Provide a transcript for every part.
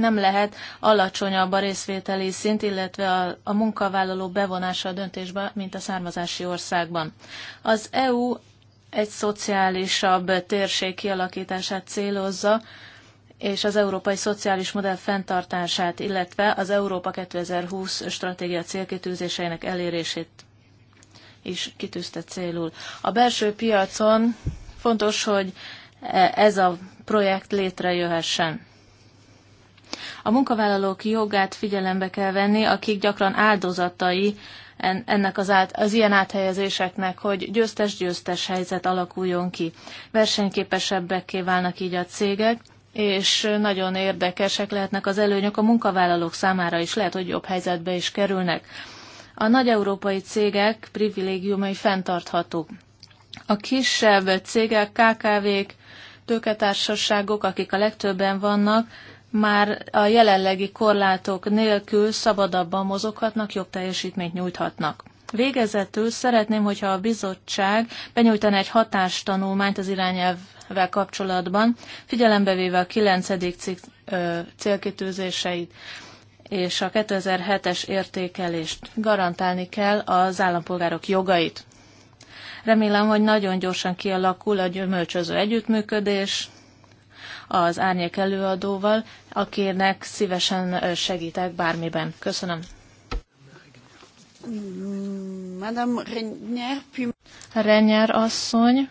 nem lehet alacsonyabb a részvételi szint, illetve a, a munkavállaló bevonása a döntésbe, mint a származási országban. Az EU egy szociálisabb térség kialakítását célozza, és az európai szociális modell fenntartását, illetve az Európa 2020 stratégia célkitűzéseinek elérését is kitűzte célul. A belső piacon fontos, hogy e, ez a projekt létrejöhessen. A munkavállalók jogát figyelembe kell venni, akik gyakran áldozatai ennek az, át, az ilyen áthelyezéseknek, hogy győztes-győztes helyzet alakuljon ki. Versenyképesebbekké válnak így a cégek, és nagyon érdekesek lehetnek az előnyök a munkavállalók számára is, lehet, hogy jobb helyzetbe is kerülnek. A nagy európai cégek privilégiumai fenntarthatók. A kisebb cégek, KKV-k, tőketársaságok, akik a legtöbben vannak, már a jelenlegi korlátok nélkül szabadabban mozoghatnak, jobb teljesítményt nyújthatnak. Végezetül szeretném, hogyha a bizottság benyújtana egy hatástanulmányt az irányelvvel kapcsolatban, figyelembe véve a 9. cikk célkitűzéseit és a 2007-es értékelést. Garantálni kell az állampolgárok jogait. Remélem, hogy nagyon gyorsan kialakul a gyümölcsöző együttműködés, az árnyék előadóval, akinek szívesen segítek bármiben. Köszönöm. Madame Renyer, puis... Renyer asszony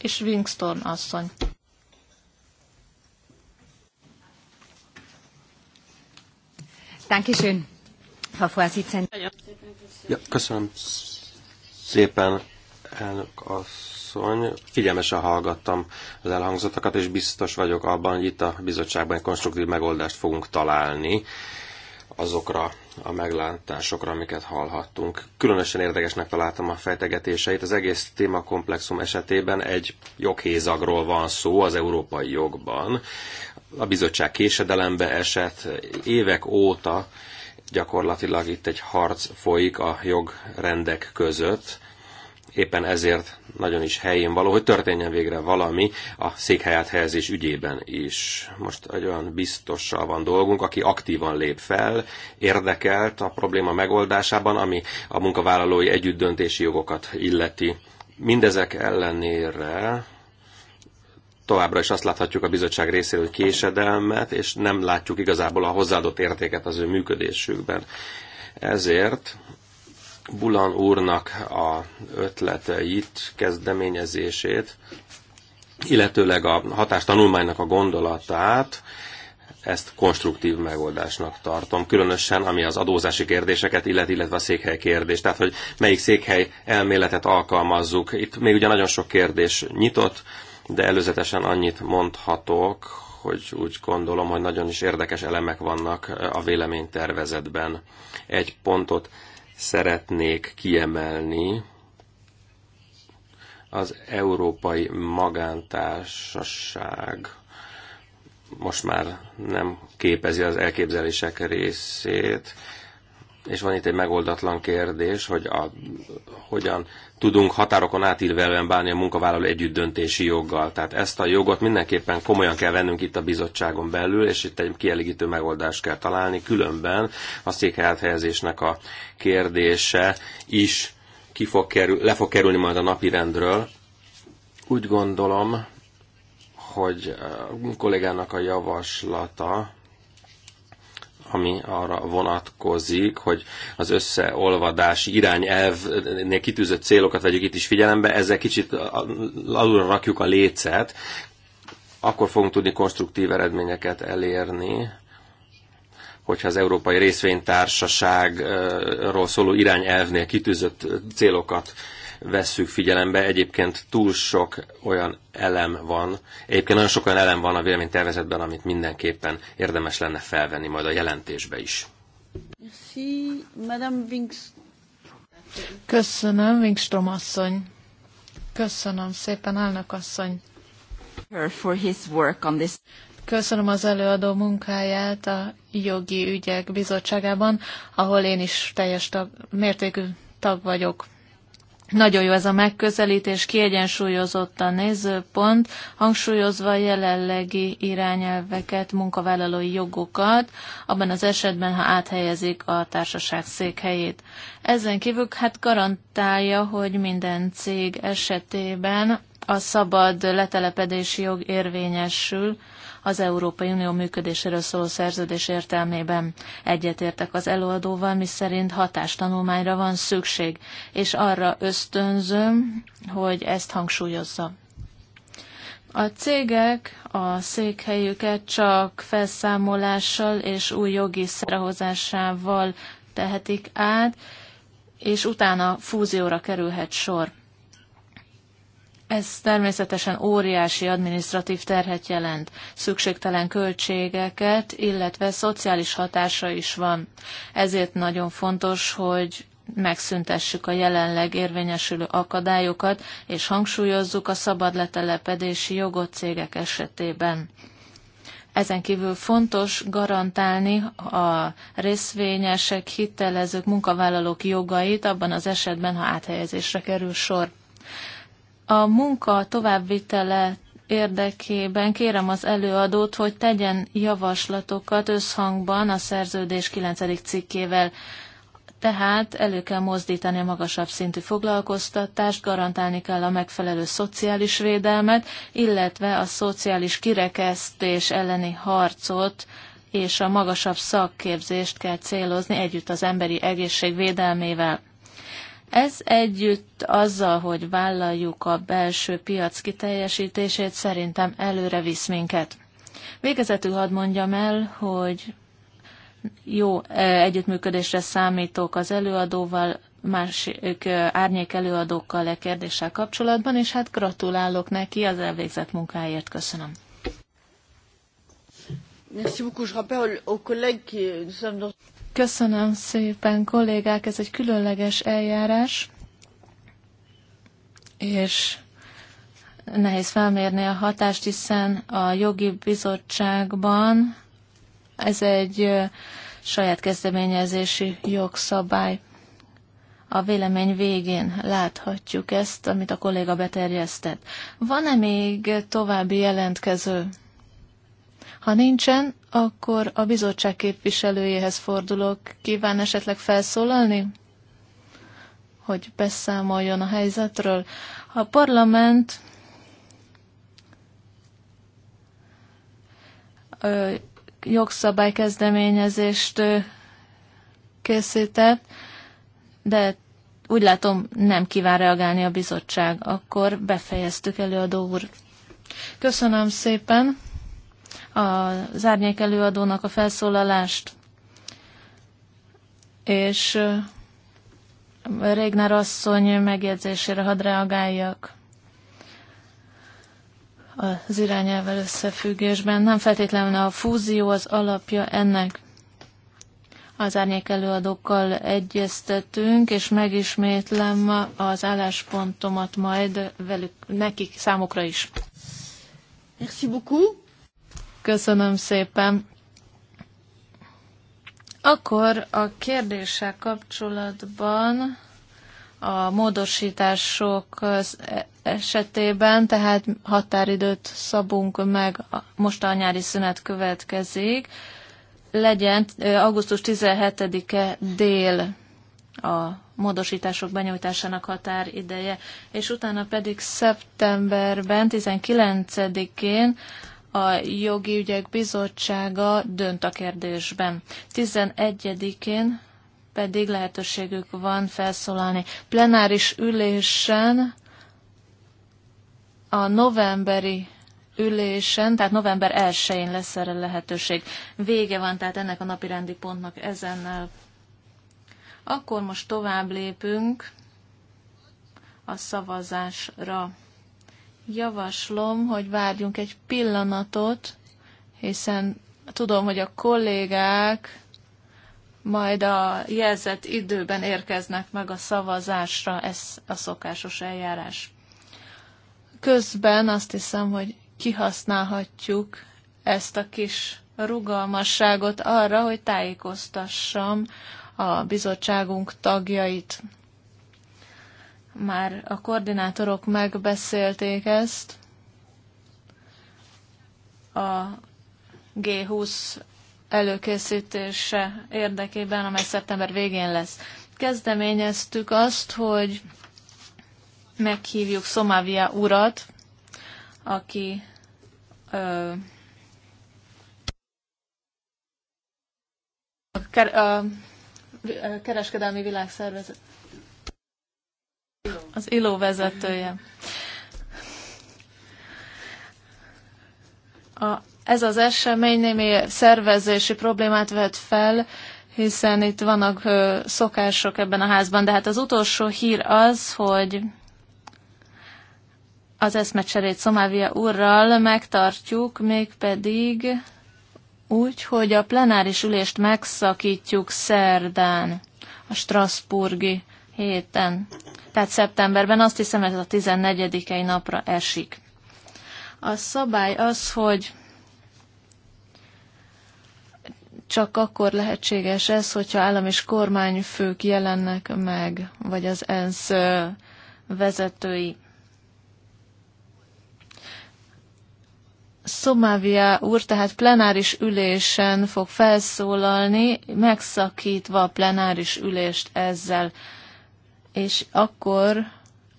és Wingstorm asszony. Dankeschön, Frau Vorsitzende. Ja, köszönöm szépen, elnök asszony asszony. Figyelmesen hallgattam az elhangzottakat, és biztos vagyok abban, hogy itt a bizottságban egy konstruktív megoldást fogunk találni azokra a meglátásokra, amiket hallhattunk. Különösen érdekesnek találtam a fejtegetéseit. Az egész témakomplexum esetében egy joghézagról van szó az európai jogban. A bizottság késedelembe esett évek óta, gyakorlatilag itt egy harc folyik a jogrendek között, éppen ezért nagyon is helyén való, hogy történjen végre valami a székhelyát helyezés ügyében is. Most egy olyan biztossal van dolgunk, aki aktívan lép fel, érdekelt a probléma megoldásában, ami a munkavállalói együttdöntési jogokat illeti. Mindezek ellenére továbbra is azt láthatjuk a bizottság részéről, hogy késedelmet, és nem látjuk igazából a hozzáadott értéket az ő működésükben. Ezért Bulan úrnak a ötleteit, kezdeményezését, illetőleg a hatástanulmánynak a gondolatát, ezt konstruktív megoldásnak tartom, különösen ami az adózási kérdéseket illet, illetve a székhely kérdés. Tehát, hogy melyik székhely elméletet alkalmazzuk. Itt még ugye nagyon sok kérdés nyitott, de előzetesen annyit mondhatok, hogy úgy gondolom, hogy nagyon is érdekes elemek vannak a véleménytervezetben. Egy pontot szeretnék kiemelni, az Európai Magántársaság most már nem képezi az elképzelések részét, és van itt egy megoldatlan kérdés, hogy a, hogyan tudunk határokon átívelően bánni a munkavállaló együttdöntési joggal. Tehát ezt a jogot mindenképpen komolyan kell vennünk itt a bizottságon belül, és itt egy kielégítő megoldást kell találni, különben a székhelyezésnek a kérdése is ki fog kerül, le fog kerülni majd a napirendről. Úgy gondolom, hogy a kollégának a javaslata, ami arra vonatkozik, hogy az összeolvadási irányelvnél kitűzött célokat vegyük itt is figyelembe, ezzel kicsit alulra rakjuk a lécet, akkor fogunk tudni konstruktív eredményeket elérni, hogyha az Európai Részvénytársaságról szóló irányelvnél kitűzött célokat vesszük figyelembe. Egyébként túl sok olyan elem van, egyébként nagyon sok olyan elem van a véleménytervezetben, amit mindenképpen érdemes lenne felvenni majd a jelentésbe is. Köszönöm, Wingstrom asszony. Köszönöm szépen, elnök asszony. Köszönöm az előadó munkáját a jogi ügyek bizottságában, ahol én is teljes tag, mértékű tag vagyok. Nagyon jó ez a megközelítés, kiegyensúlyozott a nézőpont, hangsúlyozva a jelenlegi irányelveket, munkavállalói jogokat, abban az esetben, ha áthelyezik a társaság székhelyét. Ezen kívül hát garantálja, hogy minden cég esetében a szabad letelepedési jog érvényesül, az Európai Unió működéséről szóló szerződés értelmében. Egyetértek az előadóval, miszerint hatástanulmányra van szükség, és arra ösztönzöm, hogy ezt hangsúlyozza. A cégek a székhelyüket csak felszámolással és új jogi szerehozásával tehetik át, és utána fúzióra kerülhet sor. Ez természetesen óriási adminisztratív terhet jelent, szükségtelen költségeket, illetve szociális hatása is van. Ezért nagyon fontos, hogy megszüntessük a jelenleg érvényesülő akadályokat, és hangsúlyozzuk a szabad letelepedési jogot cégek esetében. Ezen kívül fontos garantálni a részvényesek, hitelezők, munkavállalók jogait abban az esetben, ha áthelyezésre kerül sor. A munka továbbvitele érdekében kérem az előadót, hogy tegyen javaslatokat összhangban a szerződés 9. cikkével. Tehát elő kell mozdítani a magasabb szintű foglalkoztatást, garantálni kell a megfelelő szociális védelmet, illetve a szociális kirekesztés elleni harcot és a magasabb szakképzést kell célozni együtt az emberi egészség védelmével. Ez együtt azzal, hogy vállaljuk a belső piac kiteljesítését, szerintem előre visz minket. Végezetül hadd mondjam el, hogy jó e, együttműködésre számítok az előadóval, másik e, árnyék előadókkal a e kérdéssel kapcsolatban, és hát gratulálok neki az elvégzett munkáért. Köszönöm. Köszönöm szépen, kollégák, ez egy különleges eljárás, és nehéz felmérni a hatást, hiszen a jogi bizottságban ez egy saját kezdeményezési jogszabály. A vélemény végén láthatjuk ezt, amit a kolléga beterjesztett. Van-e még további jelentkező? Ha nincsen, akkor a bizottság képviselőjéhez fordulok. Kíván esetleg felszólalni? Hogy beszámoljon a helyzetről. A parlament jogszabálykezdeményezést készített, de úgy látom, nem kíván reagálni a bizottság. Akkor befejeztük előadó úr. Köszönöm szépen! az árnyék előadónak a felszólalást, és Régnár asszony megjegyzésére hadd reagáljak az irányelvel összefüggésben. Nem feltétlenül a fúzió az alapja ennek. Az árnyék előadókkal egyeztetünk, és megismétlem az álláspontomat majd velük, nekik, számukra is. Merci beaucoup. Köszönöm szépen. Akkor a kérdéssel kapcsolatban a módosítások e- esetében, tehát határidőt szabunk meg, most a nyári szünet következik, legyen augusztus 17-e dél a módosítások benyújtásának határideje, és utána pedig szeptemberben 19-én a Jogi Ügyek Bizottsága dönt a kérdésben. 11-én pedig lehetőségük van felszólalni. Plenáris ülésen a novemberi ülésen, tehát november 1-én lesz erre lehetőség. Vége van tehát ennek a rendi pontnak ezennel. Akkor most tovább lépünk a szavazásra javaslom, hogy várjunk egy pillanatot, hiszen tudom, hogy a kollégák majd a jelzett időben érkeznek meg a szavazásra, ez a szokásos eljárás. Közben azt hiszem, hogy kihasználhatjuk ezt a kis rugalmasságot arra, hogy tájékoztassam a bizottságunk tagjait már a koordinátorok megbeszélték ezt a G20 előkészítése érdekében, amely szeptember végén lesz. Kezdeményeztük azt, hogy meghívjuk Szomávia urat, aki ö, a, a kereskedelmi világszervezet az Iló vezetője. A, ez az esemény némi szervezési problémát vet fel, hiszen itt vannak ö, szokások ebben a házban, de hát az utolsó hír az, hogy az eszmecserét Szomávia úrral megtartjuk, mégpedig úgy, hogy a plenáris ülést megszakítjuk szerdán, a Strasburgi héten tehát szeptemberben azt hiszem ez a 14-i napra esik. A szabály az, hogy csak akkor lehetséges ez, hogyha állam és kormányfők jelennek meg, vagy az ENSZ vezetői. Szomávia úr tehát plenáris ülésen fog felszólalni, megszakítva a plenáris ülést ezzel és akkor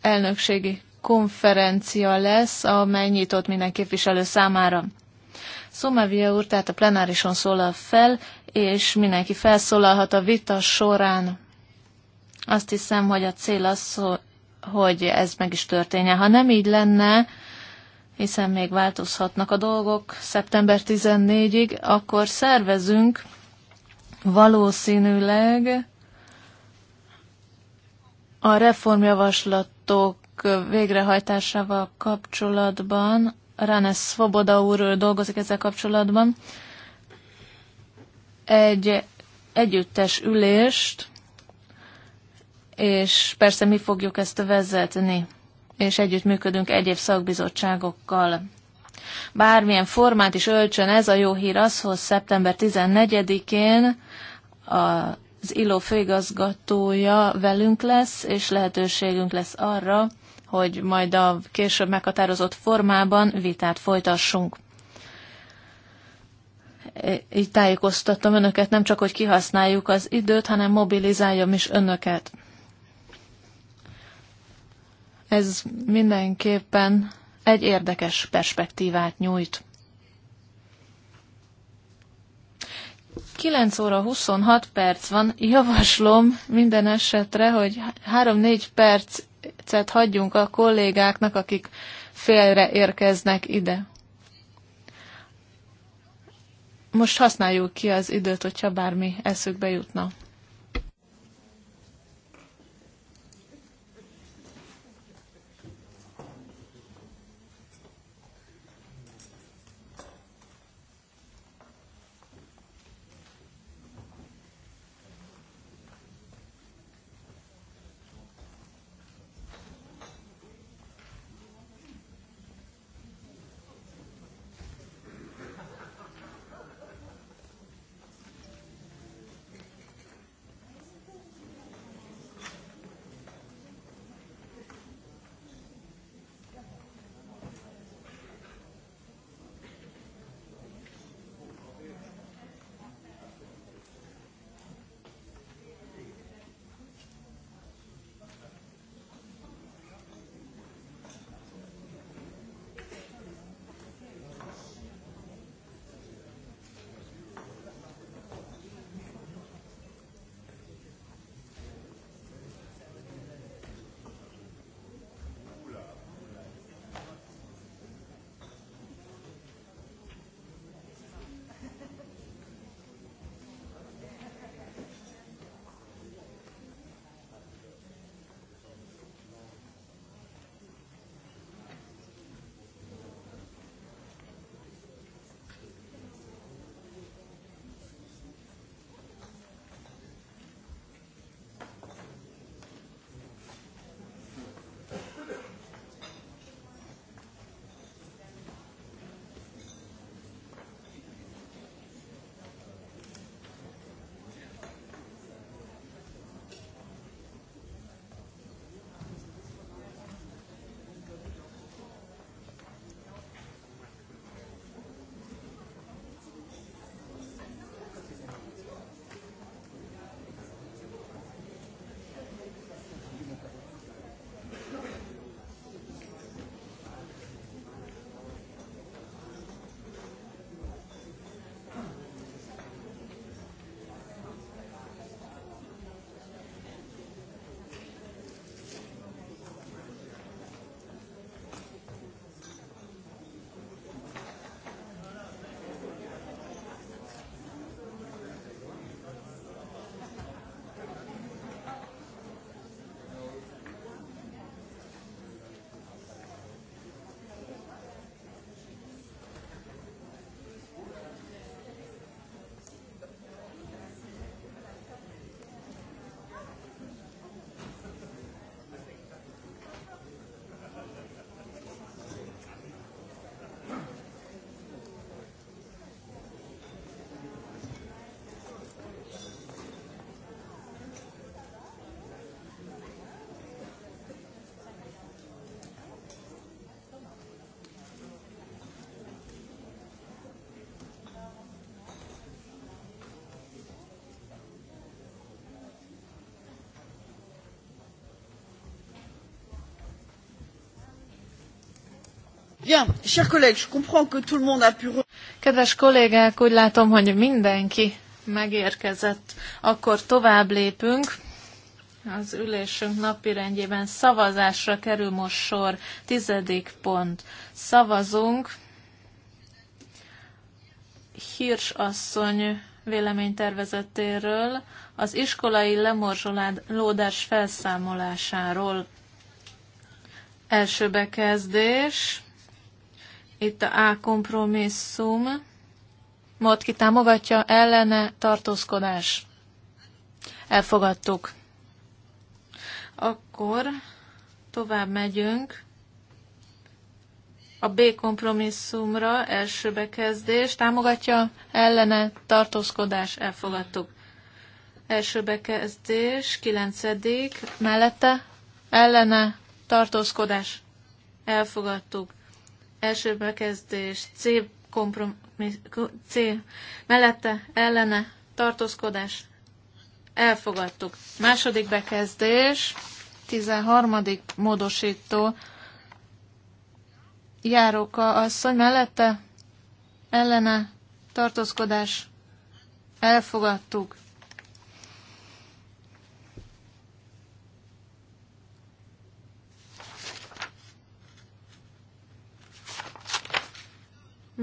elnökségi konferencia lesz, amely nyitott minden képviselő számára. Szomavia úr tehát a plenárison szólal fel, és mindenki felszólalhat a vita során. Azt hiszem, hogy a cél az, hogy ez meg is történjen. Ha nem így lenne, hiszen még változhatnak a dolgok szeptember 14-ig, akkor szervezünk valószínűleg a reformjavaslatok végrehajtásával kapcsolatban, Rane Svoboda úr dolgozik ezzel kapcsolatban, egy együttes ülést, és persze mi fogjuk ezt vezetni, és együttműködünk egyéb szakbizottságokkal. Bármilyen formát is ölcsön, ez a jó hír az, hogy szeptember 14-én a az ILO főigazgatója velünk lesz, és lehetőségünk lesz arra, hogy majd a később meghatározott formában vitát folytassunk. Így tájékoztattam önöket, nem csak, hogy kihasználjuk az időt, hanem mobilizáljam is önöket. Ez mindenképpen egy érdekes perspektívát nyújt. 9 óra 26 perc van, javaslom minden esetre, hogy 3-4 percet hagyjunk a kollégáknak, akik félre érkeznek ide. Most használjuk ki az időt, hogyha bármi eszükbe jutna. Kedves kollégák, úgy látom, hogy mindenki megérkezett. Akkor tovább lépünk. Az ülésünk napirendjében szavazásra kerül most sor. Tizedik pont. Szavazunk. Hirsch asszony véleménytervezetéről, az iskolai lemorzsolódás felszámolásáról. Első bekezdés. Itt a A kompromisszum. Mod ki támogatja ellene tartózkodás. Elfogadtuk. Akkor tovább megyünk. A B kompromisszumra első bekezdés támogatja ellene tartózkodás. Elfogadtuk. Első bekezdés, kilencedik, mellette ellene tartózkodás. Elfogadtuk első bekezdés, C, kompromissz, C mellette ellene tartózkodás elfogadtuk. Második bekezdés, 13. módosító, járóka asszony mellette ellene tartózkodás elfogadtuk.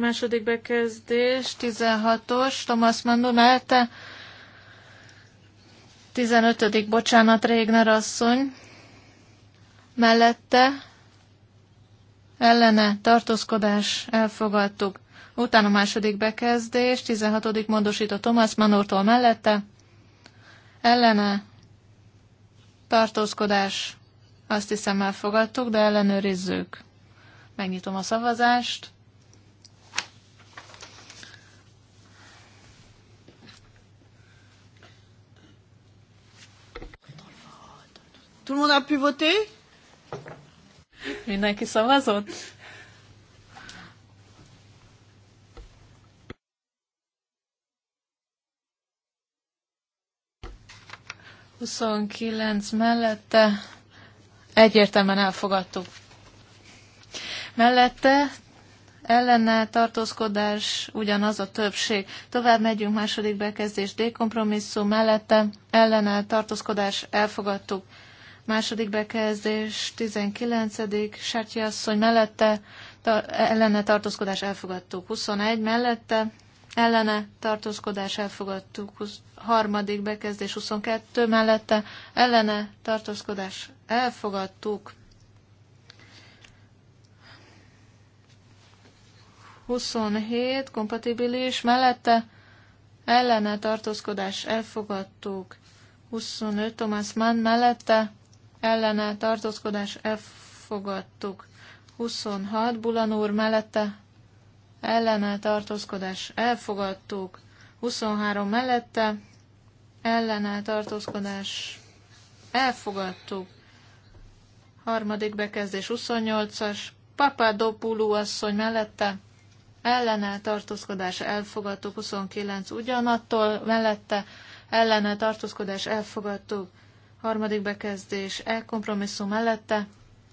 Második bekezdés, 16-os, Thomas Mandon mellette. 15. bocsánat, Régner asszony. Mellette ellene tartózkodás elfogadtuk. Utána második bekezdés, 16. módosító Thomas Manortól mellette. Ellene tartózkodás azt hiszem elfogadtuk, de ellenőrizzük. Megnyitom a szavazást. Tout le monde a pu voter? Mindenki szavazott? Huszonkilenc mellette egyértelműen elfogadtuk. Mellette ellene tartózkodás ugyanaz a többség. Tovább megyünk második bekezdés D kompromisszum mellette ellene tartózkodás elfogadtuk. Második bekezdés, 19. Sertyi asszony mellette, ta, ellene tartózkodás elfogadtuk. 21 mellette, ellene tartózkodás elfogadtuk. 20, harmadik bekezdés, 22 mellette, ellene tartózkodás elfogadtuk. 27 kompatibilis, mellette ellene tartózkodás elfogadtuk. 25 Thomas Mann mellette ellene tartózkodás elfogadtuk. 26 Bulan úr mellette ellene tartózkodás elfogadtuk. 23 mellette ellene tartózkodás elfogadtuk. Harmadik bekezdés 28-as Papadopoulou asszony mellette ellene tartózkodás elfogadtuk. 29 ugyanattól mellette ellene tartózkodás elfogadtuk harmadik bekezdés, e kompromisszum mellette,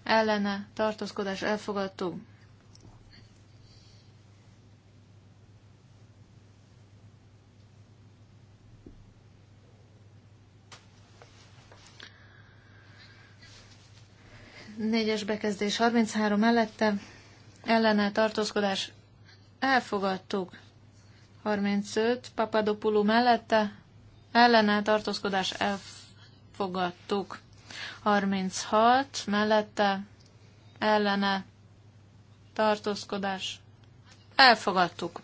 ellene, tartózkodás elfogadtuk. Négyes bekezdés 33 mellette, ellene tartózkodás elfogadtuk. 35 Papadopoulou mellette, ellene tartózkodás elfogadtuk fogadtuk. 36 mellette ellene tartózkodás elfogadtuk.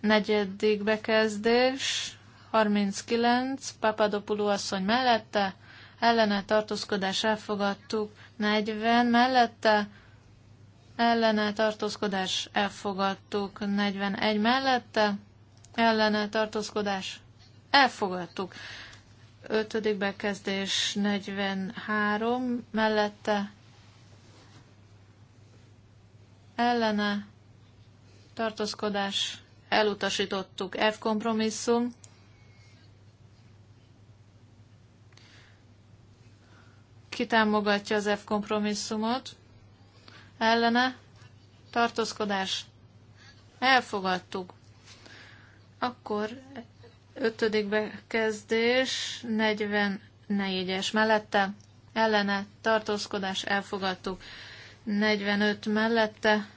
Negyedik bekezdés 39 Papadopoulou asszony mellette ellene tartózkodás elfogadtuk. 40 mellette ellene tartózkodás elfogadtuk. 41 mellette ellene tartózkodás elfogadtuk. Ötödik bekezdés 43 mellette ellene tartózkodás elutasítottuk F kompromisszum. Kitámogatja az F kompromisszumot. Ellene tartózkodás elfogadtuk. Akkor Ötödik bekezdés, 44-es mellette, ellene, tartózkodás, elfogadtuk. 45 mellette,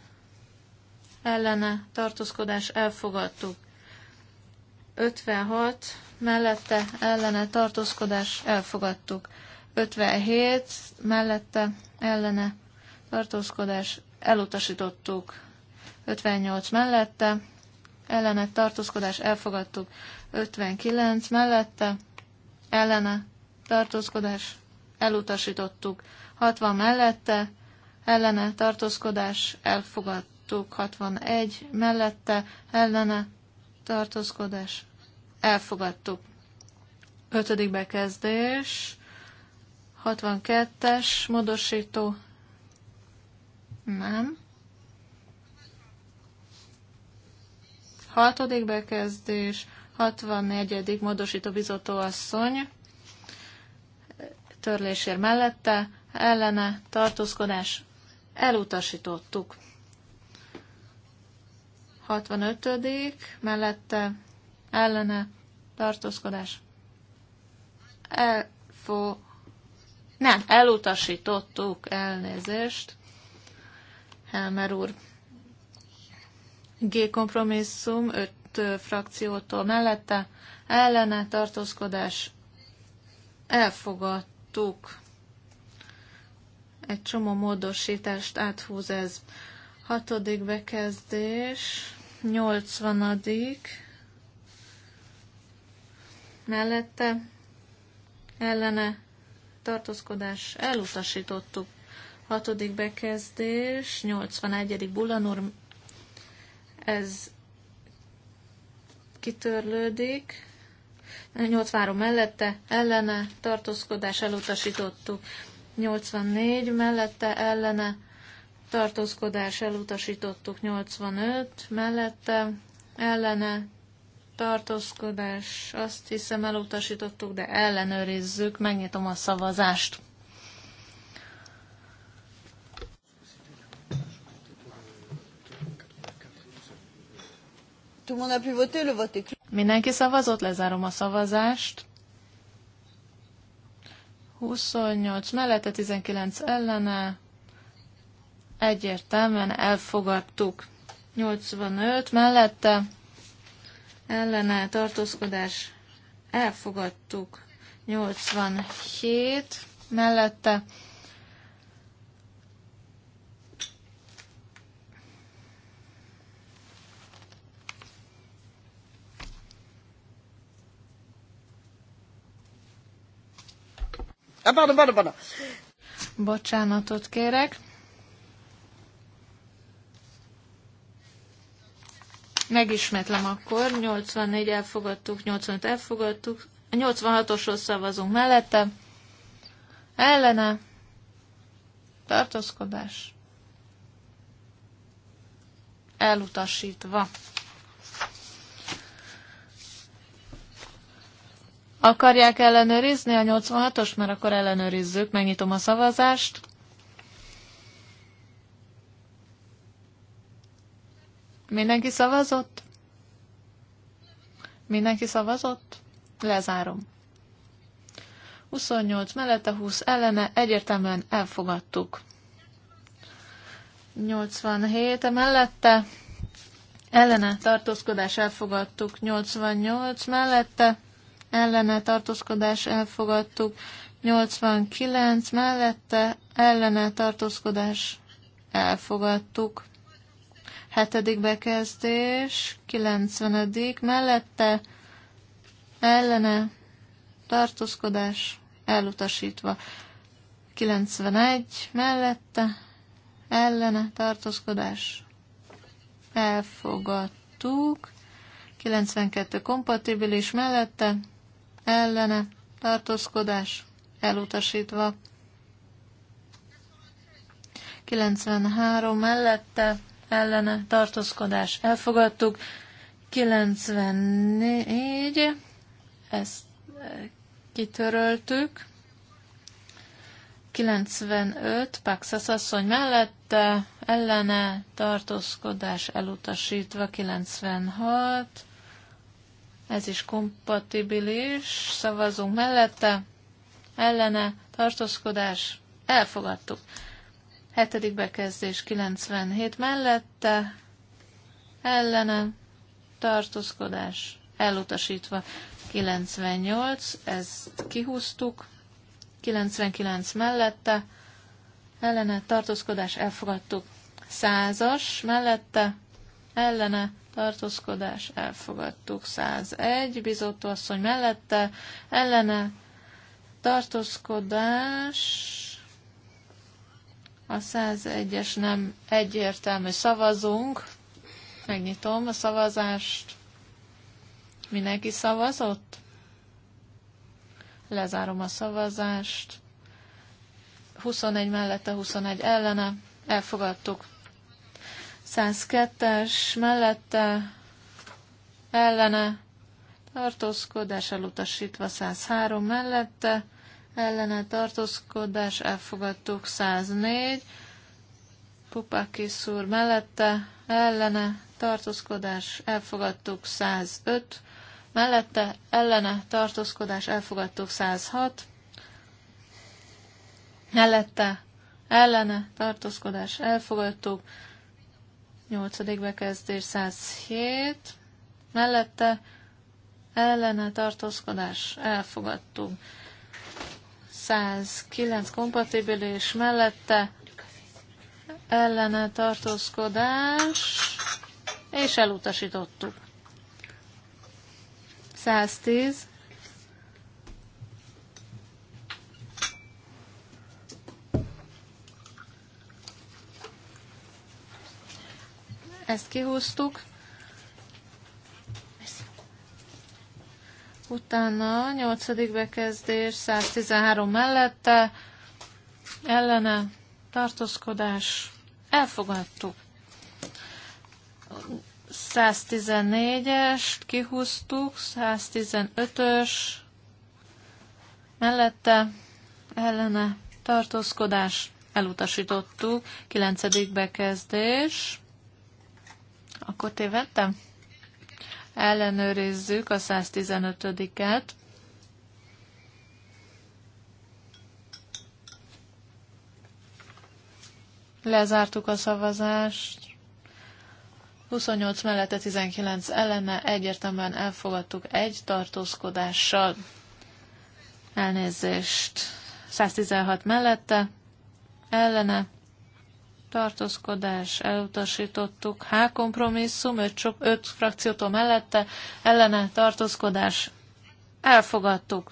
ellene, tartózkodás, elfogadtuk. 56 mellette, ellene, tartózkodás, elfogadtuk. 57 mellette, ellene, tartózkodás, elutasítottuk. 58 mellette, ellene tartózkodás elfogadtuk, 59 mellette, ellene, tartózkodás, elutasítottuk. 60 mellette, ellene, tartózkodás, elfogadtuk. 61 mellette, ellene, tartózkodás, elfogadtuk. 5. bekezdés, 62-es módosító, nem. Hatodik bekezdés, 64. módosító bizotó asszony törlésér mellette, ellene tartózkodás elutasítottuk. 65. mellette, ellene tartózkodás elfo... Nem, elutasítottuk elnézést. Helmer úr. G kompromisszum, 5 hat frakciótól mellette ellene tartózkodás elfogadtuk. Egy csomó módosítást áthúz ez. Hatodik bekezdés, nyolcvanadik, mellette ellene tartózkodás elutasítottuk. Hatodik bekezdés, 81. bulanur, ez kitörlődik. 83 mellette, ellene, tartózkodás elutasítottuk. 84 mellette, ellene, tartózkodás elutasítottuk. 85 mellette, ellene, tartózkodás, azt hiszem elutasítottuk, de ellenőrizzük, megnyitom a szavazást. Mindenki szavazott, lezárom a szavazást. 28 mellette, 19 ellene. Egyértelműen elfogadtuk. 85 mellette, ellene tartózkodás elfogadtuk. 87 mellette, Bana, bana, bana. Bocsánatot kérek. Megismétlem akkor, 84 elfogadtuk, 85 elfogadtuk, a 86-osról szavazunk mellette, ellene, tartózkodás, elutasítva. Akarják ellenőrizni a 86-os, mert akkor ellenőrizzük, megnyitom a szavazást. Mindenki szavazott? Mindenki szavazott? Lezárom. 28 mellette, 20 ellene, egyértelműen elfogadtuk. 87 mellette, ellene tartózkodás elfogadtuk. 88 mellette, ellene tartózkodás elfogadtuk, 89 mellette ellene tartózkodás elfogadtuk. Hetedik bekezdés, 90. mellette ellene tartózkodás elutasítva. 91 mellette ellene tartózkodás elfogadtuk. 92 kompatibilis mellette ellene tartózkodás elutasítva. 93 mellette ellene tartózkodás elfogadtuk. 94 ezt e, kitöröltük. 95 Paxas asszony mellette ellene tartózkodás elutasítva 96 ez is kompatibilis. Szavazunk mellette. Ellene. Tartózkodás. Elfogadtuk. Hetedik bekezdés 97 mellette. Ellene. Tartózkodás. Elutasítva. 98. Ezt kihúztuk. 99 mellette. Ellene. Tartózkodás. Elfogadtuk. Százas mellette. Ellene tartózkodás, elfogadtuk. 101, bizottó asszony mellette, ellene, tartózkodás, a 101-es nem egyértelmű, szavazunk, megnyitom a szavazást, mindenki szavazott? Lezárom a szavazást. 21 mellette, 21 ellene. Elfogadtuk. 102-es mellette ellene tartózkodás elutasítva 103 mellette ellene tartózkodás elfogadtuk 104 Pupakis úr mellette ellene tartózkodás elfogadtuk 105 mellette ellene tartózkodás elfogadtuk 106 mellette ellene tartózkodás elfogadtuk nyolcadik bekezdés 107, mellette ellene tartózkodás elfogadtunk. 109 kompatibilis mellette ellene tartózkodás, és elutasítottuk. 110 ezt kihúztuk. Utána 8. bekezdés, 113 mellette, ellene, tartózkodás, elfogadtuk. 114-est kihúztuk, 115-ös, mellette, ellene, tartózkodás, elutasítottuk, 9. bekezdés, akkor tévedtem? Ellenőrizzük a 115-et. Lezártuk a szavazást. 28 mellette 19 ellene egyértelműen elfogadtuk egy tartózkodással. Elnézést. 116 mellette ellene tartózkodás, elutasítottuk. H kompromisszum, 5, öt frakciótól mellette, ellene tartózkodás, elfogadtuk.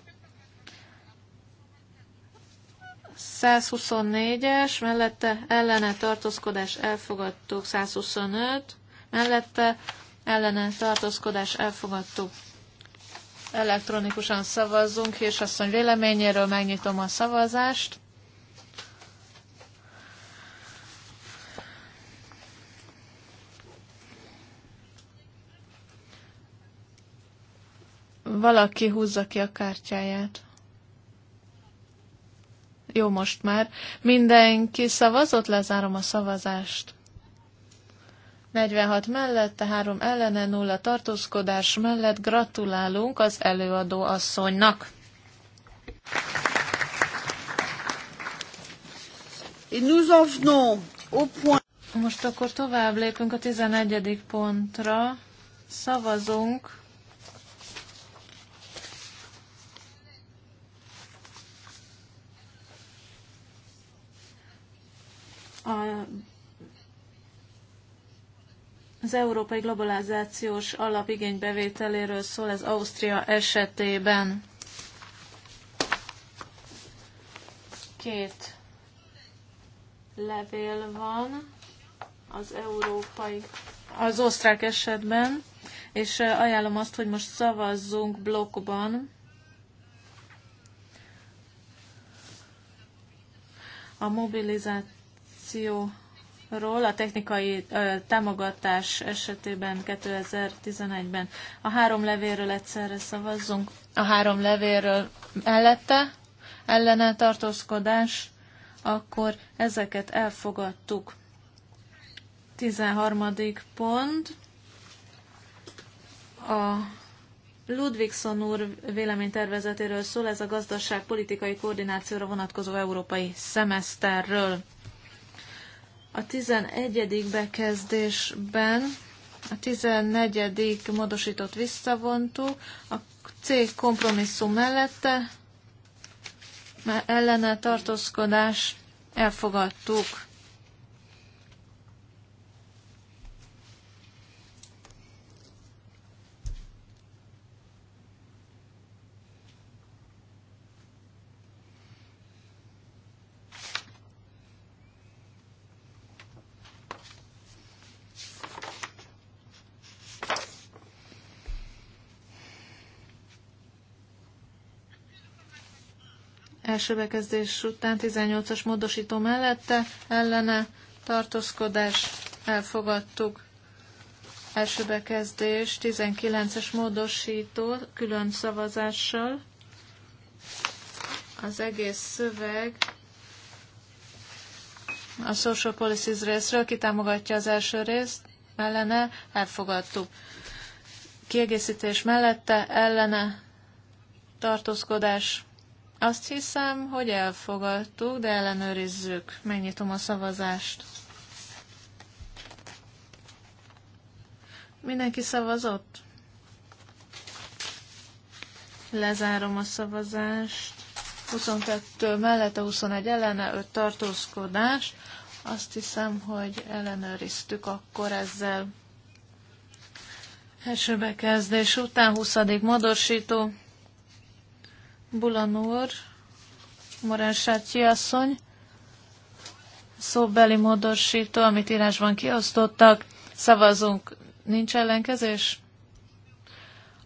124-es, mellette ellene tartózkodás elfogadtuk, 125, mellette ellene tartózkodás elfogadtuk. Elektronikusan szavazzunk, és mondja, véleményéről megnyitom a szavazást. Valaki húzza ki a kártyáját. Jó, most már. Mindenki szavazott, lezárom a szavazást. 46 mellette, 3 ellene, 0 tartózkodás mellett gratulálunk az előadó asszonynak. Most akkor tovább lépünk a 11. pontra. Szavazunk a, az európai globalizációs alap igénybevételéről szól, ez Ausztria esetében két levél van az európai, az osztrák esetben, és eh, ajánlom azt, hogy most szavazzunk blokkban. A mobilizáció migrációról a technikai ö, támogatás esetében 2011-ben. A három levélről egyszerre szavazzunk. A három levélről mellette ellene tartózkodás, akkor ezeket elfogadtuk. 13. pont. A Ludvigson úr véleménytervezetéről szól, ez a gazdaságpolitikai koordinációra vonatkozó európai szemeszterről. A 11. bekezdésben a 14. módosított visszavontuk, a C kompromisszum mellette ellene tartózkodás elfogadtuk. első bekezdés után 18-as módosító mellette ellene tartózkodás elfogadtuk. Első bekezdés 19-es módosító külön szavazással. Az egész szöveg a Social Policies részről kitámogatja az első részt, ellene elfogadtuk. Kiegészítés mellette ellene tartózkodás azt hiszem, hogy elfogadtuk, de ellenőrizzük. Megnyitom a szavazást. Mindenki szavazott? Lezárom a szavazást. 22 a 21 ellene 5 tartózkodás. Azt hiszem, hogy ellenőriztük akkor ezzel. Első bekezdés után 20. modosító Bulan úr, Morán asszony, szóbeli módosító, amit írásban kiosztottak, szavazunk. Nincs ellenkezés?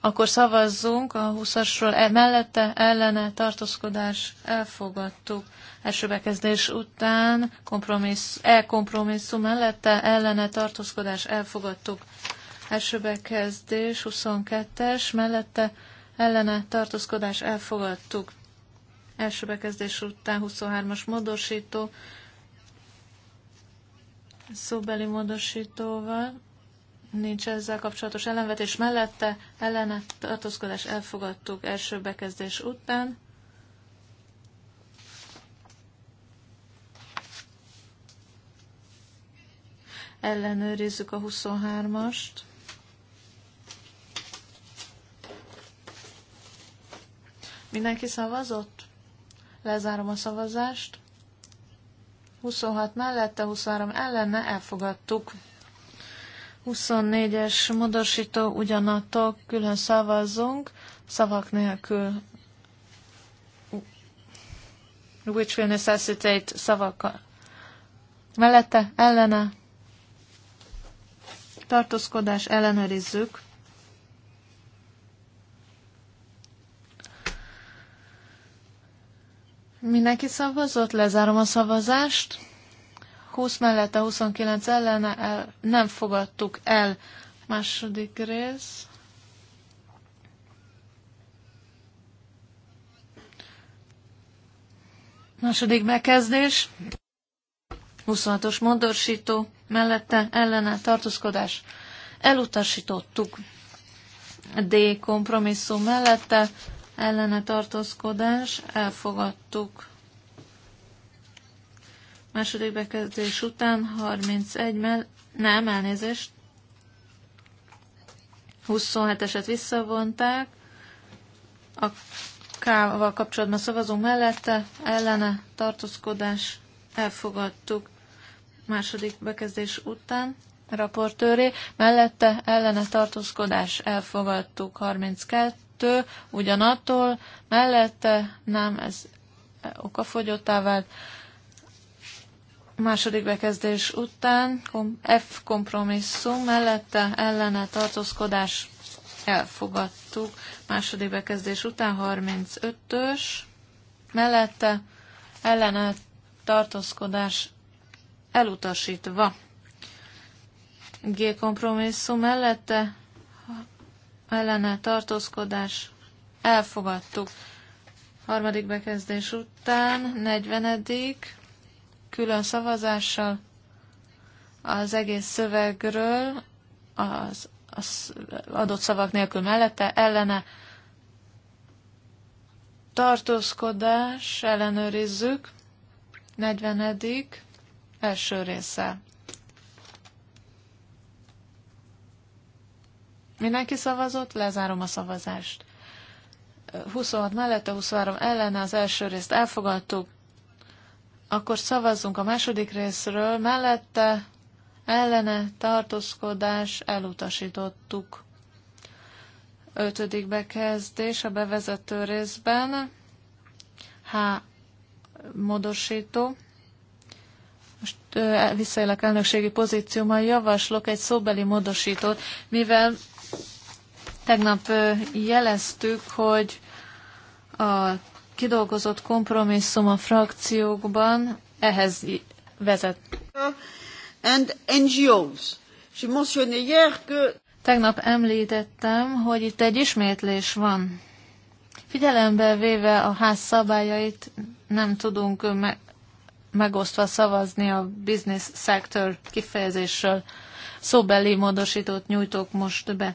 Akkor szavazzunk a 20-asról e- mellette, ellene, tartózkodás, elfogadtuk. Első bekezdés után kompromissz, e-kompromisszum mellette, ellene, tartózkodás, elfogadtuk. Első bekezdés 22-es mellette, ellene tartózkodás elfogadtuk. Első bekezdés után 23-as módosító, szóbeli módosítóval, nincs ezzel kapcsolatos ellenvetés mellette, ellene tartózkodás elfogadtuk első bekezdés után. Ellenőrizzük a 23-ast. Mindenki szavazott? Lezárom a szavazást. 26 mellette, 23 ellenne elfogadtuk. 24-es módosító ugyanattól külön szavazzunk, szavak nélkül. Which will necessitate szavakkal. Mellette, ellene, tartózkodás, ellenőrizzük. Mindenki szavazott, lezárom a szavazást. 20 mellette, 29 ellene el, nem fogadtuk el. Második rész. Második bekezdés. 26-os módosító mellette ellene tartózkodás. Elutasítottuk. D kompromisszum mellette ellene tartózkodás, elfogadtuk. Második bekezdés után 31 mell nem, elnézést, 27-eset visszavonták, a K-val kapcsolatban szavazunk mellette, ellene tartózkodás, elfogadtuk második bekezdés után, raportőré, mellette ellene tartózkodás, elfogadtuk 32, kettő ugyanattól, mellette nem, ez okafogyottá vált. Második bekezdés után F kompromisszum, mellette ellene tartózkodás elfogadtuk. Második bekezdés után 35-ös, mellette ellene tartózkodás elutasítva. G kompromisszum mellette ellene tartózkodás elfogadtuk. Harmadik bekezdés után, 40. külön szavazással az egész szövegről az, az adott szavak nélkül mellette ellene tartózkodás ellenőrizzük. 40. első része. Mindenki szavazott, lezárom a szavazást. 26 mellette, 23 ellene, az első részt elfogadtuk. Akkor szavazzunk a második részről, mellette, ellene, tartózkodás, elutasítottuk. Ötödik bekezdés a bevezető részben. H. Módosító. Most visszaélek elnökségi pozíciómmal, javaslok egy szóbeli módosítót, mivel Tegnap jeleztük, hogy a kidolgozott kompromisszum a frakciókban ehhez vezet. And NGOs. Je mentionnais hier que... Tegnap említettem, hogy itt egy ismétlés van. Figyelembe véve a ház szabályait nem tudunk me- megosztva szavazni a business sector kifejezéssel. Szóbeli módosítót nyújtok most be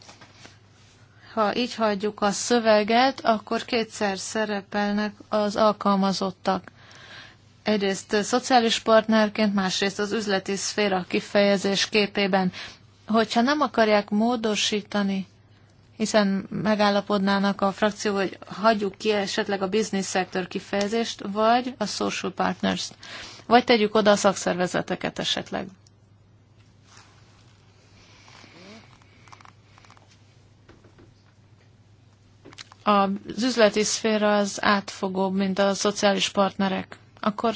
ha így hagyjuk a szöveget, akkor kétszer szerepelnek az alkalmazottak. Egyrészt szociális partnerként, másrészt az üzleti szféra kifejezés képében. Hogyha nem akarják módosítani, hiszen megállapodnának a frakció, hogy hagyjuk ki esetleg a business sector kifejezést, vagy a social partners-t, vagy tegyük oda a szakszervezeteket esetleg. az üzleti szféra az átfogóbb, mint a szociális partnerek, akkor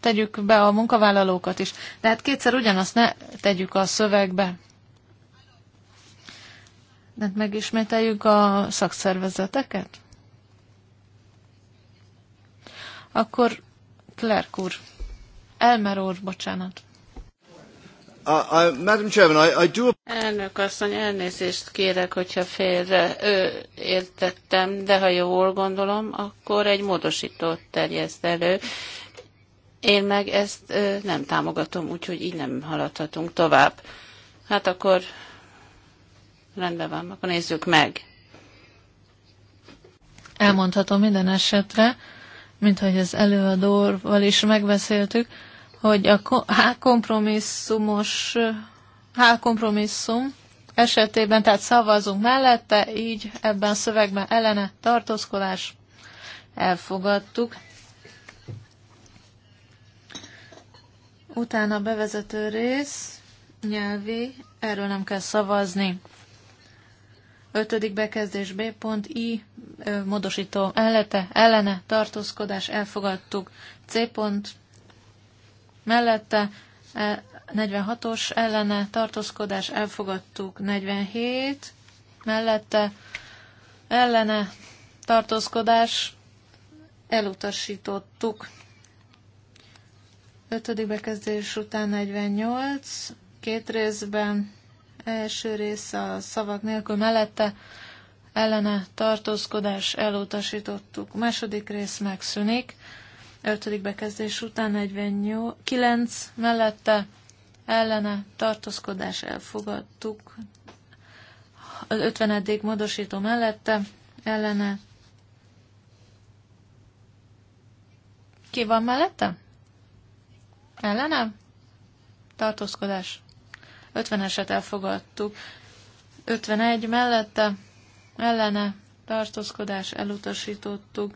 tegyük be a munkavállalókat is. De hát kétszer ugyanazt ne tegyük a szövegbe. De hát megismételjük a szakszervezeteket? Akkor Klerk úr, Elmer úr, bocsánat. Uh, Elnök asszony, elnézést kérek, hogyha félre ö, értettem, de ha jól gondolom, akkor egy módosítót terjeszt elő. Én meg ezt ö, nem támogatom, úgyhogy így nem haladhatunk tovább. Hát akkor rendben van, akkor nézzük meg. Elmondhatom minden esetre, mint hogy az előadóval is megbeszéltük, hogy a kompromisszumos há kompromisszum esetében, tehát szavazunk mellette, így ebben a szövegben ellene tartózkodás elfogadtuk. Utána a bevezető rész, nyelvi, erről nem kell szavazni. Ötödik bekezdés B pont, I, módosító ellete, ellene, tartózkodás, elfogadtuk. C pont, mellette, 46-os e, ellene tartózkodás elfogadtuk, 47 mellette, ellene tartózkodás elutasítottuk. 5. bekezdés után 48, két részben, első rész a szavak nélkül mellette, ellene tartózkodás elutasítottuk. Második rész megszűnik. 5. bekezdés után 49 mellette ellene tartózkodás elfogadtuk. Az 50. módosító mellette ellene. Ki van mellette? Ellene? Tartózkodás. 50-eset elfogadtuk. 51 mellette ellene tartózkodás elutasítottuk.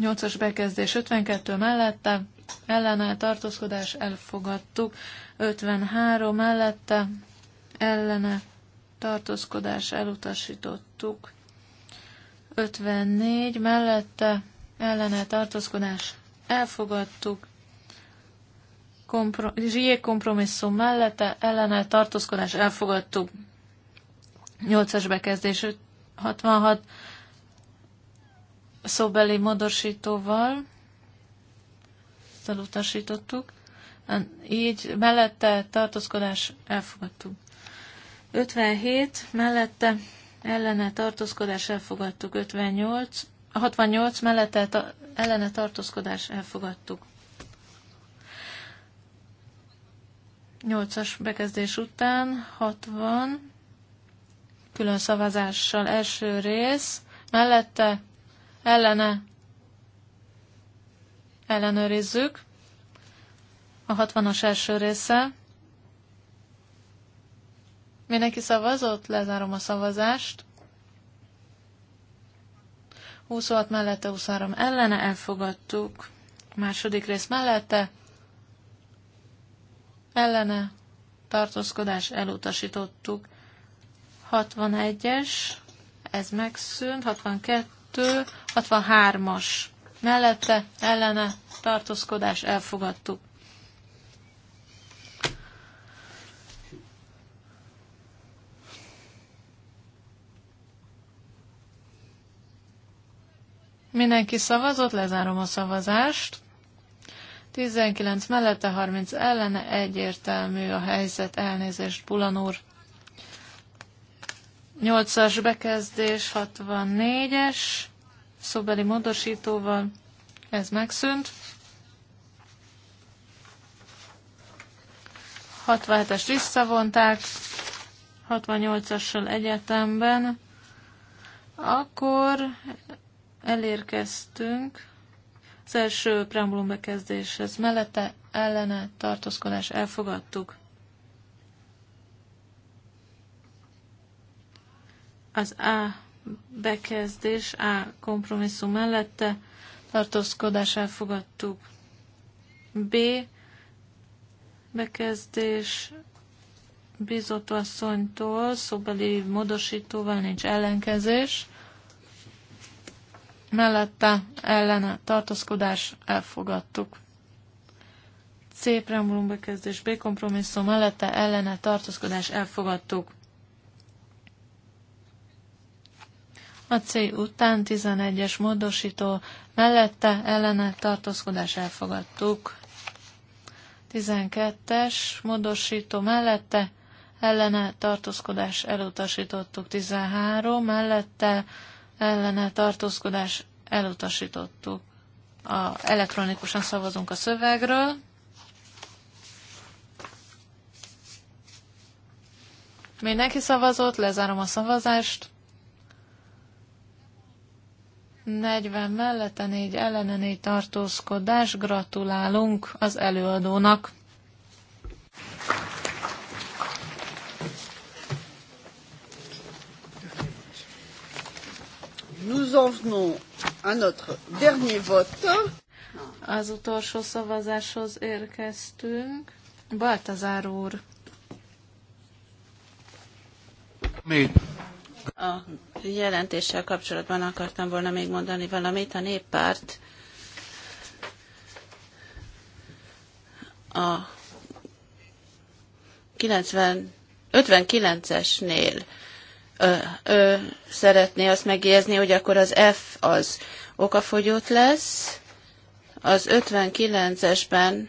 8-as bekezdés 52 mellette, ellenáll tartózkodás elfogadtuk, 53 mellette, ellene tartózkodás elutasítottuk, 54 mellette, ellene tartózkodás elfogadtuk, zsíjé kompromisszum mellette, ellene tartózkodás elfogadtuk, 8-as bekezdés 66 szóbeli módosítóval elutasítottuk, így mellette tartózkodás elfogadtuk. 57 mellette ellene tartózkodás elfogadtuk, 58, 68 mellette ta, ellene tartózkodás elfogadtuk. 8-as bekezdés után 60 külön szavazással első rész, mellette ellene ellenőrizzük. A 60-as első része. Mindenki szavazott? Lezárom a szavazást. 26 mellette, 23 ellene, elfogadtuk. Második rész mellette, ellene, tartózkodás, elutasítottuk. 61-es, ez megszűnt, 62 62, 63-as mellette, ellene, tartózkodás, elfogadtuk. Mindenki szavazott, lezárom a szavazást. 19 mellette, 30 ellene, egyértelmű a helyzet, elnézést, Bulan úr. 8-as bekezdés, 64-es, szóbeli módosítóval, ez megszűnt. 67-es visszavonták, 68-assal egyetemben. Akkor elérkeztünk az első preambulum bekezdéshez. Mellette ellene tartózkodás elfogadtuk. Az A bekezdés, A kompromisszum mellette tartózkodás elfogadtuk. B bekezdés bizott asszonytól szóbeli módosítóval nincs ellenkezés. Mellette ellene tartózkodás elfogadtuk. C preambulum bekezdés B kompromisszum mellette ellene tartózkodás elfogadtuk. A C után 11-es módosító mellette ellene tartózkodás elfogadtuk. 12-es módosító mellette ellene tartózkodás elutasítottuk. 13 mellette ellene tartózkodás elutasítottuk. A, elektronikusan szavazunk a szövegről. Mindenki szavazott, lezárom a szavazást. 40 mellette, négy ellene, 4 tartózkodás. Gratulálunk az előadónak. Nous en venons à notre dernier vote. Az utolsó szavazáshoz érkeztünk. Baltazár úr. Még a jelentéssel kapcsolatban akartam volna még mondani valamit. A néppárt a 90, 59-esnél ö, ö, szeretné azt megjegyezni, hogy akkor az F az okafogyott lesz, az 59-esben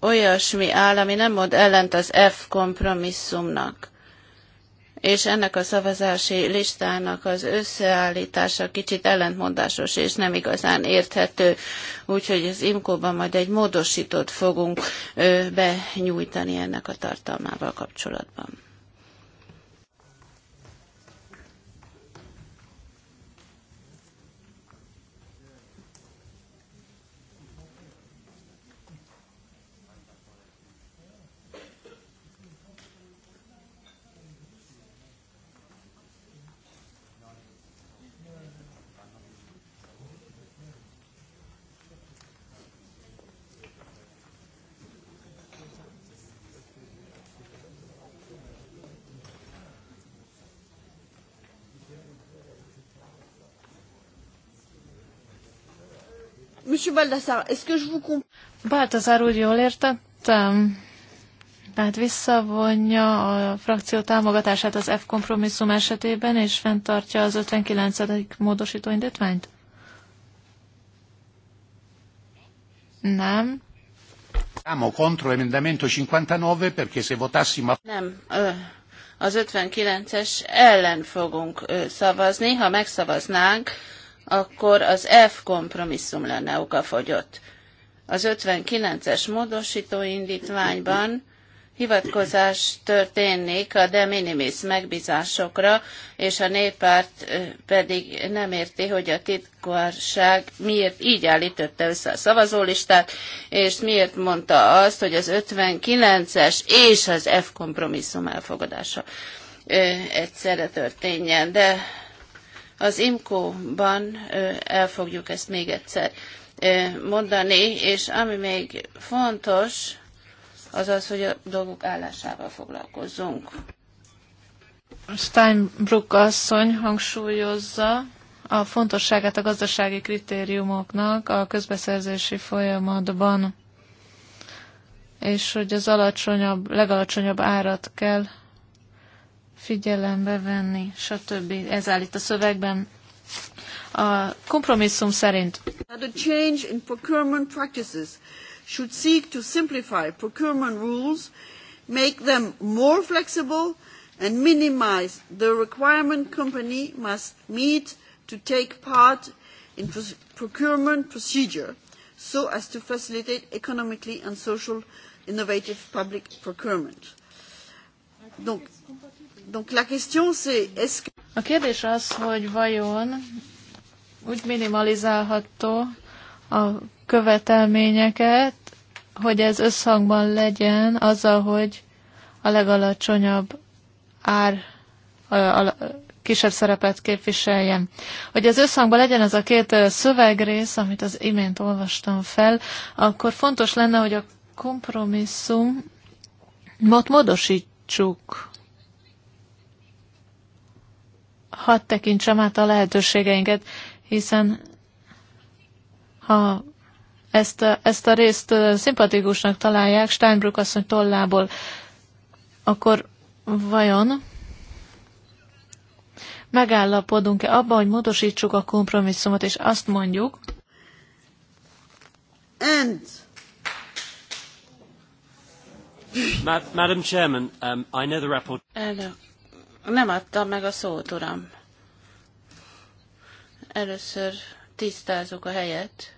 olyasmi áll, ami nem mond ellent az F kompromisszumnak és ennek a szavazási listának az összeállítása kicsit ellentmondásos és nem igazán érthető, úgyhogy az IMKO-ban majd egy módosítót fogunk benyújtani ennek a tartalmával kapcsolatban. Monsieur Baldassar, est-ce que je vous comprends? Baldassar úr, jól értettem? Tehát visszavonja a frakció támogatását az F kompromisszum esetében, és fenntartja az 59. módosító indítványt? Nem. Nem, az 59-es ellen fogunk szavazni, ha megszavaznánk, akkor az F kompromisszum lenne okafogyott. Az 59-es módosító indítványban hivatkozás történik a de minimis megbízásokra, és a néppárt pedig nem érti, hogy a titkárság miért így állította össze a szavazólistát, és miért mondta azt, hogy az 59-es és az F kompromisszum elfogadása egyszerre történjen, de az IMCO-ban el fogjuk ezt még egyszer mondani, és ami még fontos, az az, hogy a dolgok állásával foglalkozzunk. Steinbrück asszony hangsúlyozza a fontosságát a gazdasági kritériumoknak a közbeszerzési folyamatban, és hogy az alacsonyabb, legalacsonyabb árat kell figyelembe venni, stb. Ez áll itt a szövegben. A kompromisszum szerint. A change in procurement practices should seek to simplify procurement rules, make them more flexible, and minimize the requirement company must meet to take part in procurement procedure so as to facilitate economically and social innovative public procurement. Donc, a kérdés az, hogy vajon úgy minimalizálható a követelményeket, hogy ez összhangban legyen azzal, hogy a legalacsonyabb ár a, a, kisebb szerepet képviseljen. Hogy ez összhangban legyen ez a két szövegrész, amit az imént olvastam fel, akkor fontos lenne, hogy a kompromisszumot módosítsuk hadd tekintsem át a lehetőségeinket, hiszen ha ezt, a, ezt a részt szimpatikusnak találják Steinbrück asszony tollából, akkor vajon megállapodunk-e abban, hogy módosítsuk a kompromisszumot, és azt mondjuk, And Madam Chairman, um, I know the rapport... Hello. Nem adtam meg a szót, uram. Először tisztázzuk a helyet.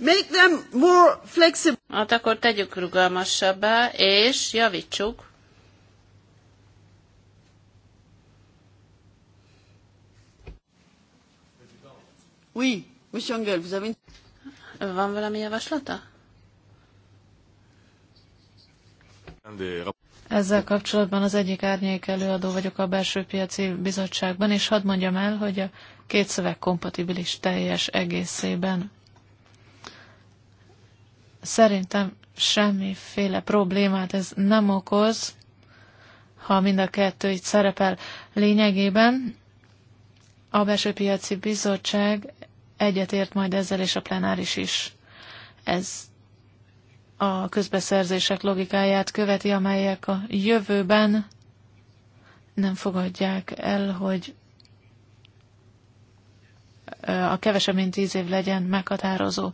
Make them more flexible. Hát akkor tegyük rugalmasabbá, és javítsuk. Oui, monsieur Angel, vous avez... Van valami javaslata? Ezzel kapcsolatban az egyik árnyék előadó vagyok a belső piaci bizottságban, és hadd mondjam el, hogy a két szöveg kompatibilis teljes egészében. Szerintem semmiféle problémát ez nem okoz, ha mind a kettő itt szerepel. Lényegében a belső piaci bizottság egyetért majd ezzel, és a plenáris is. Ez a közbeszerzések logikáját követi, amelyek a jövőben nem fogadják el, hogy a kevesebb, mint tíz év legyen meghatározó.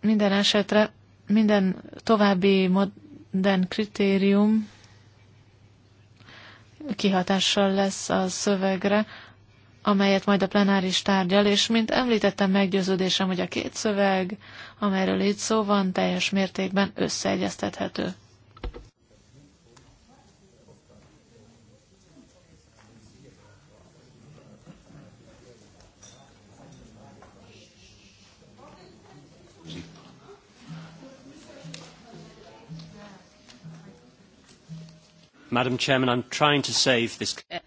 Minden esetre minden további modern kritérium kihatással lesz a szövegre, amelyet majd a plenáris tárgyal, és mint említettem, meggyőződésem, hogy a két szöveg, amelyről itt szó van, teljes mértékben összeegyeztethető. Madam Chairman, I'm trying to save this. E,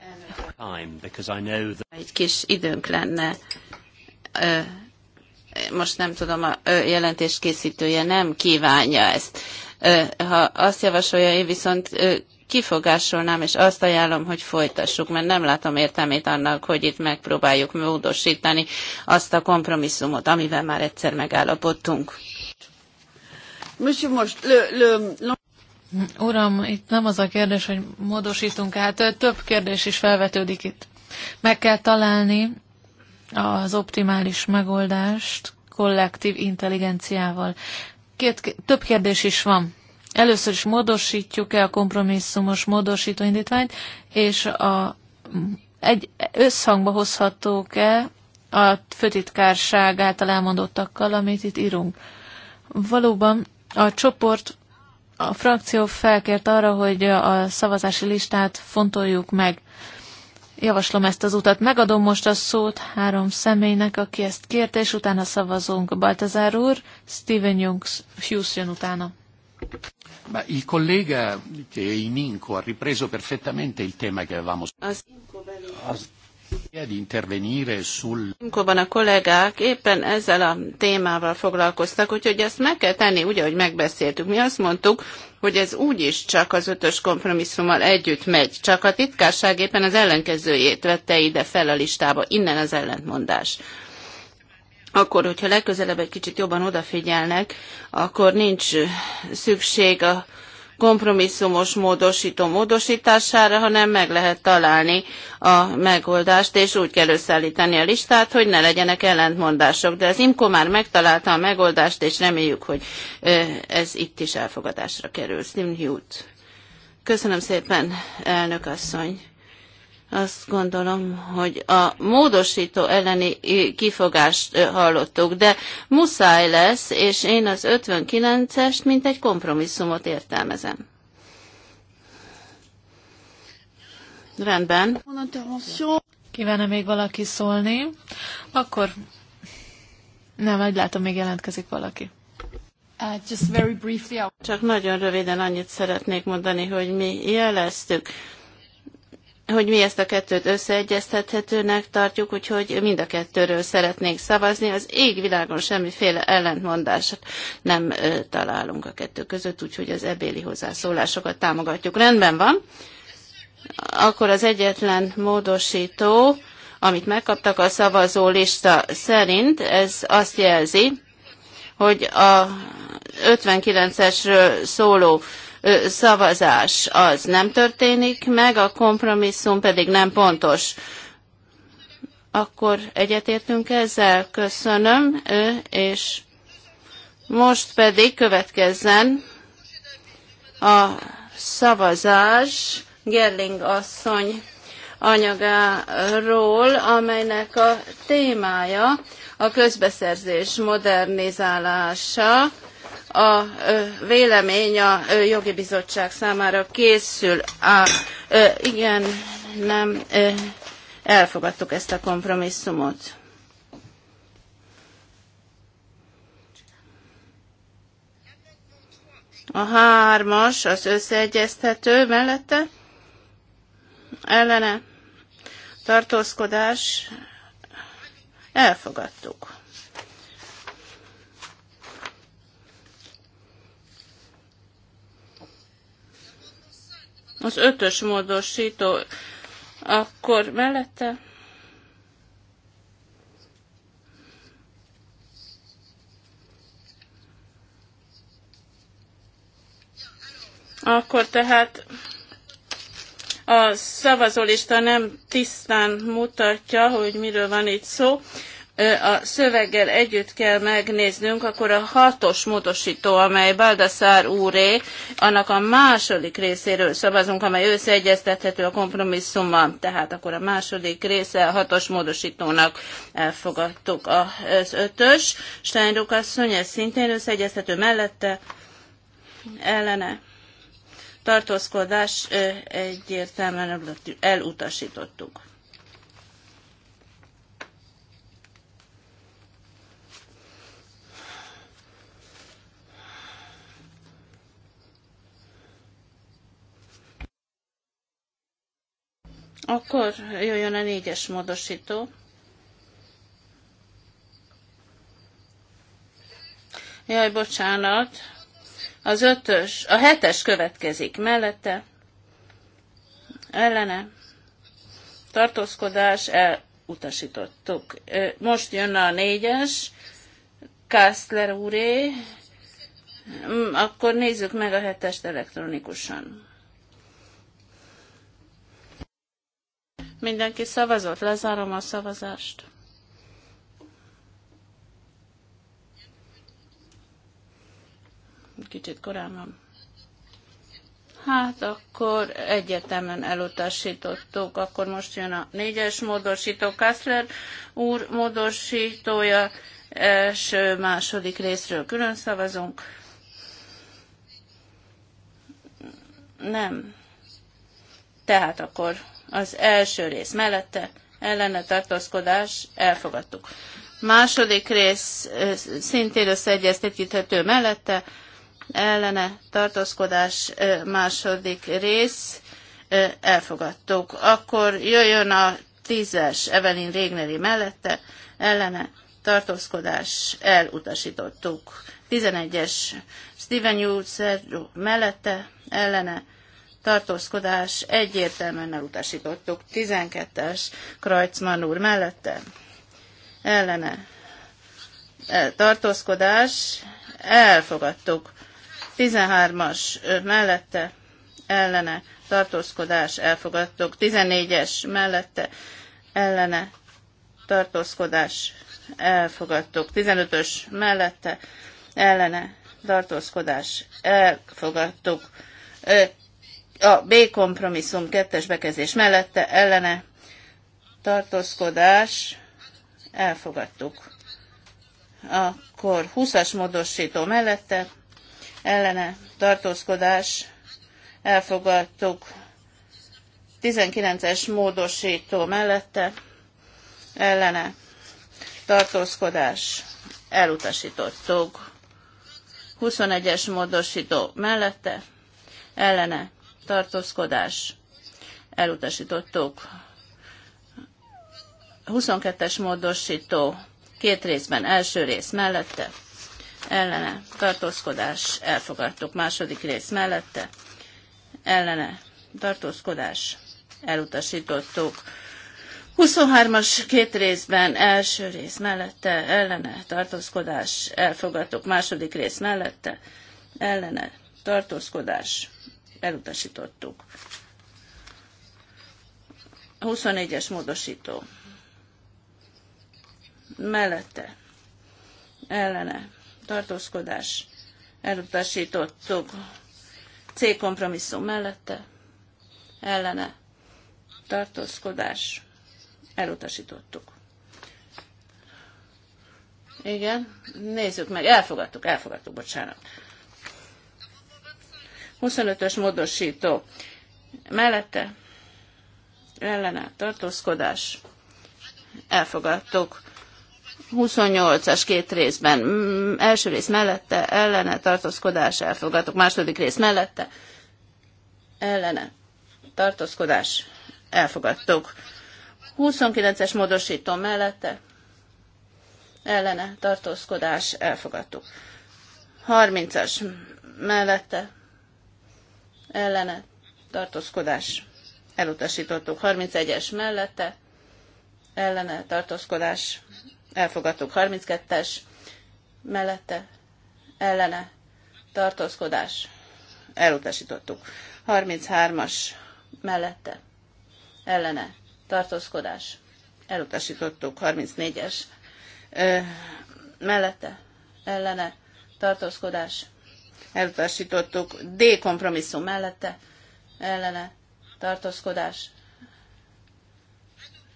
egy kis időnk lenne. Most nem tudom, a jelentés készítője nem kívánja ezt. Ha azt javasolja, én viszont kifogásolnám, és azt ajánlom, hogy folytassuk, mert nem látom értelmét annak, hogy itt megpróbáljuk módosítani azt a kompromisszumot, amivel már egyszer megállapodtunk. Monsieur Most, le, le, Uram, itt nem az a kérdés, hogy módosítunk, hát több kérdés is felvetődik itt. Meg kell találni az optimális megoldást kollektív intelligenciával. Két, több kérdés is van. Először is módosítjuk-e a kompromisszumos módosítóindítványt, indítványt, és a, egy összhangba hozhatók-e a főtitkárság által elmondottakkal, amit itt írunk. Valóban a csoport a frakció felkért arra, hogy a szavazási listát fontoljuk meg. Javaslom ezt az utat. Megadom most a szót három személynek, aki ezt kérte, és utána szavazunk. Baltazár úr, Steven Jungs, Hughes jön utána. Ma il collega che è in Inco ha ripreso perfettamente il tema che avevamo. Az Imkóban a kollégák éppen ezzel a témával foglalkoztak, úgyhogy ezt meg kell tenni, úgy, ahogy megbeszéltük. Mi azt mondtuk, hogy ez úgyis csak az ötös kompromisszummal együtt megy, csak a titkárság éppen az ellenkezőjét vette ide fel a listába, innen az ellentmondás. Akkor, hogyha legközelebb egy kicsit jobban odafigyelnek, akkor nincs szükség a kompromisszumos módosító módosítására, hanem meg lehet találni a megoldást, és úgy kell összeállítani a listát, hogy ne legyenek ellentmondások. De az IMKO már megtalálta a megoldást, és reméljük, hogy ez itt is elfogadásra kerül. Slim Hughes. Köszönöm szépen, elnök asszony. Azt gondolom, hogy a módosító elleni kifogást hallottuk, de muszáj lesz, és én az 59-est, mint egy kompromisszumot értelmezem. Rendben. Kívánom még valaki szólni? Akkor nem, egy látom, még jelentkezik valaki. Uh, Csak nagyon röviden annyit szeretnék mondani, hogy mi jeleztük hogy mi ezt a kettőt összeegyeztethetőnek tartjuk, úgyhogy mind a kettőről szeretnék szavazni. Az égvilágon semmiféle ellentmondást nem találunk a kettő között, úgyhogy az ebéli hozzászólásokat támogatjuk. Rendben van. Akkor az egyetlen módosító, amit megkaptak a szavazó lista szerint, ez azt jelzi, hogy a 59-esről szóló szavazás az nem történik meg, a kompromisszum pedig nem pontos. Akkor egyetértünk ezzel, köszönöm, és most pedig következzen a szavazás Gerling asszony anyagáról, amelynek a témája a közbeszerzés modernizálása a vélemény a jogi bizottság számára készül. A, igen, nem elfogadtuk ezt a kompromisszumot. A hármas az összeegyeztető mellette ellene tartózkodás elfogadtuk. Az ötös módosító, akkor mellette Akkor tehát a szavazólista nem tisztán mutatja, hogy miről van itt szó a szöveggel együtt kell megnéznünk, akkor a hatos módosító, amely Baldassar úré, annak a második részéről szavazunk, amely összeegyeztethető a kompromisszummal. Tehát akkor a második része a hatos módosítónak elfogadtuk az ötös. Steinruck asszony, ez szintén összeegyeztető mellette ellene tartózkodás egyértelműen elutasítottuk. Akkor jöjjön a négyes módosító. Jaj, bocsánat. Az ötös, a hetes következik mellette. Ellene. Tartózkodás elutasítottuk. Most jön a négyes. Kastler úré. Mm, akkor nézzük meg a hetest elektronikusan. Mindenki szavazott? Lezárom a szavazást. Kicsit korán van. Hát akkor egyetemen elutasítottuk, akkor most jön a négyes módosító. Kassler úr módosítója, első, második részről külön szavazunk. Nem. Tehát akkor az első rész mellette ellene tartózkodás elfogadtuk. Második rész szintén összeegyeztetíthető mellette ellene tartózkodás második rész elfogadtuk. Akkor jöjjön a tízes Evelyn Régneri mellette ellene tartózkodás elutasítottuk. 11-es Steven Jules mellette ellene tartózkodás egyértelműen elutasítottuk. 12-es Krajcman úr e, mellette ellene tartózkodás elfogadtuk. 13-as mellette ellene tartózkodás elfogadtuk. 14-es mellette ellene tartózkodás elfogadtuk. 15-ös mellette ellene tartózkodás elfogadtuk a B kompromisszum kettes bekezés mellette ellene tartózkodás elfogadtuk. Akkor 20-as módosító mellette ellene tartózkodás elfogadtuk. 19-es módosító mellette ellene tartózkodás elutasítottuk. 21-es módosító mellette ellene tartózkodás elutasítottuk. 22-es módosító két részben, első rész mellette, ellene tartózkodás elfogadtuk, második rész mellette, ellene tartózkodás elutasítottuk. 23-as két részben első rész mellette, ellene tartózkodás elfogadtuk, második rész mellette, ellene tartózkodás elutasítottuk. 24-es módosító. Mellette, ellene, tartózkodás, elutasítottuk. C kompromisszum mellette, ellene, tartózkodás, elutasítottuk. Igen, nézzük meg, elfogadtuk, elfogadtuk, bocsánat. 25-ös módosító. Mellette ellene tartózkodás. Elfogadtuk. 28-as két részben. Mm, első rész mellette ellene tartózkodás. Elfogadtuk. Második rész mellette ellene tartózkodás. Elfogadtuk. 29-es módosító mellette ellene tartózkodás. Elfogadtuk. 30-as mellette ellene tartózkodás elutasítottuk 31-es mellette, ellene tartózkodás elfogadtuk 32-es mellette, ellene tartózkodás elutasítottuk 33-as mellette, ellene tartózkodás elutasítottuk 34-es mellette, ellene tartózkodás elutasítottuk. D kompromisszum mellette ellene tartózkodás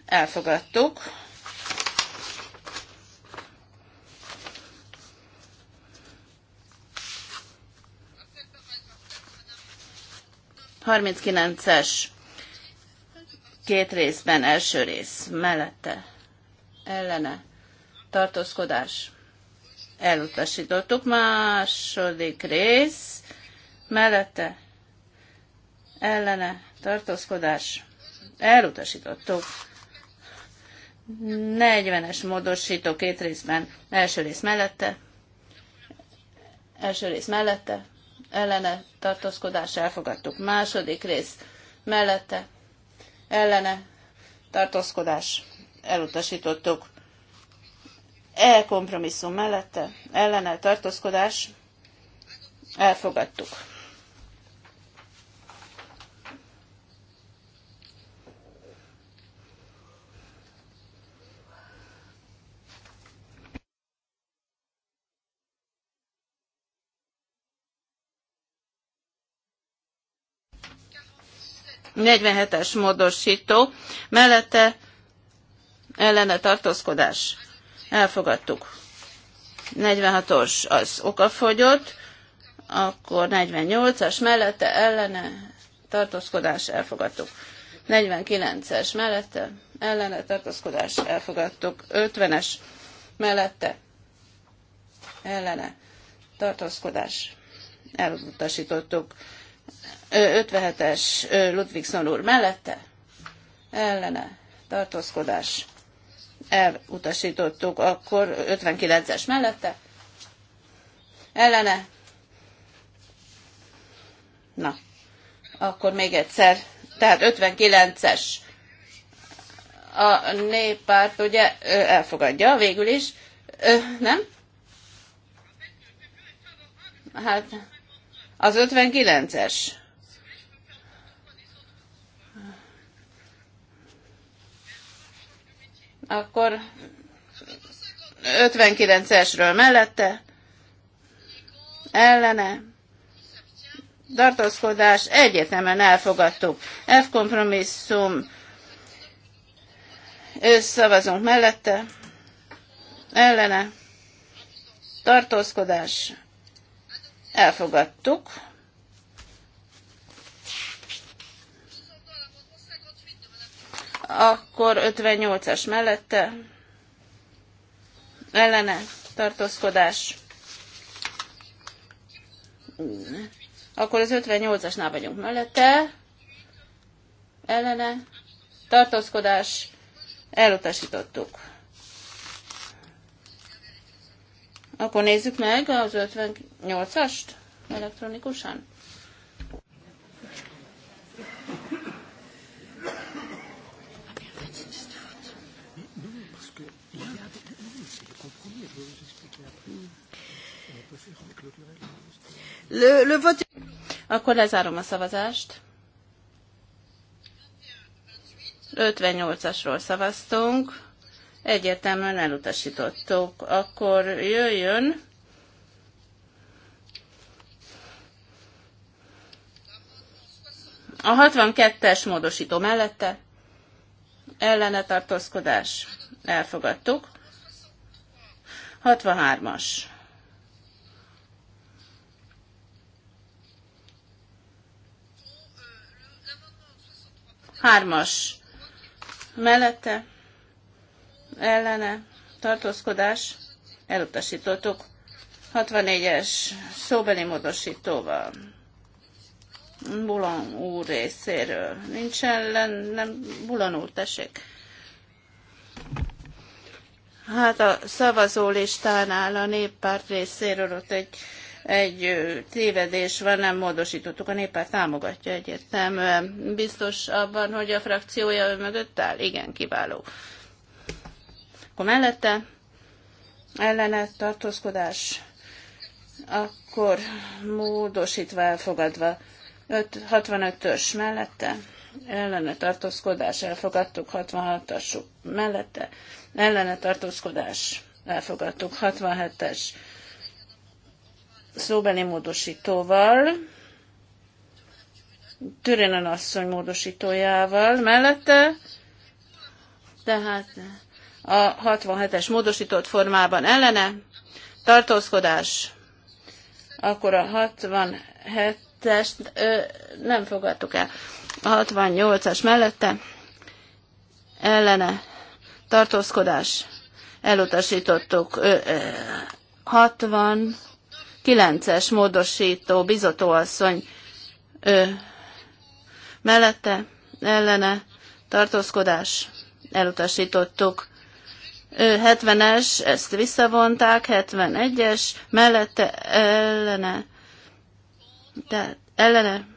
elfogadtuk. Harminckilences két részben első rész mellette ellene tartózkodás elutasítottuk. Második rész, mellette ellene tartózkodás, elutasítottuk. 40-es módosító két részben, első rész mellette, első rész mellette, ellene tartózkodás elfogadtuk. Második rész mellette, ellene tartózkodás elutasítottuk. E kompromisszum mellette ellene tartózkodás elfogadtuk. Negyvenhetes módosító, mellette ellene tartózkodás elfogadtuk. 46-os az okafogyott, akkor 48-as mellette ellene tartózkodás elfogadtuk. 49-es mellette ellene tartózkodás elfogadtuk. 50-es mellette ellene tartózkodás elutasítottuk. 57-es Ludvigson úr mellette ellene tartózkodás elutasítottuk, akkor 59-es mellette, ellene, na, akkor még egyszer, tehát 59-es a néppárt ugye elfogadja végül is, nem? Hát az 59-es. Akkor 59-esről mellette, ellene, tartózkodás, egyetemen elfogadtuk. F kompromisszum, szavazunk mellette, ellene, tartózkodás, elfogadtuk. akkor 58-as mellette ellene tartózkodás. Akkor az 58-asnál vagyunk mellette. Ellene tartózkodás. Elutasítottuk. Akkor nézzük meg az 58-ast elektronikusan. Le, le vote... Akkor lezárom a szavazást. 58-asról szavaztunk, egyértelműen elutasítottuk. Akkor jöjjön a 62-es módosító mellette ellene tartózkodás elfogadtuk. 63-as Hármas mellette ellene tartózkodás elutasítottuk. 64-es szóbeli módosítóval. Bulan úr részéről. Nincs ellen, nem, Bulan úr, tessék. Hát a szavazólistánál a néppárt részéről ott egy egy tévedés van, nem módosítottuk, a néppárt támogatja egyértelműen. Biztos abban, hogy a frakciója ő mögött áll? Igen, kiváló. Akkor mellette ellene tartózkodás, akkor módosítva elfogadva. 65-ös mellette ellene tartózkodás, elfogadtuk 66-as mellette, ellene tartózkodás, elfogadtuk 67-es szóbeli módosítóval, Türenen asszony módosítójával mellette, tehát a 67-es módosított formában ellene, tartózkodás, akkor a 67-es nem fogadtuk el, a 68-as mellette, ellene, tartózkodás, elutasítottuk, ö, ö, 60, 9-es módosító bizotóasszony ö, mellette ellene tartózkodás elutasítottuk. 70-es, ezt visszavonták, 71-es, mellette ellene, tehát ellene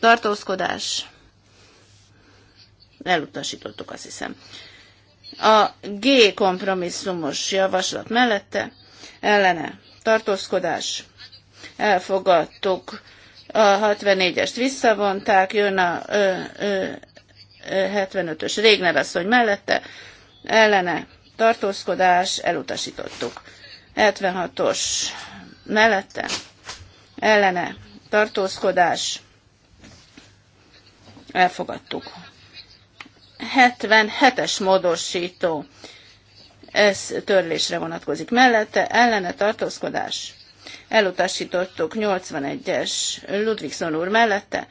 tartózkodás elutasítottuk, azt hiszem. A G kompromisszumos javaslat mellette ellene tartózkodás. Elfogadtuk. A 64-est visszavonták, jön a 75-ös Régner asszony mellette, ellene tartózkodás, elutasítottuk. 76-os mellette, ellene tartózkodás, elfogadtuk. 77-es módosító ez törlésre vonatkozik. Mellette ellene tartózkodás. Elutasítottuk 81-es Ludvigson úr mellette.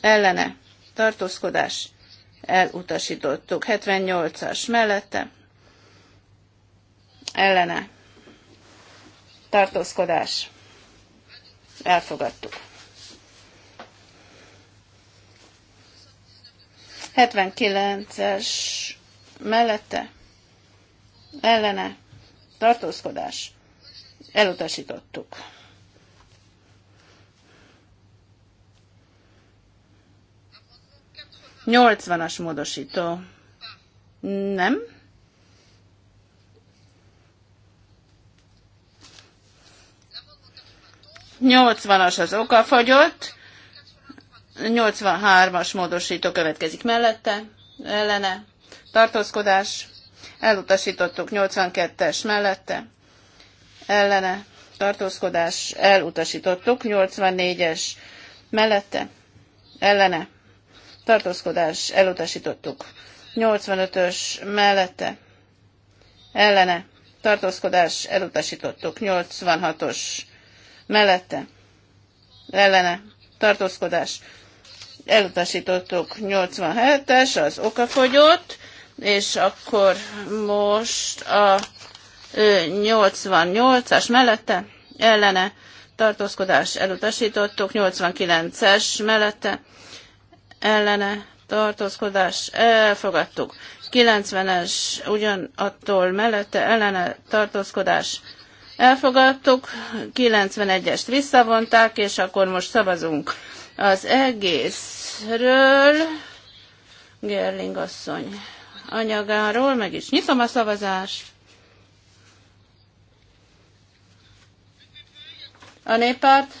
Ellene tartózkodás. Elutasítottuk 78-as mellette. Ellene tartózkodás. Elfogadtuk. 79-es mellette ellene tartózkodás elutasítottuk. Nyolcvanas módosító. Nem? Nyolcvanas az oka fogyott. Nyolcvanhármas módosító következik mellette, ellene, tartózkodás, elutasítottuk 82-es mellette, ellene tartózkodás elutasítottuk 84-es mellette, ellene tartózkodás elutasítottuk 85-ös mellette, ellene tartózkodás elutasítottuk 86-os mellette, ellene tartózkodás elutasítottuk 87-es, az okafogyott, és akkor most a 88-as mellette ellene tartózkodás elutasítottuk, 89-es mellette ellene tartózkodás elfogadtuk, 90-es ugyanattól mellette ellene tartózkodás elfogadtuk, 91-est visszavonták, és akkor most szavazunk az egészről. Gerling asszony anyagáról, meg is nyitom a szavazást. A néppárt.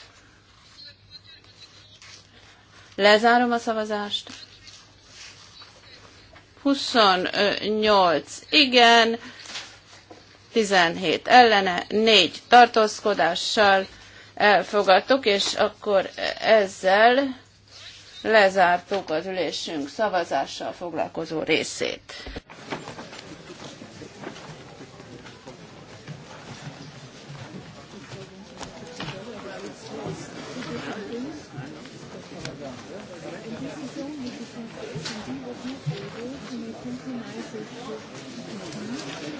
Lezárom a szavazást. 28 igen, 17 ellene, 4 tartózkodással elfogadtuk, és akkor ezzel lezártuk az ülésünk szavazással foglalkozó részét.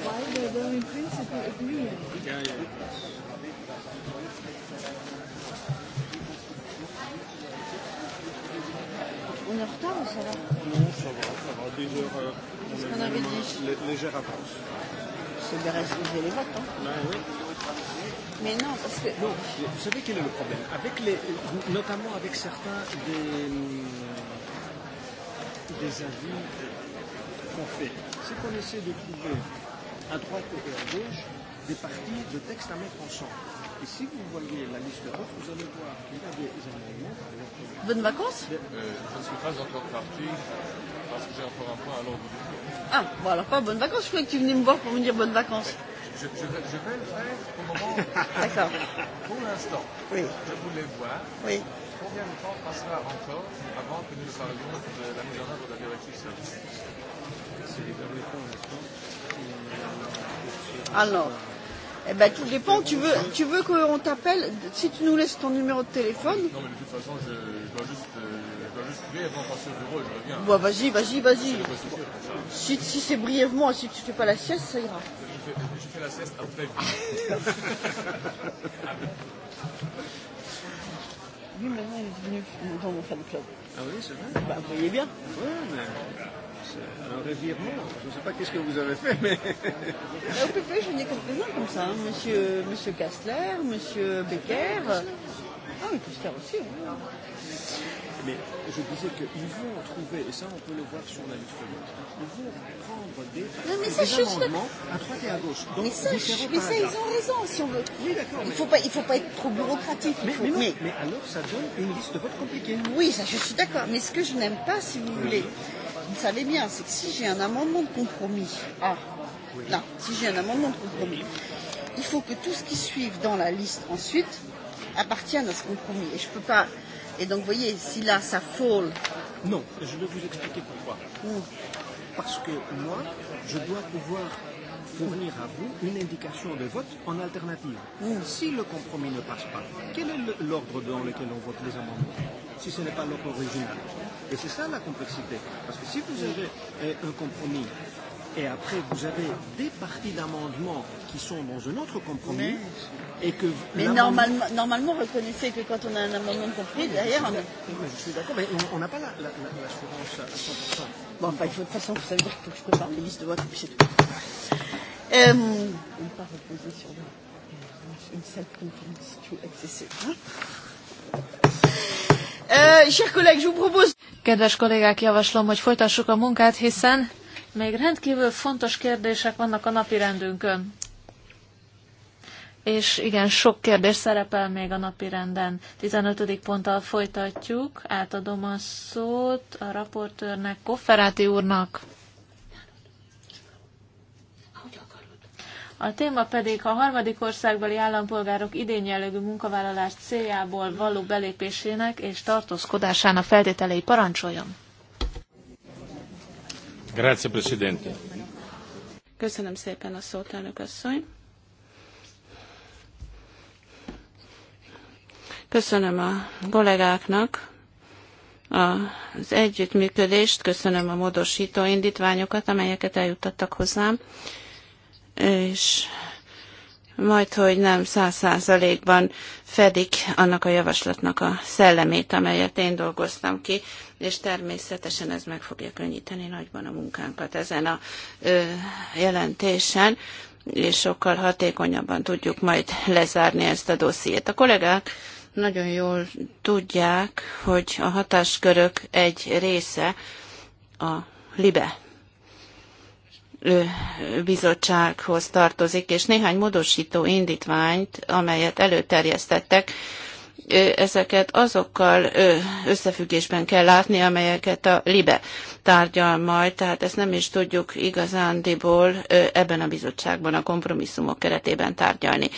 Why they in principle Yeah, yeah. en retard ou ça va Non, ça va, ça va. Deux heures. Euh, Qu'est-ce qu'on avait dit euh, Légère avance. C'est bien respecter les votes, hein Ben oui. Mais non, parce que. Non, vous savez quel est le problème avec les, Notamment avec certains des, euh, des avis qu'on fait. C'est qu'on essaie de trouver, à droite et à gauche, des parties de textes à mettre ensemble. Et si vous voyez la liste vote, vous allez voir qu'il y a des amendements. Bonne vacances euh, Je ne suis pas encore parti parce que j'ai encore un point à l'ordre du jour. Ah, bon alors pas bonne vacances, je croyais que tu venais me voir pour me dire bonne vacances. Je, je, je vais le faire au moment. D'accord. Pour l'instant, oui. je voulais voir. Oui combien de temps passera encore avant que nous parlions de la mise en œuvre de la directive service Alors, Eh ben, tout dépend. Tu veux, tu veux qu'on t'appelle Si tu nous laisses ton numéro de téléphone. Non, mais de toute façon, je, je dois juste, euh, je dois juste couper avant de passer au bureau. et Je reviens. Bon, vas-y, vas-y, vas-y. Si, si c'est brièvement, si tu fais pas la sieste, ça ira. Je fais, je fais la sieste après. oui, maintenant, il est venu dans mon fan club. Ah oui, c'est vrai Bah, vous voyez bien. Ouais, mais un revirement. Je ne sais pas qu'est-ce que vous avez fait, mais... Au PP, j'en ai quelques-uns comme ça. Hein. Monsieur, monsieur Kastler, Monsieur Becker. Ah oui, Kastler aussi. Hein. Mais je disais qu'ils vont trouver, et ça on peut le voir sur la liste ils vont prendre des, non, mais ça, des je amendements je... à droite et à gauche. Donc mais ça, je... mais ça ils ont raison si on veut. Oui, d'accord. Il ne mais... faut, pas, il faut pas être trop bureaucratique. Mais, faut... mais, non, mais... mais alors ça donne une liste de vote compliquée. Oui, ça je suis d'accord. Mais ce que je n'aime pas, si vous voulez. Oui vous savez bien, c'est que si j'ai un amendement de compromis, ah, oui. là, si j'ai un amendement de compromis, il faut que tout ce qui suive dans la liste ensuite appartienne à ce compromis. Et je peux pas. Et donc, vous voyez, si là, ça fall. Non, je vais vous expliquer pourquoi. Mmh. Parce que moi, je dois pouvoir fournir à vous une indication de vote en alternative. Mmh. Si le compromis ne passe pas, quel est l'ordre dans lequel on vote les amendements si ce n'est pas l'ordre original Et c'est ça la complexité. Parce que si vous avez eh, un compromis et après vous avez des parties d'amendements qui sont dans un autre compromis, Mais... Et que mais normalement, normalement, reconnaissez que quand on a un amendement compris, oui, derrière, on a... Je suis d'accord, mais on n'a pas l'assurance la, la, à 100%. Bon, bah, de toute façon, vous savez que je prépare les listes de vote, puis c'est tout. Euh, on ne pas reposer sur une salle conférence tout accessible. Euh, hein? Kedves kollégák, javaslom, hogy folytassuk a munkát, hiszen még rendkívül fontos kérdések vannak a napi rendünkön és igen, sok kérdés szerepel még a napi renden. 15. ponttal folytatjuk, átadom a szót a raportőrnek, Kofferáti úrnak. A téma pedig a harmadik országbeli állampolgárok idén munkavállalás céljából való belépésének és tartózkodásának feltételei parancsoljon. Grazie, Presidente. Köszönöm szépen a szót, elnök asszony. Köszönöm a kollégáknak az együttműködést, köszönöm a módosító indítványokat, amelyeket eljuttattak hozzám, és majd, hogy nem száz százalékban fedik annak a javaslatnak a szellemét, amelyet én dolgoztam ki, és természetesen ez meg fogja könnyíteni nagyban a munkánkat ezen a ö, jelentésen, és sokkal hatékonyabban tudjuk majd lezárni ezt a dossziét. A kollégák nagyon jól tudják, hogy a hatáskörök egy része a LIBE bizottsághoz tartozik, és néhány módosító indítványt, amelyet előterjesztettek, ezeket azokkal összefüggésben kell látni, amelyeket a LIBE tárgyal majd, tehát ezt nem is tudjuk igazándiból ebben a bizottságban a kompromisszumok keretében tárgyalni.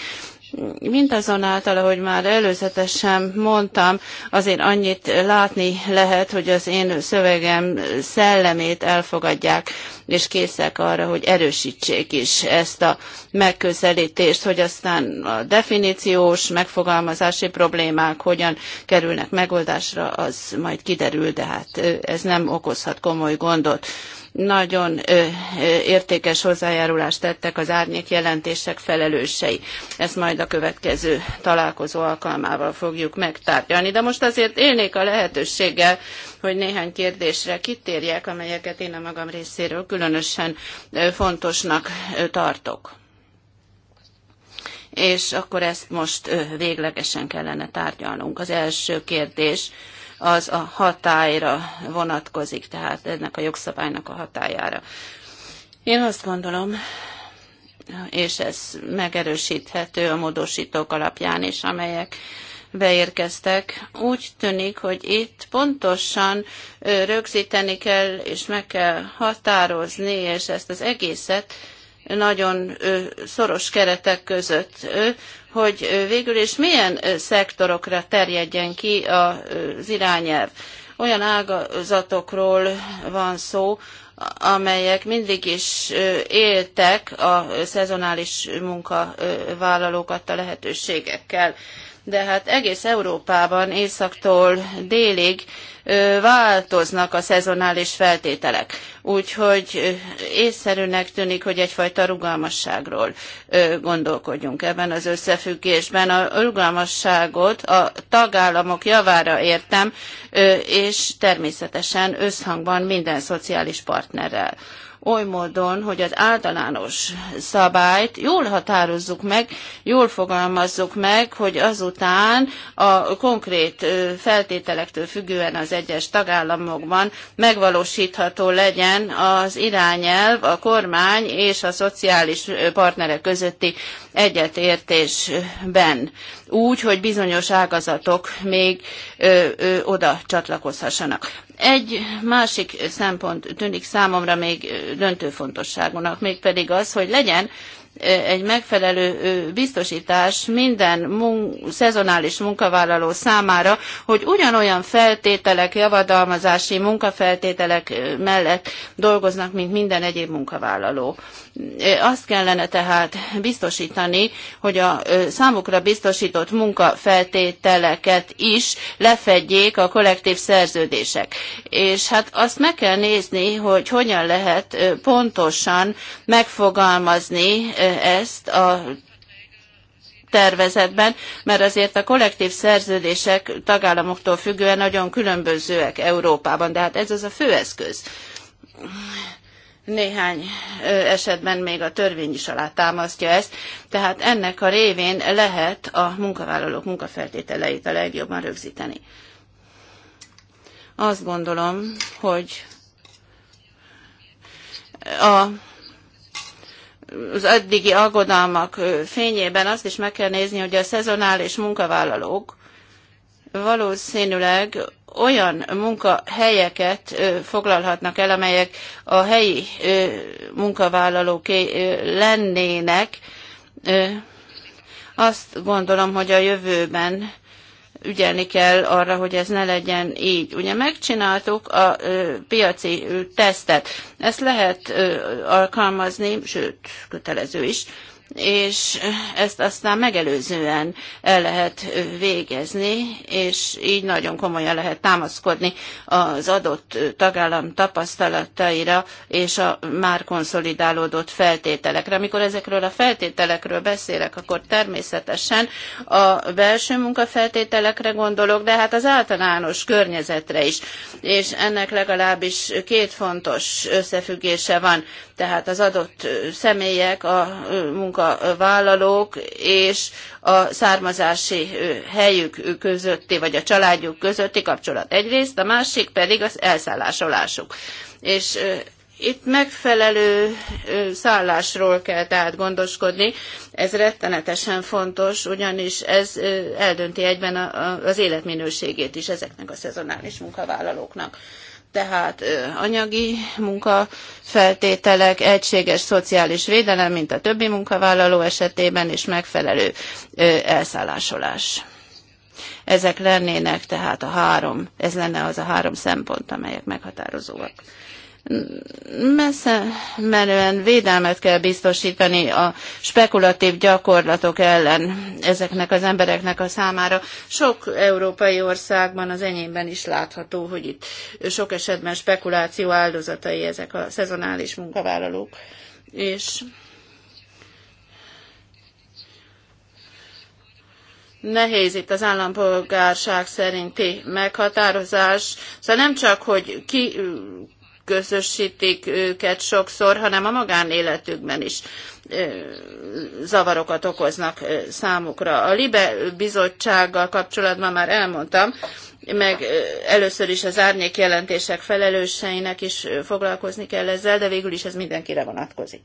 Mindazonáltal, ahogy már előzetesen mondtam, azért annyit látni lehet, hogy az én szövegem szellemét elfogadják, és készek arra, hogy erősítsék is ezt a megközelítést, hogy aztán a definíciós, megfogalmazási problémák hogyan kerülnek megoldásra, az majd kiderül, de hát ez nem okozhat komoly gondot nagyon értékes hozzájárulást tettek az árnyék jelentések felelősei. Ezt majd a következő találkozó alkalmával fogjuk megtárgyalni. De most azért élnék a lehetőséggel, hogy néhány kérdésre kitérjek, amelyeket én a magam részéről különösen fontosnak tartok és akkor ezt most véglegesen kellene tárgyalnunk. Az első kérdés az a hatályra vonatkozik, tehát ennek a jogszabálynak a hatályára. Én azt gondolom, és ez megerősíthető a módosítók alapján is, amelyek beérkeztek. Úgy tűnik, hogy itt pontosan rögzíteni kell, és meg kell határozni, és ezt az egészet nagyon szoros keretek között, hogy végül is milyen szektorokra terjedjen ki az irányelv. Olyan ágazatokról van szó, amelyek mindig is éltek a szezonális munkavállalókat a lehetőségekkel. De hát egész Európában északtól délig változnak a szezonális feltételek. Úgyhogy észszerűnek tűnik, hogy egyfajta rugalmasságról gondolkodjunk ebben az összefüggésben. A rugalmasságot a tagállamok javára értem, és természetesen összhangban minden szociális partnerrel oly módon, hogy az általános szabályt jól határozzuk meg, jól fogalmazzuk meg, hogy azután a konkrét feltételektől függően az egyes tagállamokban megvalósítható legyen az irányelv, a kormány és a szociális partnerek közötti egyetértésben. Úgy, hogy bizonyos ágazatok még ö, ö, oda csatlakozhassanak. Egy másik szempont tűnik számomra még döntő fontosságúnak, mégpedig az, hogy legyen egy megfelelő biztosítás minden mun- szezonális munkavállaló számára, hogy ugyanolyan feltételek, javadalmazási munkafeltételek mellett dolgoznak, mint minden egyéb munkavállaló. Azt kellene tehát biztosítani, hogy a számukra biztosított munkafeltételeket is lefedjék a kollektív szerződések. És hát azt meg kell nézni, hogy hogyan lehet pontosan megfogalmazni ezt a tervezetben, mert azért a kollektív szerződések tagállamoktól függően nagyon különbözőek Európában, de hát ez az a fő eszköz. Néhány esetben még a törvény is támasztja ezt, tehát ennek a révén lehet a munkavállalók munkafeltételeit a legjobban rögzíteni. Azt gondolom, hogy a az eddigi aggodalmak fényében azt is meg kell nézni, hogy a szezonális munkavállalók valószínűleg olyan munkahelyeket foglalhatnak el, amelyek a helyi munkavállalóké lennének. Azt gondolom, hogy a jövőben ügyelni kell arra, hogy ez ne legyen így. Ugye megcsináltuk a piaci tesztet. Ezt lehet alkalmazni, sőt, kötelező is és ezt aztán megelőzően el lehet végezni, és így nagyon komolyan lehet támaszkodni az adott tagállam tapasztalataira és a már konszolidálódott feltételekre. Amikor ezekről a feltételekről beszélek, akkor természetesen a belső munkafeltételekre gondolok, de hát az általános környezetre is, és ennek legalábbis két fontos összefüggése van, tehát az adott személyek a munka munkavállalók és a származási helyük közötti, vagy a családjuk közötti kapcsolat egyrészt, a másik pedig az elszállásolásuk. És itt megfelelő szállásról kell tehát gondoskodni. Ez rettenetesen fontos, ugyanis ez eldönti egyben az életminőségét is ezeknek a szezonális munkavállalóknak tehát anyagi munkafeltételek, egységes szociális védelem, mint a többi munkavállaló esetében, és megfelelő elszállásolás. Ezek lennének tehát a három, ez lenne az a három szempont, amelyek meghatározóak messze menően védelmet kell biztosítani a spekulatív gyakorlatok ellen ezeknek az embereknek a számára. Sok európai országban, az enyémben is látható, hogy itt sok esetben spekuláció áldozatai ezek a szezonális munkavállalók. És nehéz itt az állampolgárság szerinti meghatározás. Szóval nem csak, hogy ki közösítik őket sokszor, hanem a magánéletükben is zavarokat okoznak számukra. A Libe bizottsággal kapcsolatban már elmondtam, meg először is az árnyék jelentések felelőseinek is foglalkozni kell ezzel, de végül is ez mindenkire vonatkozik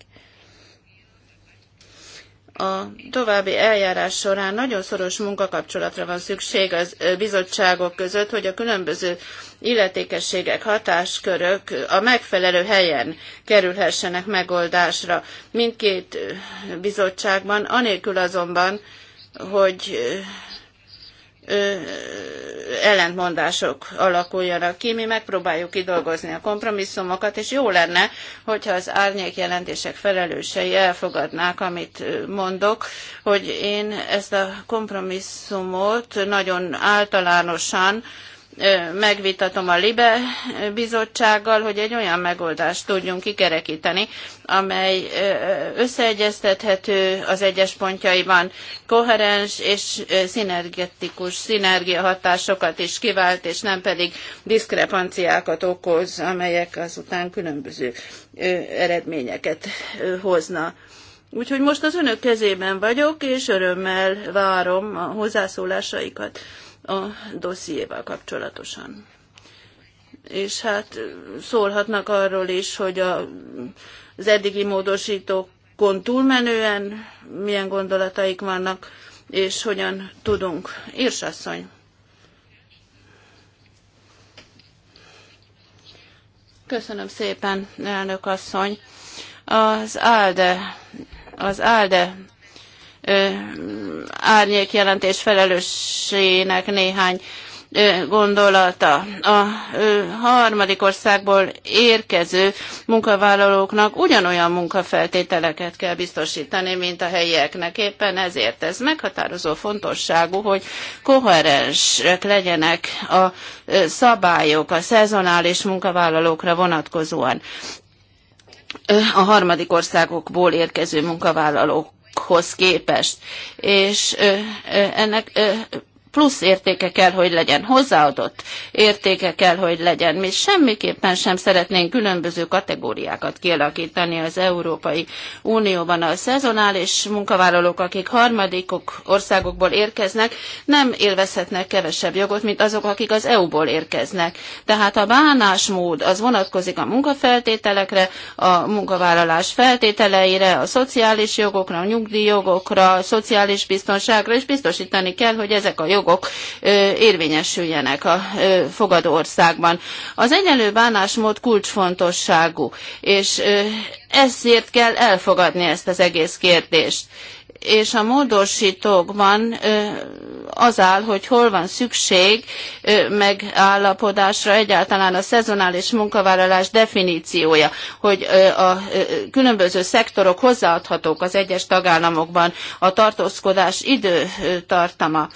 a további eljárás során nagyon szoros munkakapcsolatra van szükség az bizottságok között, hogy a különböző illetékességek, hatáskörök a megfelelő helyen kerülhessenek megoldásra. Mindkét bizottságban, anélkül azonban, hogy ellentmondások alakuljanak ki. Mi megpróbáljuk kidolgozni a kompromisszumokat, és jó lenne, hogyha az árnyék jelentések felelősei elfogadnák, amit mondok, hogy én ezt a kompromisszumot nagyon általánosan megvitatom a LIBE bizottsággal, hogy egy olyan megoldást tudjunk kikerekíteni, amely összeegyeztethető az egyes pontjaiban, koherens és szinergetikus szinergiahatásokat is kivált, és nem pedig diszkrepanciákat okoz, amelyek azután különböző eredményeket hozna. Úgyhogy most az önök kezében vagyok, és örömmel várom a hozzászólásaikat a dossziéval kapcsolatosan. És hát szólhatnak arról is, hogy a, az eddigi módosítókon túlmenően milyen gondolataik vannak, és hogyan tudunk. Írsasszony! Köszönöm szépen, elnök asszony. Az ALDE, az ALDE árnyék jelentés felelőssének néhány gondolata. A harmadik országból érkező munkavállalóknak ugyanolyan munkafeltételeket kell biztosítani, mint a helyieknek. Éppen ezért ez meghatározó fontosságú, hogy koherensek legyenek a szabályok a szezonális munkavállalókra vonatkozóan a harmadik országokból érkező munkavállalók hoz képest. És ennek plusz értéke kell, hogy legyen, hozzáadott értéke kell, hogy legyen. Mi semmiképpen sem szeretnénk különböző kategóriákat kialakítani az Európai Unióban. A szezonális munkavállalók, akik harmadikok országokból érkeznek, nem élvezhetnek kevesebb jogot, mint azok, akik az EU-ból érkeznek. Tehát a bánásmód az vonatkozik a munkafeltételekre, a munkavállalás feltételeire, a szociális jogokra, a nyugdíjjogokra, a szociális biztonságra, és biztosítani kell, hogy ezek a jogok jogok érvényesüljenek a fogadó országban. Az egyenlő bánásmód kulcsfontosságú, és ezért kell elfogadni ezt az egész kérdést és a módosítókban az áll, hogy hol van szükség megállapodásra egyáltalán a szezonális munkavállalás definíciója, hogy a különböző szektorok hozzáadhatók az egyes tagállamokban a tartózkodás időtartama,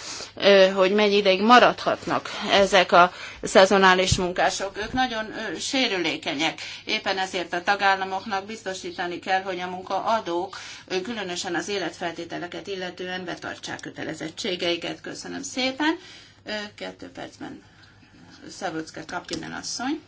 hogy mennyi ideig maradhatnak ezek a szezonális munkások. Ők nagyon sérülékenyek. Éppen ezért a tagállamoknak biztosítani kell, hogy a munkaadók, különösen az életfeltételeket illetően betartsák kötelezettségeiket. Köszönöm szépen. Kettő percben Szabocka Kapinen asszony.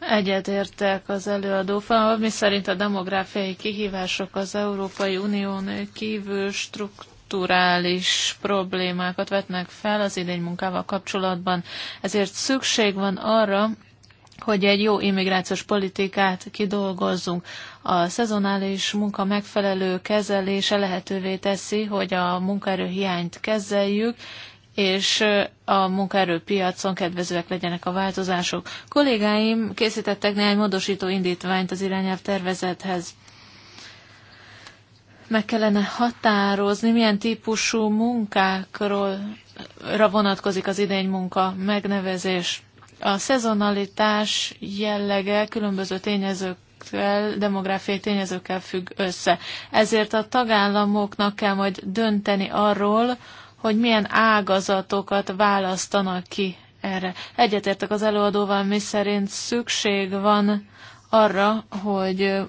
Egyetértek az előadó falval, mi szerint a demográfiai kihívások az Európai Unión kívül struktúrák strukturális problémákat vetnek fel az idény munkával kapcsolatban. Ezért szükség van arra, hogy egy jó immigrációs politikát kidolgozzunk. A szezonális munka megfelelő kezelése lehetővé teszi, hogy a munkaerőhiányt kezeljük, és a munkaerőpiacon kedvezőek legyenek a változások. Kollégáim készítettek néhány módosító indítványt az irányelv tervezethez meg kellene határozni, milyen típusú munkákról vonatkozik az idény munka megnevezés. A szezonalitás jellege különböző tényezők demográfiai tényezőkkel függ össze. Ezért a tagállamoknak kell majd dönteni arról, hogy milyen ágazatokat választanak ki erre. Egyetértek az előadóval, mi szerint szükség van arra, hogy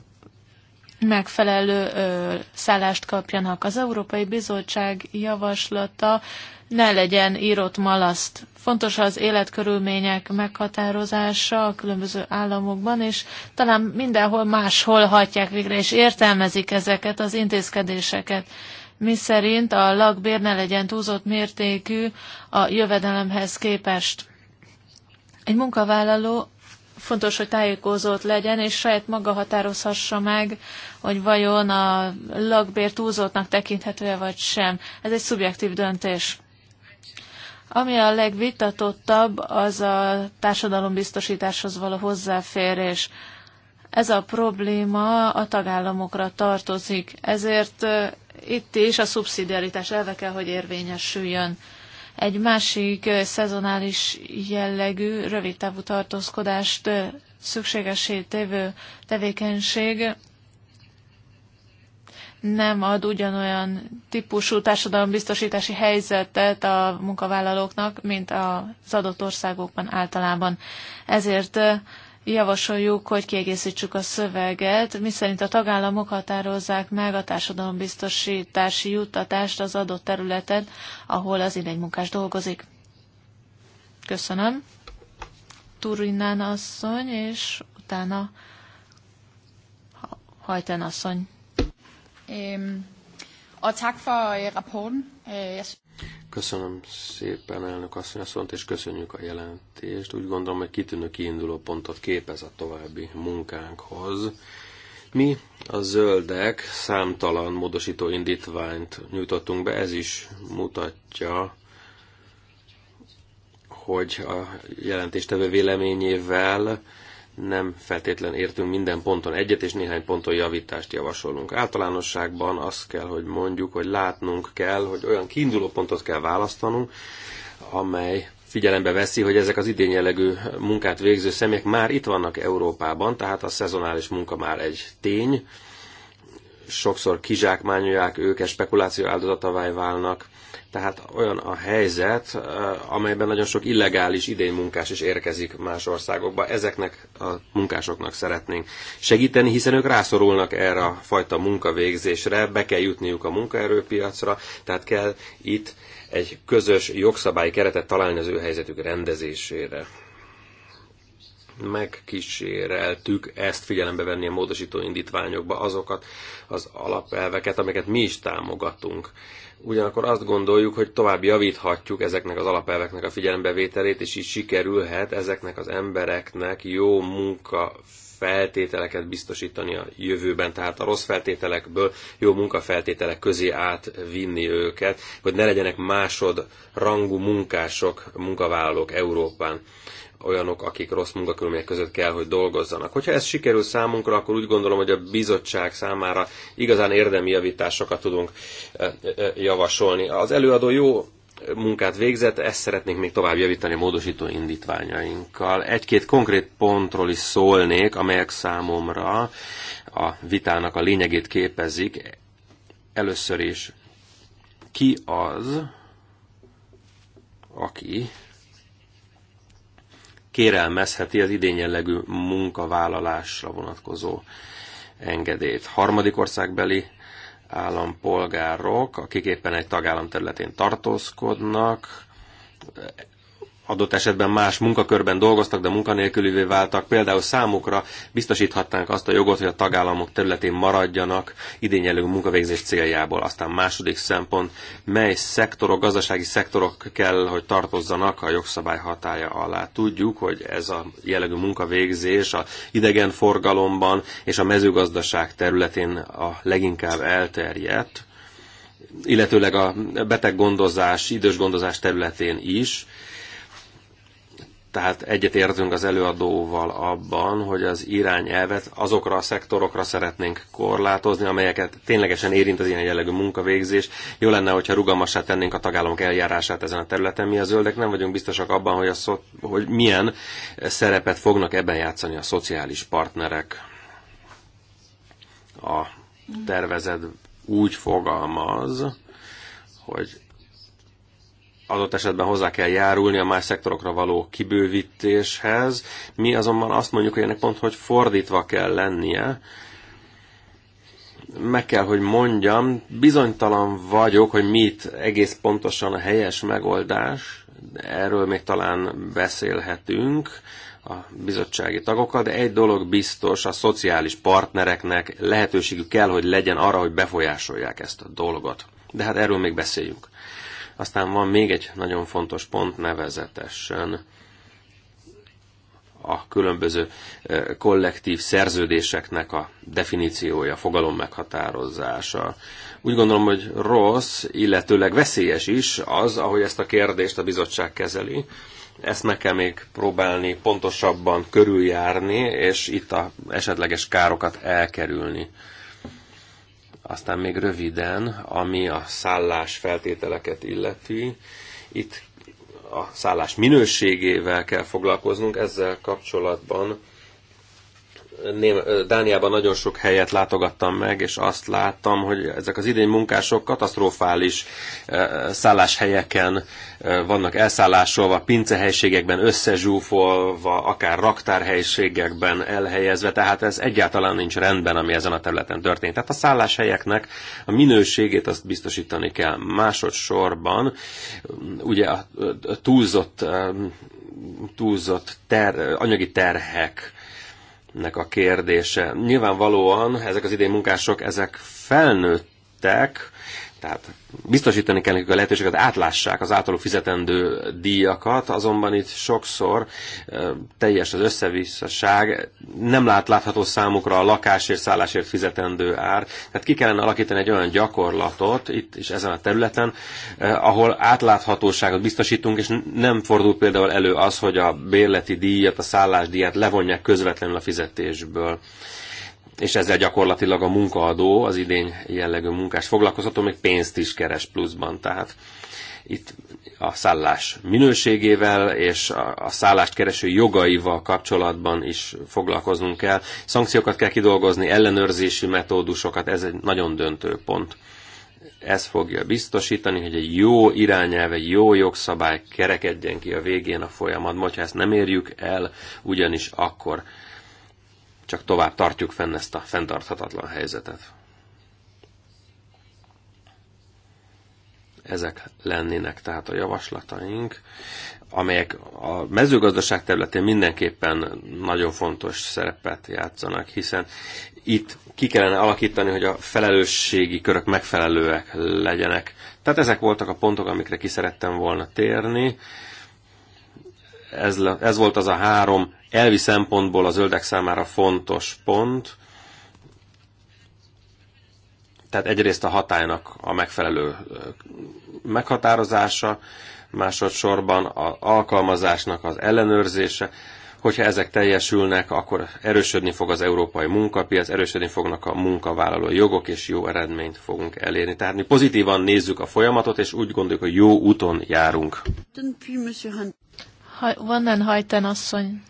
megfelelő ö, szállást kapjanak. Az Európai Bizottság javaslata ne legyen írott malaszt. Fontos az életkörülmények meghatározása a különböző államokban, és talán mindenhol máshol hatják végre, és értelmezik ezeket az intézkedéseket mi szerint a lakbér ne legyen túlzott mértékű a jövedelemhez képest. Egy munkavállaló fontos, hogy tájékozott legyen, és saját maga határozhassa meg, hogy vajon a lakbér túlzottnak tekinthető-e vagy sem. Ez egy szubjektív döntés. Ami a legvitatottabb, az a társadalombiztosításhoz való hozzáférés. Ez a probléma a tagállamokra tartozik, ezért itt is a szubszidiaritás elve kell, hogy érvényesüljön egy másik szezonális jellegű, rövid távú tartózkodást szükségesé tévő tevékenység nem ad ugyanolyan típusú társadalombiztosítási helyzetet a munkavállalóknak, mint az adott országokban általában. Ezért javasoljuk, hogy kiegészítsük a szöveget, miszerint a tagállamok határozzák meg a társadalombiztosítási juttatást az adott területen, ahol az munkás dolgozik. Köszönöm. Turinán asszony, és utána Hajten asszony. Øhm, og tak for øh, rapporten. Øh, jeg Köszönöm szépen, elnök asszony, szólt, és köszönjük a jelentést. Úgy gondolom, hogy kitűnő kiinduló pontot képez a további munkánkhoz. Mi, a zöldek, számtalan módosító indítványt nyújtottunk be, ez is mutatja, hogy a jelentéstevő véleményével nem feltétlen értünk minden ponton egyet, és néhány ponton javítást javasolunk. Általánosságban azt kell, hogy mondjuk, hogy látnunk kell, hogy olyan kiinduló pontot kell választanunk, amely figyelembe veszi, hogy ezek az idényjellegű munkát végző személyek már itt vannak Európában, tehát a szezonális munka már egy tény, sokszor kizsákmányolják ők, spekuláció áldozatavá válnak, tehát olyan a helyzet, eh, amelyben nagyon sok illegális idénymunkás is érkezik más országokba. Ezeknek a munkásoknak szeretnénk segíteni, hiszen ők rászorulnak erre a fajta munkavégzésre, be kell jutniuk a munkaerőpiacra, tehát kell itt egy közös jogszabályi keretet találni az ő helyzetük rendezésére megkíséreltük ezt figyelembe venni a módosító indítványokba, azokat az alapelveket, amiket mi is támogatunk. Ugyanakkor azt gondoljuk, hogy tovább javíthatjuk ezeknek az alapelveknek a figyelembevételét, és így sikerülhet ezeknek az embereknek jó munka feltételeket biztosítani a jövőben, tehát a rossz feltételekből jó munkafeltételek közé átvinni őket, hogy ne legyenek másod rangú munkások, munkavállalók Európán olyanok, akik rossz munkakörülmények között kell, hogy dolgozzanak. Hogyha ez sikerül számunkra, akkor úgy gondolom, hogy a bizottság számára igazán érdemi javításokat tudunk e, e, e, javasolni. Az előadó jó munkát végzett, ezt szeretnénk még tovább javítani a módosító indítványainkkal. Egy-két konkrét pontról is szólnék, amelyek számomra a vitának a lényegét képezik. Először is, ki az, aki kérelmezheti az idén jellegű munkavállalásra vonatkozó engedélyt. Harmadik országbeli állampolgárok, akik éppen egy tagállam területén tartózkodnak, adott esetben más munkakörben dolgoztak, de munkanélkülővé váltak. Például számukra biztosíthatnánk azt a jogot, hogy a tagállamok területén maradjanak idényelő munkavégzés céljából. Aztán második szempont, mely szektorok, gazdasági szektorok kell, hogy tartozzanak a jogszabály hatája alá. Tudjuk, hogy ez a jellegű munkavégzés a idegenforgalomban és a mezőgazdaság területén a leginkább elterjedt illetőleg a beteggondozás, idősgondozás területén is tehát egyetértünk az előadóval abban, hogy az irányelvet azokra a szektorokra szeretnénk korlátozni, amelyeket ténylegesen érint az ilyen jellegű munkavégzés. Jó lenne, hogyha rugalmassá tennénk a tagállamok eljárását ezen a területen. Mi a zöldek nem vagyunk biztosak abban, hogy, a szo- hogy milyen szerepet fognak ebben játszani a szociális partnerek. A tervezet úgy fogalmaz, hogy adott esetben hozzá kell járulni a más szektorokra való kibővítéshez. Mi azonban azt mondjuk, hogy ennek pont, hogy fordítva kell lennie, meg kell, hogy mondjam, bizonytalan vagyok, hogy mit egész pontosan a helyes megoldás, erről még talán beszélhetünk a bizottsági tagokkal, de egy dolog biztos, a szociális partnereknek lehetőségük kell, hogy legyen arra, hogy befolyásolják ezt a dolgot. De hát erről még beszéljünk. Aztán van még egy nagyon fontos pont nevezetesen a különböző e, kollektív szerződéseknek a definíciója, fogalom meghatározása. Úgy gondolom, hogy rossz, illetőleg veszélyes is az, ahogy ezt a kérdést a bizottság kezeli. Ezt meg kell még próbálni pontosabban körüljárni, és itt a esetleges károkat elkerülni. Aztán még röviden, ami a szállás feltételeket illeti, itt a szállás minőségével kell foglalkoznunk, ezzel kapcsolatban Dániában nagyon sok helyet látogattam meg, és azt láttam, hogy ezek az idény munkások katasztrofális szálláshelyeken vannak elszállásolva, pincehelységekben összezsúfolva, akár raktárhelységekben elhelyezve, tehát ez egyáltalán nincs rendben, ami ezen a területen történt. Tehát a szálláshelyeknek a minőségét azt biztosítani kell. Másodszorban ugye a túlzott túlzott ter, anyagi terhek nek a kérdése. Nyilvánvalóan ezek az idén munkások, ezek felnőttek, tehát biztosítani kell nekik a lehetőséget, átlássák az általuk fizetendő díjakat, azonban itt sokszor teljes az összevisszaság, nem lát látható számukra a lakásért, szállásért fizetendő ár. Tehát ki kellene alakítani egy olyan gyakorlatot itt és ezen a területen, ahol átláthatóságot biztosítunk, és nem fordul például elő az, hogy a bérleti díjat, a szállásdíjat levonják közvetlenül a fizetésből és ezzel gyakorlatilag a munkaadó, az idény jellegű munkás foglalkozható még pénzt is keres pluszban, tehát itt a szállás minőségével és a szállást kereső jogaival kapcsolatban is foglalkoznunk kell. Szankciókat kell kidolgozni, ellenőrzési metódusokat, ez egy nagyon döntő pont. Ez fogja biztosítani, hogy egy jó irányelv, egy jó jogszabály kerekedjen ki a végén a folyamatban. Ha ezt nem érjük el, ugyanis akkor csak tovább tartjuk fenn ezt a fenntarthatatlan helyzetet. Ezek lennének tehát a javaslataink, amelyek a mezőgazdaság területén mindenképpen nagyon fontos szerepet játszanak, hiszen itt ki kellene alakítani, hogy a felelősségi körök megfelelőek legyenek. Tehát ezek voltak a pontok, amikre ki szerettem volna térni. Ez, ez volt az a három elvi szempontból a zöldek számára fontos pont, tehát egyrészt a hatálynak a megfelelő meghatározása, másodszorban az alkalmazásnak az ellenőrzése, hogyha ezek teljesülnek, akkor erősödni fog az európai munkapiac, erősödni fognak a munkavállaló jogok, és jó eredményt fogunk elérni. Tehát mi pozitívan nézzük a folyamatot, és úgy gondoljuk, hogy jó úton járunk. Vannen Hajten asszony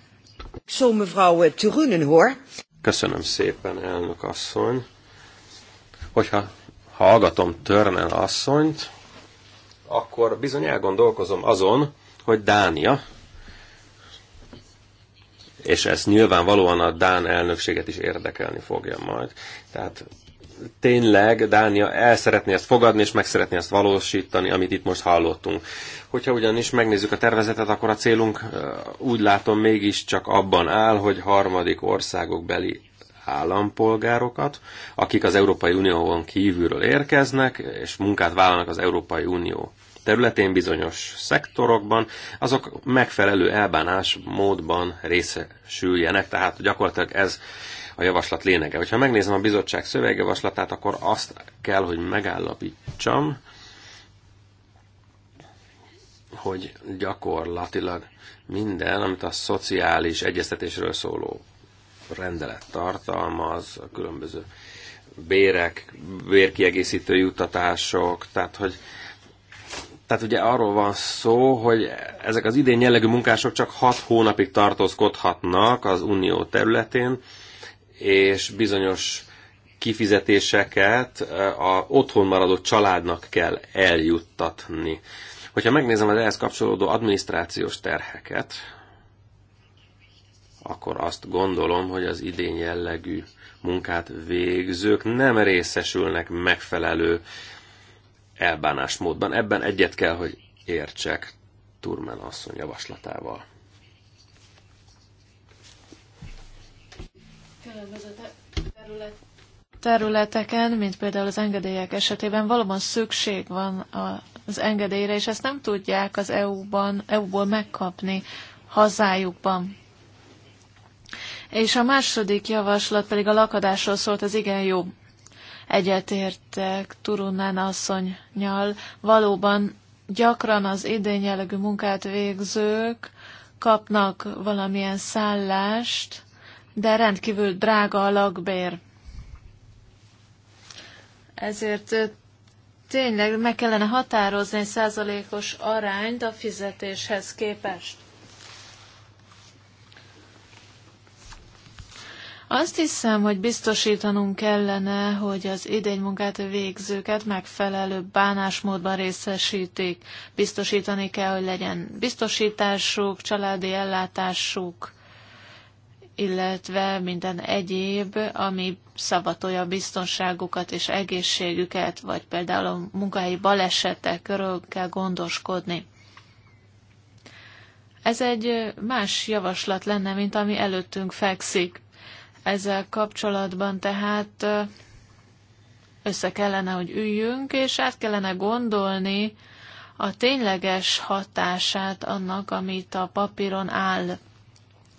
Szó, mevrouw eh, Turunen, Köszönöm szépen, elnök asszony. Hogyha hallgatom Törnen asszonyt, akkor bizony elgondolkozom azon, hogy Dánia, és ez nyilvánvalóan a Dán elnökséget is érdekelni fogja majd. Tehát tényleg Dánia el szeretné ezt fogadni, és meg szeretné ezt valósítani, amit itt most hallottunk. Hogyha ugyanis megnézzük a tervezetet, akkor a célunk úgy látom mégiscsak abban áll, hogy harmadik országok beli állampolgárokat, akik az Európai Unióon kívülről érkeznek, és munkát vállalnak az Európai Unió területén, bizonyos szektorokban, azok megfelelő elbánás módban részesüljenek, tehát gyakorlatilag ez a javaslat lényege. Ha megnézem a bizottság szövegjavaslatát, akkor azt kell, hogy megállapítsam, hogy gyakorlatilag minden, amit a szociális egyeztetésről szóló rendelet tartalmaz, a különböző bérek, bérkiegészítő juttatások, tehát hogy tehát ugye arról van szó, hogy ezek az idén jellegű munkások csak 6 hónapig tartózkodhatnak az unió területén, és bizonyos kifizetéseket a otthon maradó családnak kell eljuttatni. Hogyha megnézem az ehhez kapcsolódó adminisztrációs terheket, akkor azt gondolom, hogy az idén jellegű munkát végzők nem részesülnek megfelelő elbánásmódban. Ebben egyet kell, hogy értsek Turmen asszony javaslatával. különböző terület, területeken, mint például az engedélyek esetében valóban szükség van az engedélyre, és ezt nem tudják az EU-ban, EU-ból megkapni hazájukban. És a második javaslat pedig a lakadásról szólt, ez igen jó. Egyetértek Turunnán asszonynyal. Valóban gyakran az jellegű munkát végzők kapnak valamilyen szállást, de rendkívül drága a lakbér. Ezért tényleg meg kellene határozni egy százalékos arányt a fizetéshez képest. Azt hiszem, hogy biztosítanunk kellene, hogy az idény munkát végzőket megfelelő bánásmódban részesítik. Biztosítani kell, hogy legyen biztosításuk, családi ellátásuk, illetve minden egyéb, ami szavatolja a biztonságukat és egészségüket, vagy például a munkahelyi balesetekről kell gondoskodni. Ez egy más javaslat lenne, mint ami előttünk fekszik. Ezzel kapcsolatban tehát össze kellene, hogy üljünk, és át kellene gondolni a tényleges hatását annak, amit a papíron áll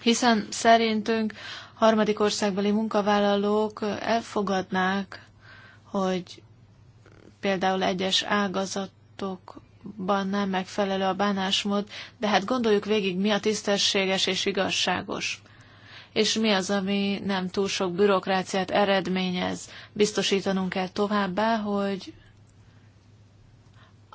hiszen szerintünk harmadik országbeli munkavállalók elfogadnák, hogy például egyes ágazatokban nem megfelelő a bánásmód, de hát gondoljuk végig, mi a tisztességes és igazságos és mi az, ami nem túl sok bürokráciát eredményez. Biztosítanunk kell továbbá, hogy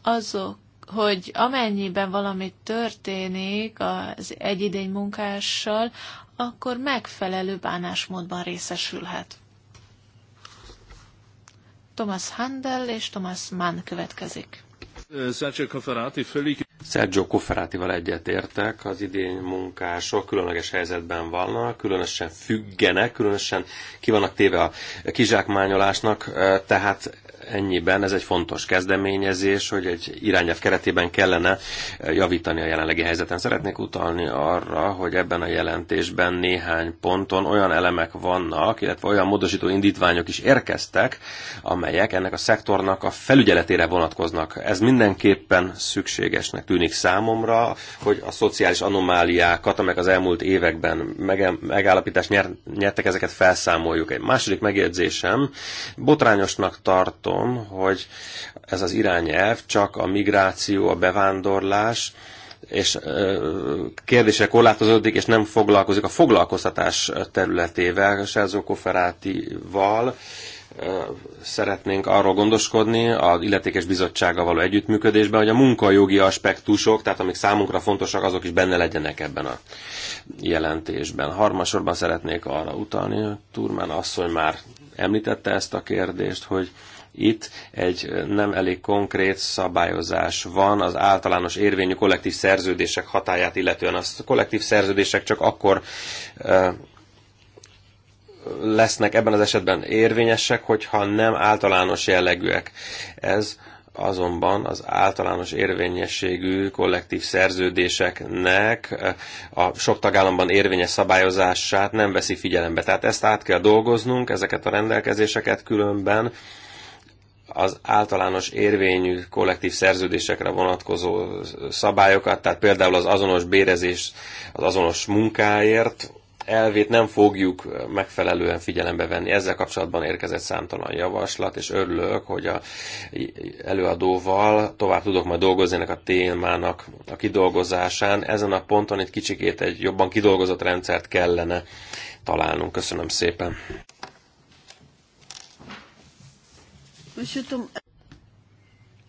azok hogy amennyiben valami történik az egyidény munkással, akkor megfelelő bánásmódban részesülhet. Thomas Handel és Thomas Mann következik. Sergio egyet egyetértek, az idén munkások különleges helyzetben vannak, különösen függenek, különösen ki vannak téve a kizsákmányolásnak, eh, tehát ennyiben ez egy fontos kezdeményezés, hogy egy irányelv keretében kellene javítani a jelenlegi helyzeten. Szeretnék utalni arra, hogy ebben a jelentésben néhány ponton olyan elemek vannak, illetve olyan módosító indítványok is érkeztek, amelyek ennek a szektornak a felügyeletére vonatkoznak. Ez mindenképpen szükségesnek tűnik számomra, hogy a szociális anomáliákat, amelyek az elmúlt években megállapítást nyertek, ezeket felszámoljuk. Egy második megjegyzésem, botrányosnak tartom, módon, hogy ez az irányelv csak a migráció, a bevándorlás, és kérdése korlátozódik, és nem foglalkozik a foglalkoztatás területével, Selzó Koferátival, szeretnénk arról gondoskodni az illetékes bizottsággal való együttműködésben, hogy a munkajogi aspektusok, tehát amik számunkra fontosak, azok is benne legyenek ebben a jelentésben. Harmasorban szeretnék arra utalni, Turmán asszony már említette ezt a kérdést, hogy itt egy nem elég konkrét szabályozás van az általános érvényű kollektív szerződések hatáját illetően. A kollektív szerződések csak akkor lesznek ebben az esetben érvényesek, hogyha nem általános jellegűek. Ez azonban az általános érvényességű kollektív szerződéseknek a sok tagállamban érvényes szabályozását nem veszi figyelembe. Tehát ezt át kell dolgoznunk, ezeket a rendelkezéseket különben az általános érvényű kollektív szerződésekre vonatkozó szabályokat, tehát például az azonos bérezés, az azonos munkáért elvét nem fogjuk megfelelően figyelembe venni. Ezzel kapcsolatban érkezett számtalan javaslat, és örülök, hogy a előadóval tovább tudok majd dolgozni ennek a témának a kidolgozásán. Ezen a ponton egy kicsikét egy jobban kidolgozott rendszert kellene találnunk. Köszönöm szépen.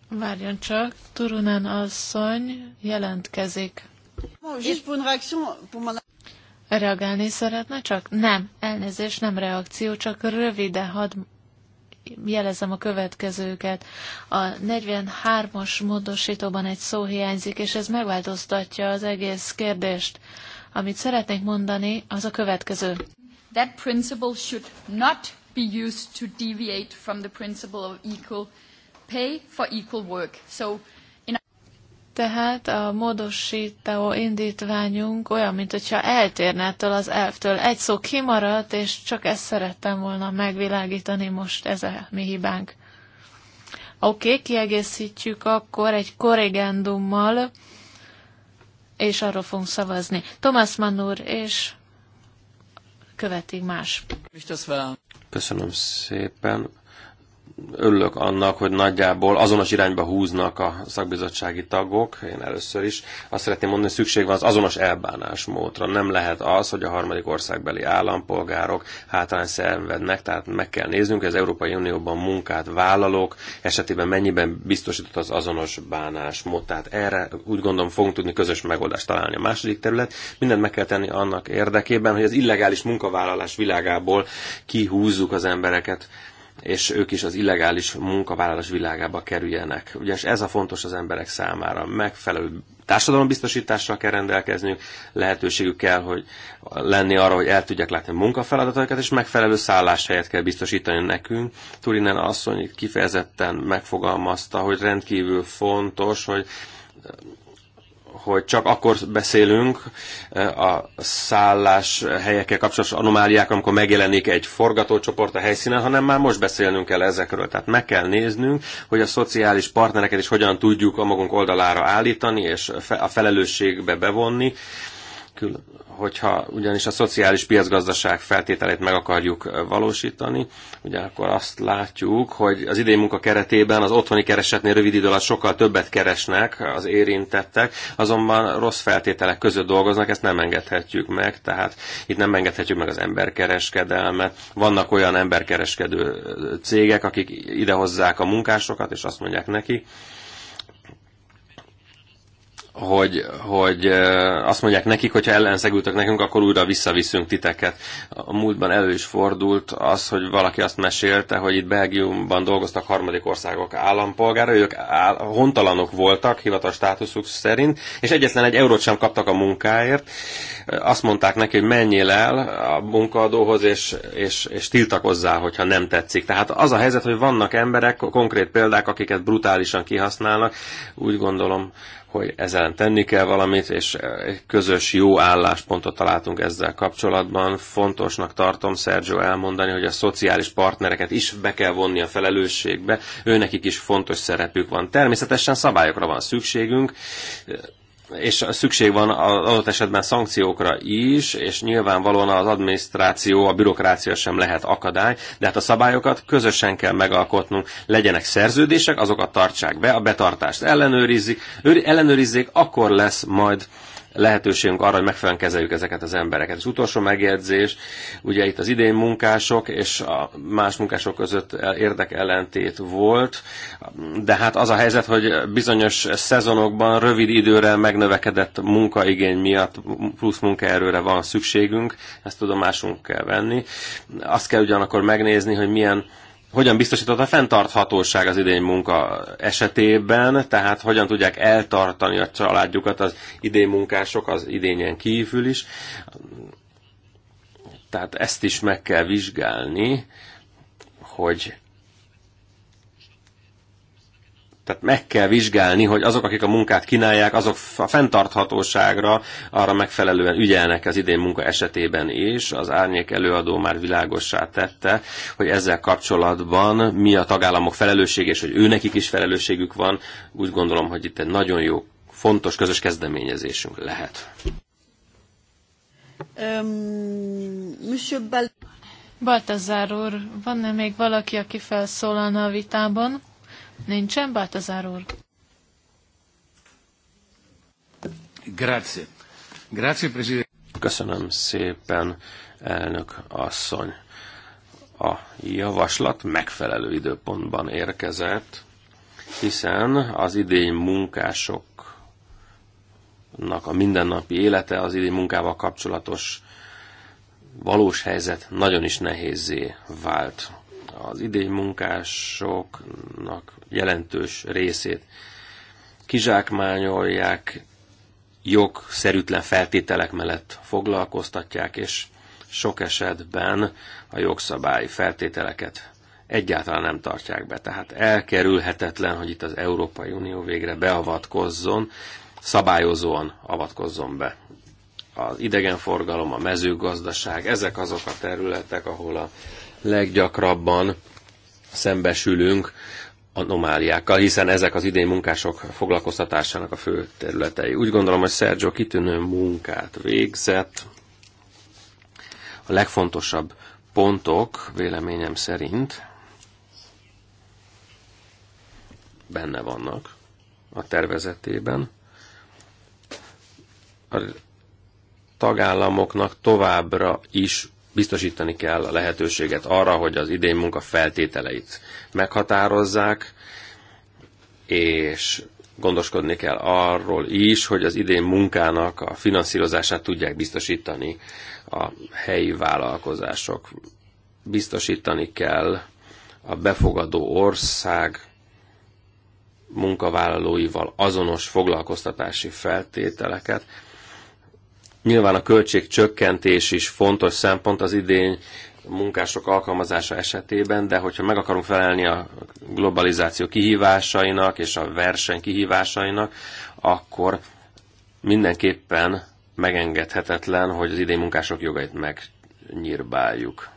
Várjon csak, Turunen asszony jelentkezik. Reagálni szeretne csak? Nem, elnézés, nem reakció, csak rövide hadd jelezem a következőket. A 43-as módosítóban egy szó hiányzik, és ez megváltoztatja az egész kérdést. Amit szeretnék mondani, az a következő. That principle should not be used to deviate from the principle of equal pay for equal work. So in tehát a módosító indítványunk olyan, mint hogyha eltérne ettől az elvtől. Egy szó kimaradt, és csak ezt szerettem volna megvilágítani most, ez a mi hibánk. Oké, okay, kiegészítjük akkor egy korrigendummal, és arról fogunk szavazni. Thomas Mann úr és követik más. Köszönöm szépen örülök annak, hogy nagyjából azonos irányba húznak a szakbizottsági tagok, én először is. Azt szeretném mondani, hogy szükség van az azonos elbánásmódra. Nem lehet az, hogy a harmadik országbeli állampolgárok hátrány szenvednek, tehát meg kell néznünk, az Európai Unióban munkát vállalók esetében mennyiben biztosított az azonos bánásmód. Tehát erre úgy gondolom fogunk tudni közös megoldást találni. A második terület, mindent meg kell tenni annak érdekében, hogy az illegális munkavállalás világából kihúzzuk az embereket és ők is az illegális munkavállalás világába kerüljenek. Ugyanis ez a fontos az emberek számára. Megfelelő társadalombiztosítással kell rendelkezniük, lehetőségük kell hogy lenni arra, hogy el tudják látni a munkafeladataikat, és megfelelő szálláshelyet kell biztosítani nekünk. Turinen asszony kifejezetten megfogalmazta, hogy rendkívül fontos, hogy hogy csak akkor beszélünk eh, a szállás helyekkel kapcsolatos anomáliák, amikor megjelenik egy forgatócsoport a helyszínen, hanem már most beszélnünk kell ezekről. Tehát meg kell néznünk, hogy a szociális partnereket is hogyan tudjuk a magunk oldalára állítani, és a felelősségbe bevonni, hogyha ugyanis a szociális piacgazdaság feltételét meg akarjuk valósítani, ugyanakkor azt látjuk, hogy az idei munka keretében az otthoni keresetnél rövid idő alatt sokkal többet keresnek az érintettek, azonban rossz feltételek között dolgoznak, ezt nem engedhetjük meg, tehát itt nem engedhetjük meg az emberkereskedelmet. Vannak olyan emberkereskedő cégek, akik idehozzák a munkásokat, és azt mondják neki, hogy, hogy azt mondják nekik, hogyha ellenszegültek nekünk, akkor újra visszaviszünk titeket. A múltban elő is fordult az, hogy valaki azt mesélte, hogy itt Belgiumban dolgoztak harmadik országok állampolgára, ők áll, hontalanok voltak hivatalos státuszuk szerint, és egyetlen egy eurót sem kaptak a munkáért. Azt mondták neki, hogy menjél el a munkaadóhoz, és, és, és tiltakozzá, hogyha nem tetszik. Tehát az a helyzet, hogy vannak emberek, konkrét példák, akiket brutálisan kihasználnak, úgy gondolom, hogy ezen tenni kell valamit, és egy közös jó álláspontot találtunk ezzel kapcsolatban. Fontosnak tartom Sergio elmondani, hogy a szociális partnereket is be kell vonni a felelősségbe, őnekik is fontos szerepük van. Természetesen szabályokra van szükségünk, és szükség van az adott esetben szankciókra is, és nyilvánvalóan az adminisztráció, a bürokrácia sem lehet akadály, de hát a szabályokat közösen kell megalkotnunk. Legyenek szerződések, azokat tartsák be, a betartást ellenőrizzik, ellenőrizzék, akkor lesz majd lehetőségünk arra, hogy megfelelően kezeljük ezeket az embereket. Az utolsó megjegyzés, ugye itt az idén munkások és a más munkások között érdekellentét volt, de hát az a helyzet, hogy bizonyos szezonokban rövid időre megnövekedett munkaigény miatt plusz munkaerőre van szükségünk, ezt tudomásunk kell venni. Azt kell ugyanakkor megnézni, hogy milyen hogyan biztosított a fenntarthatóság az idény munka esetében, tehát hogyan tudják eltartani a családjukat az idény munkások az idényen kívül is. Tehát ezt is meg kell vizsgálni, hogy tehát meg kell vizsgálni, hogy azok, akik a munkát kínálják, azok a fenntarthatóságra arra megfelelően ügyelnek az idén munka esetében is. Az árnyék előadó már világossá tette, hogy ezzel kapcsolatban mi a tagállamok felelősség, és hogy őnekik is felelősségük van. Úgy gondolom, hogy itt egy nagyon jó, fontos közös kezdeményezésünk lehet. Um, Bal- Baltazár úr, van-e még valaki, aki felszólalna a vitában? Nincsen, Bátazár úr? Grazie. Grazie, Presidente. Köszönöm szépen, elnök asszony. A javaslat megfelelő időpontban érkezett, hiszen az idény munkásoknak a mindennapi élete az idény munkával kapcsolatos valós helyzet nagyon is nehézé vált az idény munkásoknak jelentős részét kizsákmányolják, jogszerűtlen feltételek mellett foglalkoztatják, és sok esetben a jogszabályi feltételeket egyáltalán nem tartják be. Tehát elkerülhetetlen, hogy itt az Európai Unió végre beavatkozzon, szabályozóan avatkozzon be. Az idegenforgalom, a mezőgazdaság, ezek azok a területek, ahol a leggyakrabban szembesülünk anomáliákkal, hiszen ezek az idén munkások foglalkoztatásának a fő területei. Úgy gondolom, hogy Sergio kitűnő munkát végzett. A legfontosabb pontok véleményem szerint benne vannak a tervezetében. A tagállamoknak továbbra is biztosítani kell a lehetőséget arra, hogy az idén munka feltételeit meghatározzák, és gondoskodni kell arról is, hogy az idén munkának a finanszírozását tudják biztosítani a helyi vállalkozások. Biztosítani kell a befogadó ország munkavállalóival azonos foglalkoztatási feltételeket, Nyilván a költségcsökkentés is fontos szempont az idény munkások alkalmazása esetében, de hogyha meg akarunk felelni a globalizáció kihívásainak és a verseny kihívásainak, akkor mindenképpen megengedhetetlen, hogy az idén munkások jogait megnyírbáljuk.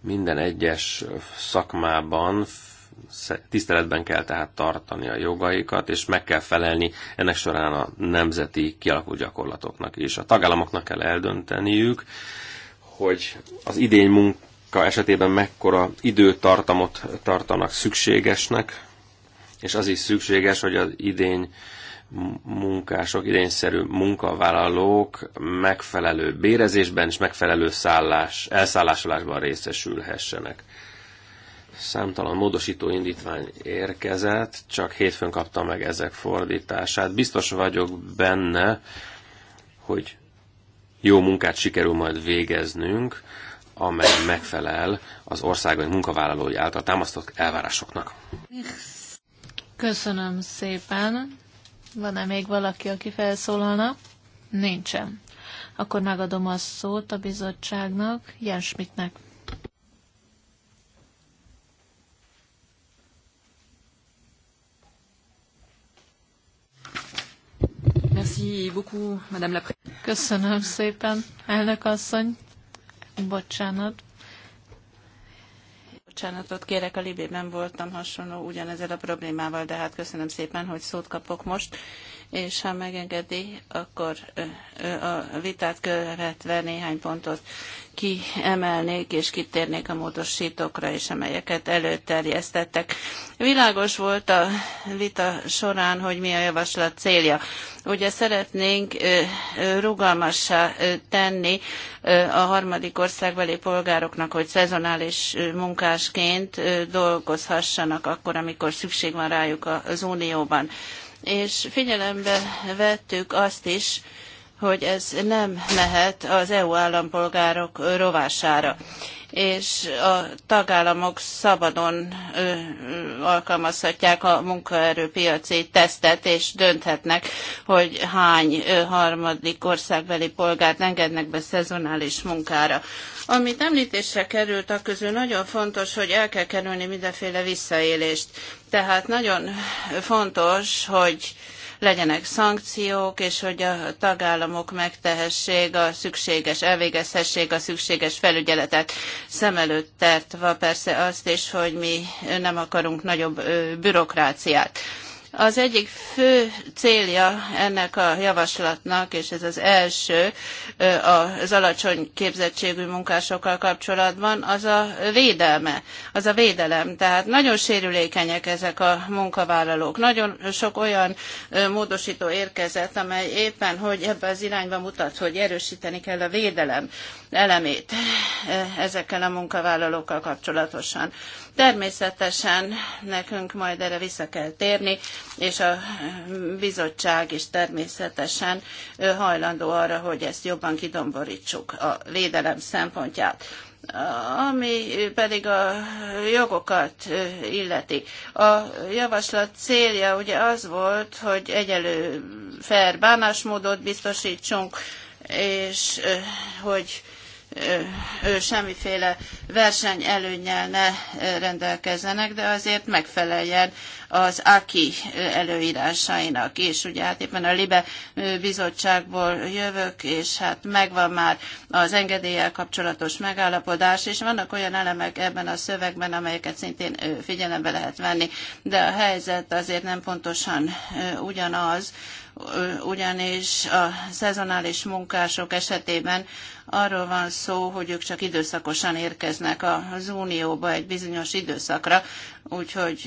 Minden egyes szakmában tiszteletben kell tehát tartani a jogaikat, és meg kell felelni ennek során a nemzeti kialakult gyakorlatoknak is. A tagállamoknak kell eldönteniük, hogy az idény munka esetében mekkora időtartamot tartanak szükségesnek, és az is szükséges, hogy az idény munkások, idényszerű munkavállalók megfelelő bérezésben és megfelelő szállás, elszállásolásban részesülhessenek számtalan módosító indítvány érkezett, csak hétfőn kaptam meg ezek fordítását. Biztos vagyok benne, hogy jó munkát sikerül majd végeznünk, amely megfelel az országai munkavállalói által támasztott elvárásoknak. Köszönöm szépen. Van-e még valaki, aki felszólalna? Nincsen. Akkor megadom a szót a bizottságnak, Jens Schmidtnek. Merci beaucoup, Madame la Köszönöm szépen, elnök asszony. Bocsánat. Bocsánatot kérek, a Libében voltam hasonló ugyanezzel a problémával, de hát köszönöm szépen, hogy szót kapok most és ha megengedi, akkor a vitát követve néhány pontot kiemelnék, és kitérnék a módosítókra is, amelyeket előterjesztettek. Világos volt a vita során, hogy mi a javaslat célja. Ugye szeretnénk rugalmassá tenni a harmadik országbeli polgároknak, hogy szezonális munkásként dolgozhassanak akkor, amikor szükség van rájuk az Unióban és figyelembe vettük azt is, hogy ez nem mehet az EU állampolgárok rovására és a tagállamok szabadon ö, ö, alkalmazhatják a munkaerőpiaci tesztet, és dönthetnek, hogy hány ö, harmadik országbeli polgárt engednek be szezonális munkára. Amit említésre került, a közül nagyon fontos, hogy el kell kerülni mindenféle visszaélést. Tehát nagyon fontos, hogy legyenek szankciók, és hogy a tagállamok megtehessék a szükséges, elvégezhessék a szükséges felügyeletet szem előtt tartva persze azt is, hogy mi nem akarunk nagyobb bürokráciát. Az egyik fő célja ennek a javaslatnak, és ez az első az alacsony képzettségű munkásokkal kapcsolatban, az a védelme, az a védelem. Tehát nagyon sérülékenyek ezek a munkavállalók. Nagyon sok olyan módosító érkezett, amely éppen, hogy ebbe az irányba mutat, hogy erősíteni kell a védelem elemét eh, ezekkel a munkavállalókkal kapcsolatosan. Természetesen nekünk majd erre vissza kell térni, és a bizottság is természetesen eh, hajlandó arra, hogy ezt jobban kidomborítsuk a védelem szempontját ami pedig a jogokat eh, illeti. A javaslat célja ugye az volt, hogy egyelő fair bánásmódot biztosítsunk, és hogy semmiféle versenyelőnyel ne rendelkezzenek, de azért megfeleljen az AKI előírásainak és Ugye hát éppen a LIBE bizottságból jövök, és hát megvan már az engedéllyel kapcsolatos megállapodás, és vannak olyan elemek ebben a szövegben, amelyeket szintén figyelembe lehet venni, de a helyzet azért nem pontosan ugyanaz, ugyanis a szezonális munkások esetében Arról van szó, hogy ők csak időszakosan érkeznek az Unióba egy bizonyos időszakra, úgyhogy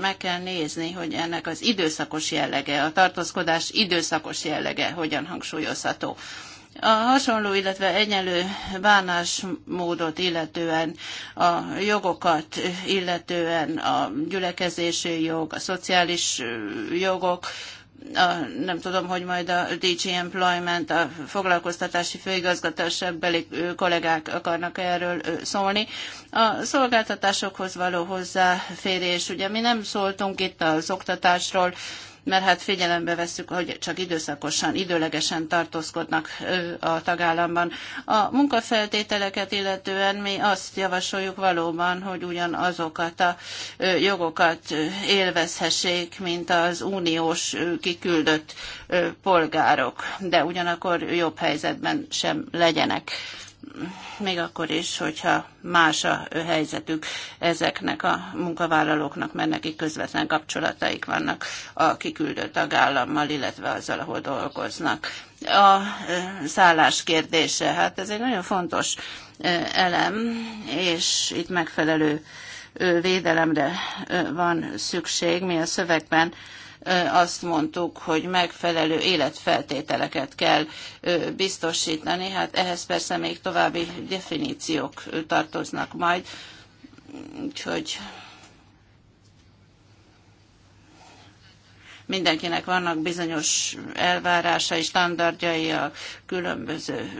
meg kell nézni, hogy ennek az időszakos jellege, a tartózkodás időszakos jellege hogyan hangsúlyozható. A hasonló, illetve egyenlő bánásmódot illetően, a jogokat illetően, a gyülekezési jog, a szociális jogok, a, nem tudom, hogy majd a DG Employment, a foglalkoztatási főigazgatásabb beli kollégák akarnak erről szólni. A szolgáltatásokhoz való hozzáférés, ugye mi nem szóltunk itt az oktatásról, mert hát figyelembe vesszük, hogy csak időszakosan, időlegesen tartózkodnak a tagállamban. A munkafeltételeket illetően mi azt javasoljuk valóban, hogy ugyanazokat a jogokat élvezhessék, mint az uniós kiküldött polgárok, de ugyanakkor jobb helyzetben sem legyenek még akkor is, hogyha más a helyzetük ezeknek a munkavállalóknak, mert nekik közvetlen kapcsolataik vannak a kiküldő tagállammal, illetve azzal, ahol dolgoznak. A szállás kérdése, hát ez egy nagyon fontos elem, és itt megfelelő védelemre van szükség. Mi a szövegben azt mondtuk, hogy megfelelő életfeltételeket kell biztosítani. Hát ehhez persze még további definíciók tartoznak majd. Úgyhogy mindenkinek vannak bizonyos elvárásai, standardjai a különböző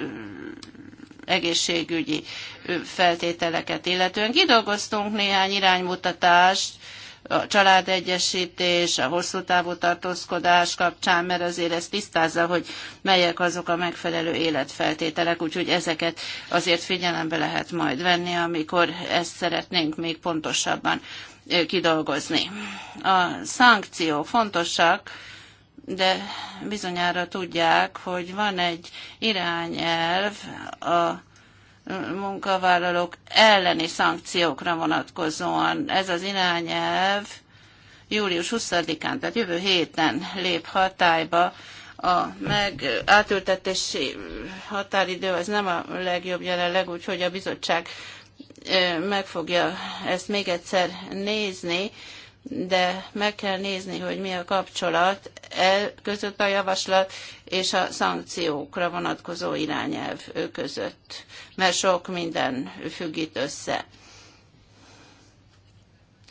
egészségügyi feltételeket illetően. Kidolgoztunk néhány iránymutatást, a családegyesítés, a hosszú távú tartózkodás kapcsán, mert azért ez tisztázza, hogy melyek azok a megfelelő életfeltételek, úgyhogy ezeket azért figyelembe lehet majd venni, amikor ezt szeretnénk még pontosabban kidolgozni. A szankciók fontosak, de bizonyára tudják, hogy van egy irányelv a munkavállalók elleni szankciókra vonatkozóan. Ez az irányelv július 20-án, tehát jövő héten lép hatályba. A meg átültetési határidő az nem a legjobb jelenleg, úgyhogy a bizottság meg fogja ezt még egyszer nézni, de meg kell nézni, hogy mi a kapcsolat e között a javaslat és a szankciókra vonatkozó irányelv között, mert sok minden függ itt össze.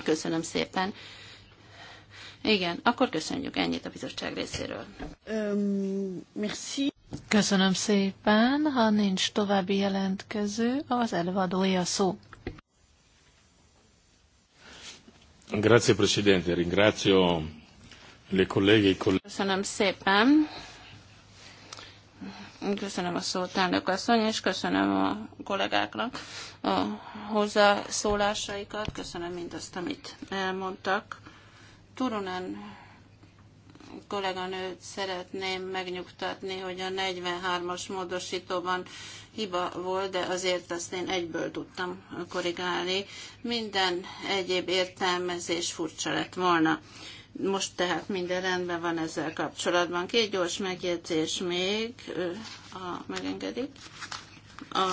Köszönöm szépen. Igen, akkor köszönjük ennyit a bizottság részéről. Um, merci. Köszönöm szépen. Ha nincs további jelentkező, az előadója szó. Grazie Presidente, ringrazio le colleghe e colleghi. Köszönöm szépen. Köszönöm a szót, elnök asszony, és köszönöm a kollégáknak a hozzászólásaikat, köszönöm mindazt, amit elmondtak. Turunen kolléganőt szeretném megnyugtatni, hogy a 43-as módosítóban hiba volt, de azért azt én egyből tudtam korrigálni. Minden egyéb értelmezés furcsa lett volna. Most tehát minden rendben van ezzel kapcsolatban. Két gyors megjegyzés még, ha megengedik. A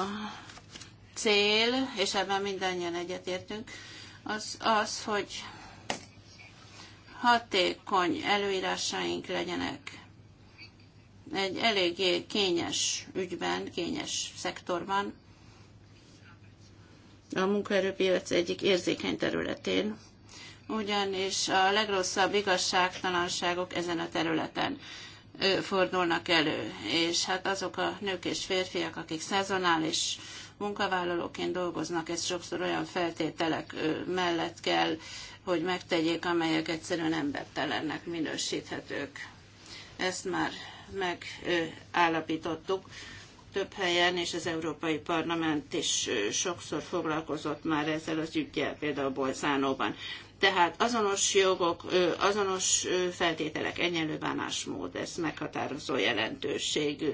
cél, és ebben mindannyian egyetértünk, az az, hogy hatékony előírásaink legyenek egy eléggé kényes ügyben, kényes szektorban, a munkaerőpiac egyik érzékeny területén, ugyanis a legrosszabb igazságtalanságok ezen a területen fordulnak elő, és hát azok a nők és férfiak, akik szezonális munkavállalóként dolgoznak, ez sokszor olyan feltételek mellett kell hogy megtegyék, amelyek egyszerűen embertelennek minősíthetők. Ezt már megállapítottuk több helyen, és az Európai Parlament is sokszor foglalkozott már ezzel az ügyjel, például Bolzánóban. Tehát azonos jogok, azonos feltételek, egyenlő bánásmód, ez meghatározó jelentőségű.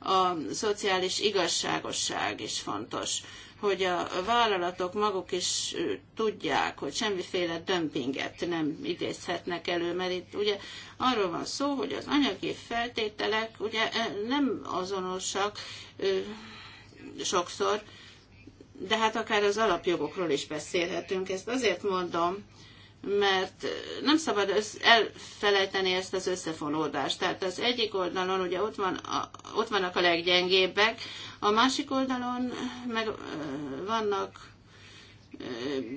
A szociális igazságosság is fontos hogy a vállalatok maguk is tudják, hogy semmiféle dömpinget nem idézhetnek elő, mert itt ugye arról van szó, hogy az anyagi feltételek ugye nem azonosak sokszor, de hát akár az alapjogokról is beszélhetünk. Ezt azért mondom, mert nem szabad elfelejteni ezt az összefonódást. Tehát az egyik oldalon ugye ott, van a, ott vannak a leggyengébbek, a másik oldalon meg vannak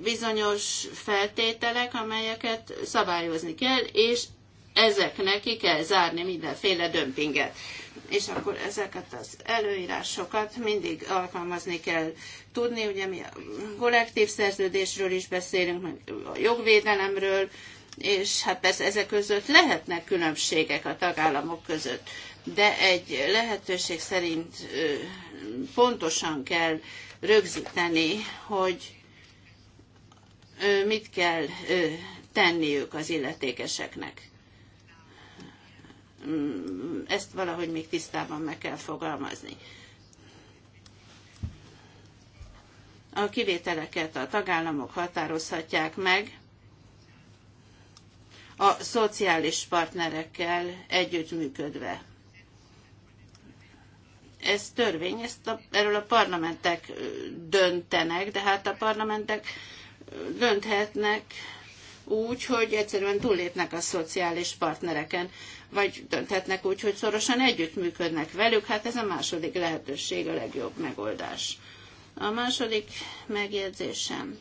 bizonyos feltételek, amelyeket szabályozni kell, és ezeknek ki kell zárni mindenféle dömpinget és akkor ezeket az előírásokat mindig alkalmazni kell tudni. Ugye mi a kollektív szerződésről is beszélünk, meg a jogvédelemről, és hát persze ezek között lehetnek különbségek a tagállamok között, de egy lehetőség szerint pontosan kell rögzíteni, hogy mit kell tenniük az illetékeseknek ezt valahogy még tisztában meg kell fogalmazni. A kivételeket a tagállamok határozhatják meg a szociális partnerekkel együttműködve. Ez törvény, ezt a, erről a parlamentek döntenek, de hát a parlamentek dönthetnek úgy, hogy egyszerűen túllépnek a szociális partnereken vagy dönthetnek úgy, hogy szorosan együttműködnek velük, hát ez a második lehetőség, a legjobb megoldás. A második megjegyzésem.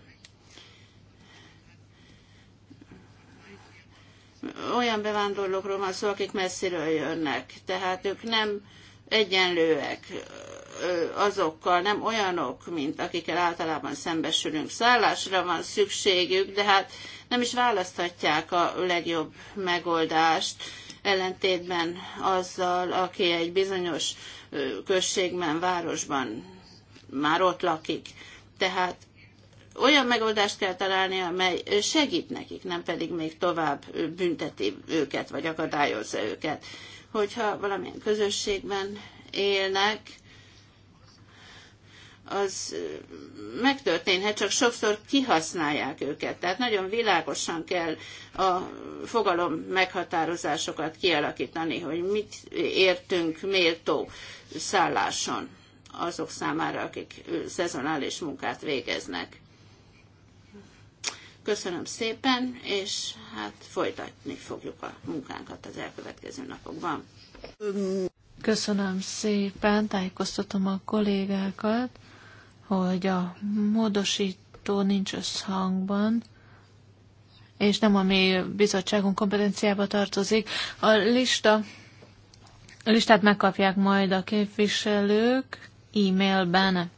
Olyan bevándorlókról van szó, akik messziről jönnek, tehát ők nem egyenlőek azokkal, nem olyanok, mint akikkel általában szembesülünk. Szállásra van szükségük, de hát nem is választhatják a legjobb megoldást ellentétben azzal, aki egy bizonyos községben, városban már ott lakik. Tehát olyan megoldást kell találni, amely segít nekik, nem pedig még tovább bünteti őket, vagy akadályozza őket. Hogyha valamilyen közösségben élnek, az megtörténhet, csak sokszor kihasználják őket. Tehát nagyon világosan kell a fogalom meghatározásokat kialakítani, hogy mit értünk méltó szálláson azok számára, akik szezonális munkát végeznek. Köszönöm szépen, és hát folytatni fogjuk a munkánkat az elkövetkező napokban. Köszönöm szépen, tájékoztatom a kollégákat hogy a módosító nincs összhangban, és nem a mi bizottságunk kompetenciába tartozik. A lista, a listát megkapják majd a képviselők e-mailben.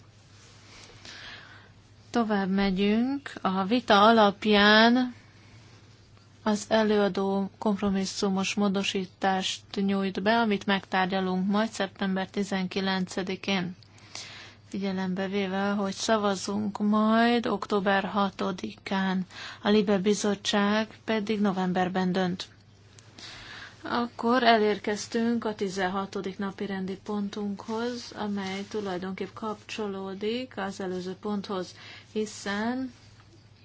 Tovább megyünk. A vita alapján az előadó kompromisszumos módosítást nyújt be, amit megtárgyalunk majd szeptember 19-én figyelembe véve, hogy szavazunk majd október 6-án, a Libe Bizottság pedig novemberben dönt. Akkor elérkeztünk a 16. napi rendi pontunkhoz, amely tulajdonképp kapcsolódik az előző ponthoz, hiszen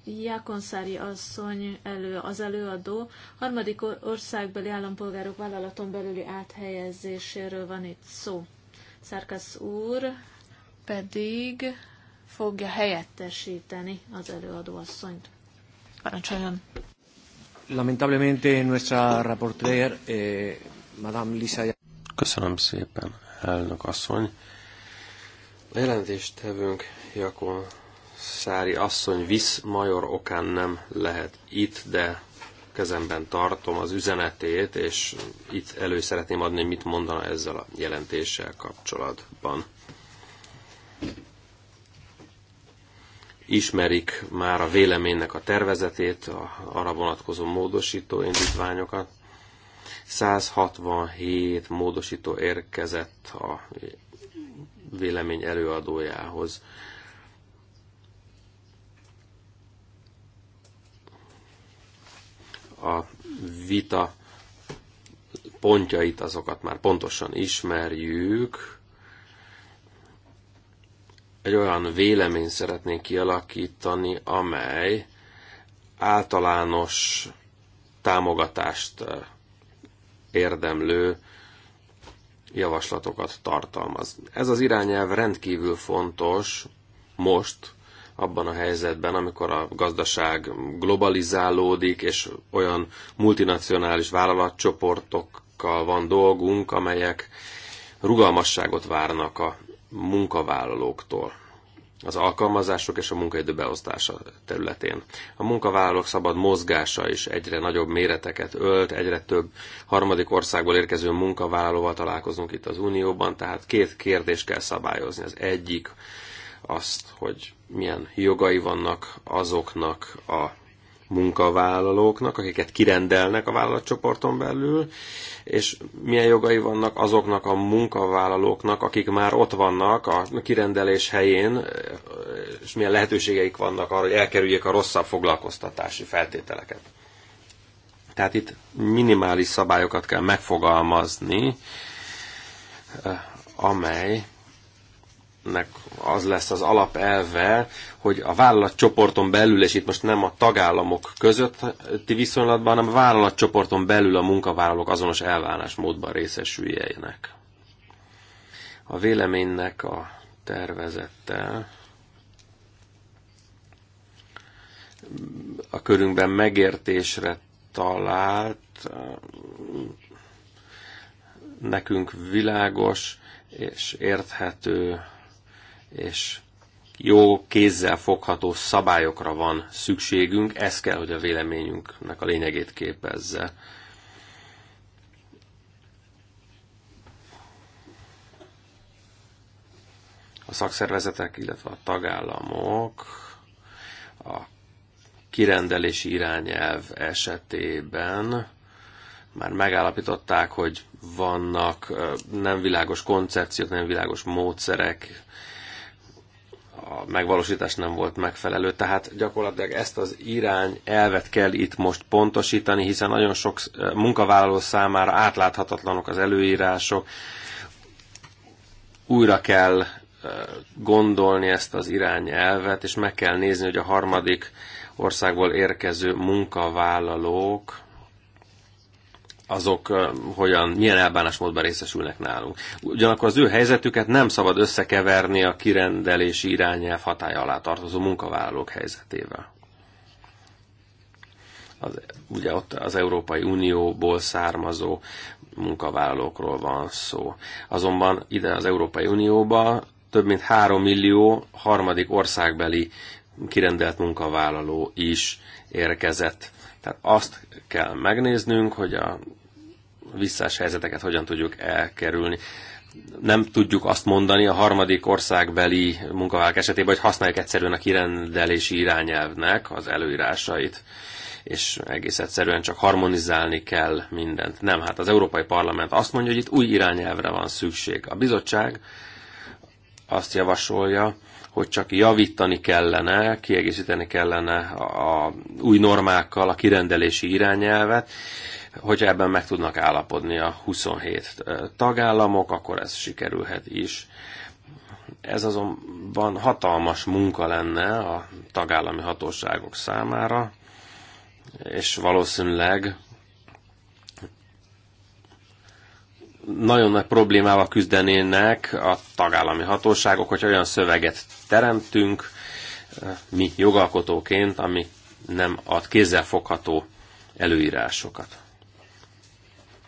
Jákonszári asszony elő, az előadó harmadik országbeli állampolgárok vállalaton belüli áthelyezéséről van itt szó. Szerkesz úr pedig fogja helyettesíteni az előadó asszonyt. Parancsoljon! Lamentablemente nuestra rapporteur, eh, Madame Lisa... Köszönöm szépen, elnök asszony. A tevünk, Jakon Szári asszony visz major okán nem lehet itt, de kezemben tartom az üzenetét, és itt elő szeretném adni, mit mondana ezzel a jelentéssel kapcsolatban ismerik már a véleménynek a tervezetét, a arra vonatkozó módosító indítványokat. 167 módosító érkezett a vélemény előadójához. A vita pontjait, azokat már pontosan ismerjük egy olyan véleményt szeretnénk kialakítani, amely általános támogatást érdemlő javaslatokat tartalmaz. Ez az irányelv rendkívül fontos most, abban a helyzetben, amikor a gazdaság globalizálódik, és olyan multinacionális vállalatcsoportokkal van dolgunk, amelyek rugalmasságot várnak a munkavállalóktól az alkalmazások és a munkaidő beosztása területén. A munkavállalók szabad mozgása is egyre nagyobb méreteket ölt, egyre több harmadik országból érkező munkavállalóval találkozunk itt az Unióban, tehát két kérdést kell szabályozni. Az egyik azt, hogy milyen jogai vannak azoknak a munkavállalóknak, akiket kirendelnek a vállalatcsoporton belül, és milyen jogai vannak azoknak a munkavállalóknak, akik már ott vannak a kirendelés helyén, és milyen lehetőségeik vannak arra, hogy elkerüljék a rosszabb foglalkoztatási feltételeket. Tehát itt minimális szabályokat kell megfogalmazni, eh, amely nek az lesz az alapelve, hogy a vállalatcsoporton belül, és itt most nem a tagállamok közötti viszonylatban, hanem a vállalatcsoporton belül a munkavállalók azonos elvánásmódban részesüljenek. A véleménynek a tervezettel a körünkben megértésre talált, nekünk világos és érthető és jó kézzel fogható szabályokra van szükségünk, ez kell, hogy a véleményünknek a lényegét képezze. A szakszervezetek, illetve a tagállamok a kirendelési irányelv esetében már megállapították, hogy vannak nem világos koncepciók, nem világos módszerek, a megvalósítás nem volt megfelelő. Tehát gyakorlatilag ezt az irány elvet kell itt most pontosítani, hiszen nagyon sok munkavállaló számára átláthatatlanok az előírások. Újra kell gondolni ezt az irányelvet, és meg kell nézni, hogy a harmadik országból érkező munkavállalók azok hogyan, milyen elbánásmódban részesülnek nálunk. Ugyanakkor az ő helyzetüket nem szabad összekeverni a kirendelési irányelv hatája alá tartozó munkavállalók helyzetével. Az, ugye ott az Európai Unióból származó munkavállalókról van szó. Azonban ide az Európai Unióba több mint 3 millió harmadik országbeli kirendelt munkavállaló is érkezett. Tehát azt kell megnéznünk, hogy a visszás helyzeteket hogyan tudjuk elkerülni. Nem tudjuk azt mondani a harmadik országbeli munkavállalók esetében, hogy használjuk egyszerűen a kirendelési irányelvnek az előírásait és egész egyszerűen csak harmonizálni kell mindent. Nem, hát az Európai Parlament azt mondja, hogy itt új irányelvre van szükség. A bizottság azt javasolja, hogy csak javítani kellene, kiegészíteni kellene a új normákkal a kirendelési irányelvet, hogyha ebben meg tudnak állapodni a 27 tagállamok, akkor ez sikerülhet is. Ez azonban hatalmas munka lenne a tagállami hatóságok számára, és valószínűleg nagyon nagy problémával küzdenének a tagállami hatóságok, hogy olyan szöveget teremtünk mi jogalkotóként, ami nem ad kézzelfogható előírásokat.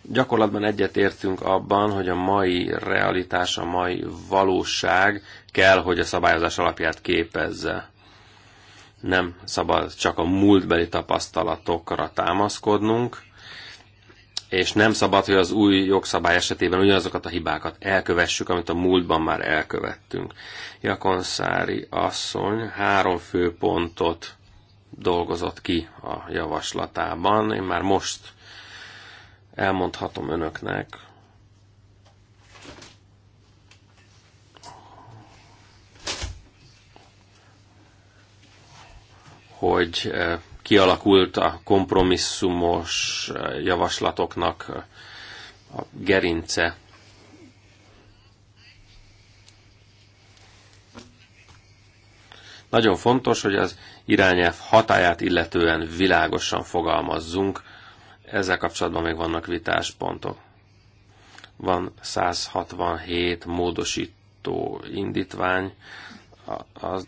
Gyakorlatban egyetértünk abban, hogy a mai realitás, a mai valóság kell, hogy a szabályozás alapját képezze. Nem szabad csak a múltbeli tapasztalatokra támaszkodnunk, és nem szabad, hogy az új jogszabály esetében ugyanazokat a hibákat elkövessük, amit a múltban már elkövettünk. Jakonszári asszony három fő pontot dolgozott ki a javaslatában. Én már most elmondhatom önöknek, hogy eh, kialakult a kompromisszumos eh, javaslatoknak a gerince. Nagyon fontos, hogy az irányelv hatáját illetően világosan fogalmazzunk, ezzel kapcsolatban még vannak vitáspontok. Van 167 módosító indítvány. Azt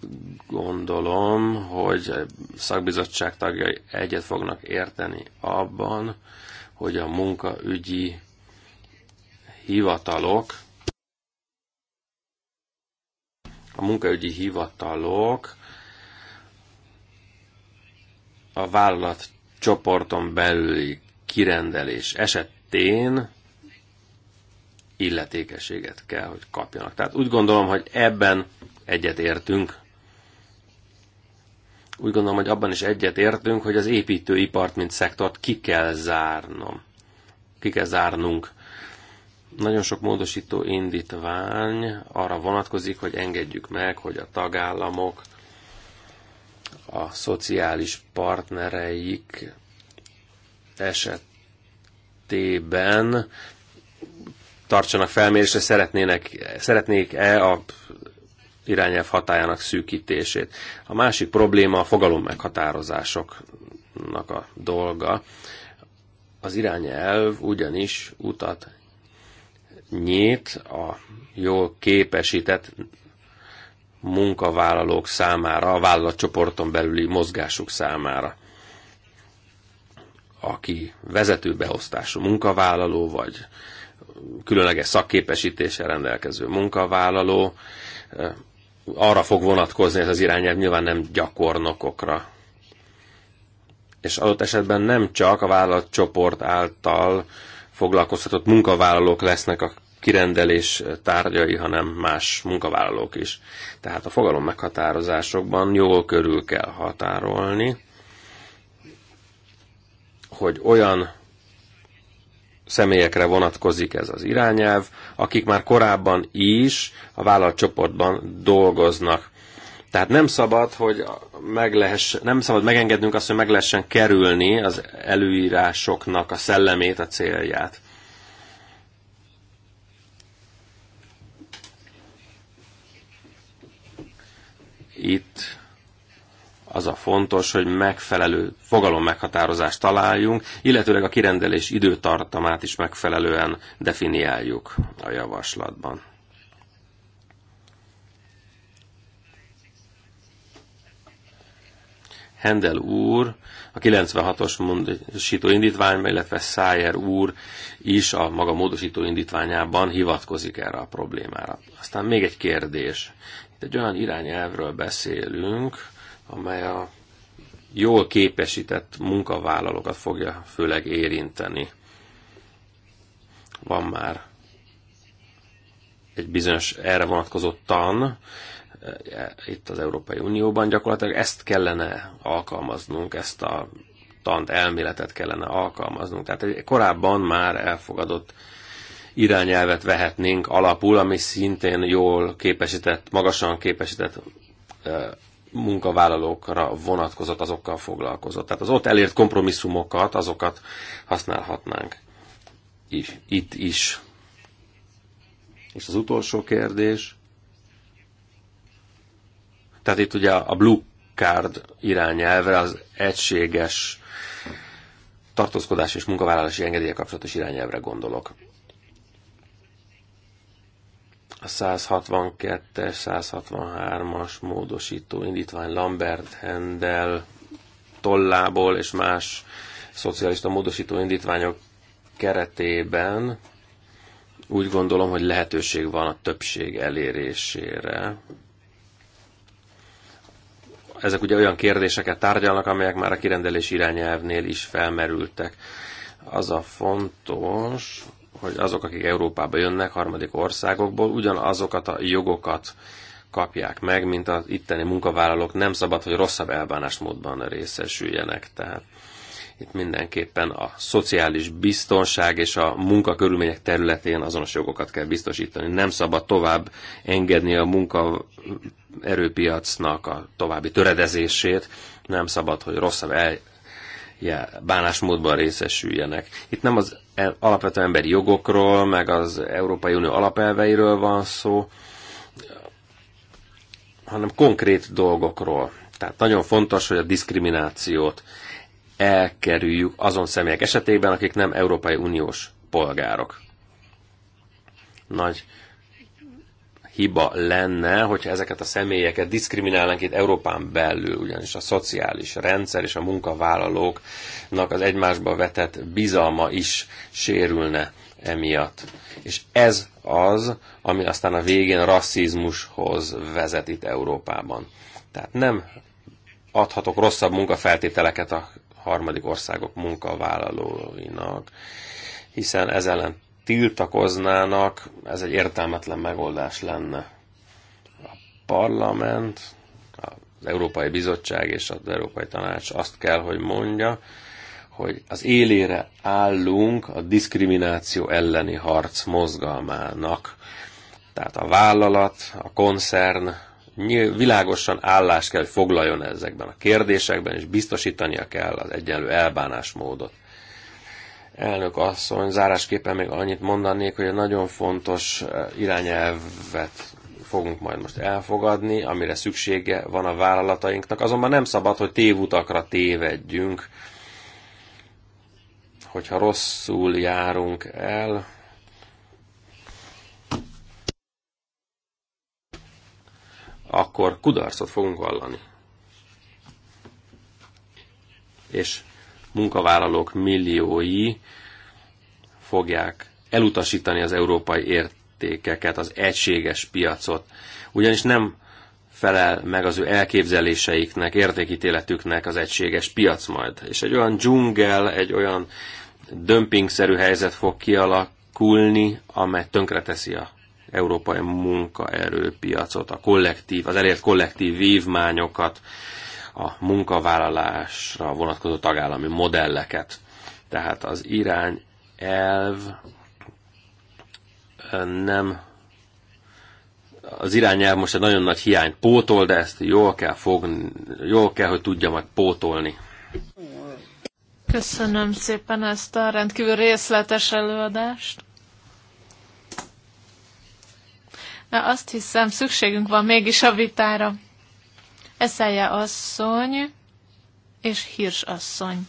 gondolom, hogy szakbizottság tagjai egyet fognak érteni abban, hogy a munkaügyi hivatalok, a munkaügyi hivatalok a vállalat csoporton belüli kirendelés esetén illetékességet kell, hogy kapjanak. Tehát úgy gondolom, hogy ebben egyet értünk. Úgy gondolom, hogy abban is egyet értünk, hogy az építőipart, mint szektort ki kell zárnom. Ki kell zárnunk. Nagyon sok módosító indítvány arra vonatkozik, hogy engedjük meg, hogy a tagállamok a szociális partnereik esetében tartsanak felmérésre, szeretnének, szeretnék-e a irányelv hatájának szűkítését. A másik probléma a fogalom meghatározásoknak a dolga. Az irányelv ugyanis utat nyit a jól képesített munkavállalók számára, a vállalatcsoporton belüli mozgásuk számára aki vezető beosztású munkavállaló, vagy különleges szakképesítéssel rendelkező munkavállaló, eh, arra fog vonatkozni ez az irányelv, nyilván nem gyakornokokra. És adott esetben nem csak a vállalatcsoport által foglalkoztatott munkavállalók lesznek a kirendelés tárgyai, hanem más munkavállalók is. Tehát a fogalom meghatározásokban jól körül kell határolni, hogy olyan személyekre vonatkozik ez az irányelv, akik már korábban is a vállalatcsoportban dolgoznak. Tehát nem szabad, hogy meg lehess, nem szabad megengednünk azt, hogy meg lehessen kerülni az előírásoknak a szellemét, a célját. Itt az a fontos, hogy megfelelő fogalom meghatározást találjunk, illetőleg a kirendelés időtartamát is megfelelően definiáljuk a javaslatban. Hendel úr, a 96-os módosító indítvány, illetve Szájer úr is a maga módosító indítványában hivatkozik erre a problémára. Aztán még egy kérdés. Itt egy olyan irányelvről beszélünk, amely a jól képesített munkavállalókat fogja főleg érinteni. Van már egy bizonyos erre vonatkozó tan e, itt az Európai Unióban, gyakorlatilag ezt kellene alkalmaznunk, ezt a tant elméletet kellene alkalmaznunk. Tehát egy korábban már elfogadott irányelvet vehetnénk alapul, ami szintén jól képesített, magasan képesített e, munkavállalókra vonatkozott, azokkal foglalkozott. Tehát az ott elért kompromisszumokat, azokat használhatnánk is, itt is. És az utolsó kérdés. Tehát itt ugye a Blue Card irányelvre az egységes tartózkodás és munkavállalási engedélye kapcsolatos irányelvre gondolok. 162-es, 163-as módosító indítvány Lambert Hendel tollából és más szocialista módosító indítványok keretében úgy gondolom, hogy lehetőség van a többség elérésére. Ezek ugye olyan kérdéseket tárgyalnak, amelyek már a kirendelés irányelvnél is felmerültek. Az a fontos, hogy azok, akik Európába jönnek harmadik országokból, ugyanazokat a jogokat kapják meg, mint az itteni munkavállalók nem szabad, hogy rosszabb elbánásmódban részesüljenek. Tehát itt mindenképpen a szociális biztonság és a munkakörülmények területén azonos jogokat kell biztosítani. Nem szabad tovább engedni a munkaerőpiacnak a további töredezését, nem szabad, hogy rosszabb el, bánásmódban részesüljenek. Itt nem az alapvető emberi jogokról, meg az Európai Unió alapelveiről van szó, hanem konkrét dolgokról. Tehát nagyon fontos, hogy a diszkriminációt elkerüljük azon személyek esetében, akik nem Európai Uniós polgárok. Nagy hiba lenne, hogyha ezeket a személyeket diszkriminálnánk itt Európán belül, ugyanis a szociális rendszer és a munkavállalóknak az egymásba vetett bizalma is sérülne emiatt. És ez az, ami aztán a végén rasszizmushoz vezet itt Európában. Tehát nem adhatok rosszabb munkafeltételeket a harmadik országok munkavállalóinak, hiszen ez ellen tiltakoznának, ez egy értelmetlen megoldás lenne. A parlament, az Európai Bizottság és az Európai Tanács azt kell, hogy mondja, hogy az élére állunk a diszkrimináció elleni harc mozgalmának. Tehát a vállalat, a koncern világosan állást kell, hogy foglaljon ezekben a kérdésekben, és biztosítania kell az egyenlő elbánásmódot. Elnök asszony, zárásképpen még annyit mondanék, hogy egy nagyon fontos eh, irányelvet fogunk majd most elfogadni, amire szüksége van a vállalatainknak, azonban nem szabad, hogy tévutakra tévedjünk, hogyha rosszul járunk el, akkor kudarcot fogunk vallani. És munkavállalók milliói fogják elutasítani az európai értékeket, az egységes piacot. Ugyanis nem felel meg az ő elképzeléseiknek, értékítéletüknek az egységes piac majd. És egy olyan dzsungel, egy olyan dömpingszerű helyzet fog kialakulni, amely tönkreteszi a európai munkaerőpiacot, a kollektív, az elért kollektív vívmányokat, a munkavállalásra vonatkozó tagállami modelleket. Tehát az irány elv nem az irányelv most egy nagyon nagy hiány. pótol, de ezt jól kell fogni, jól kell, hogy tudja majd pótolni. Köszönöm szépen ezt a rendkívül részletes előadást. De azt hiszem, szükségünk van mégis a vitára. Eszelje asszony és Hirs asszony.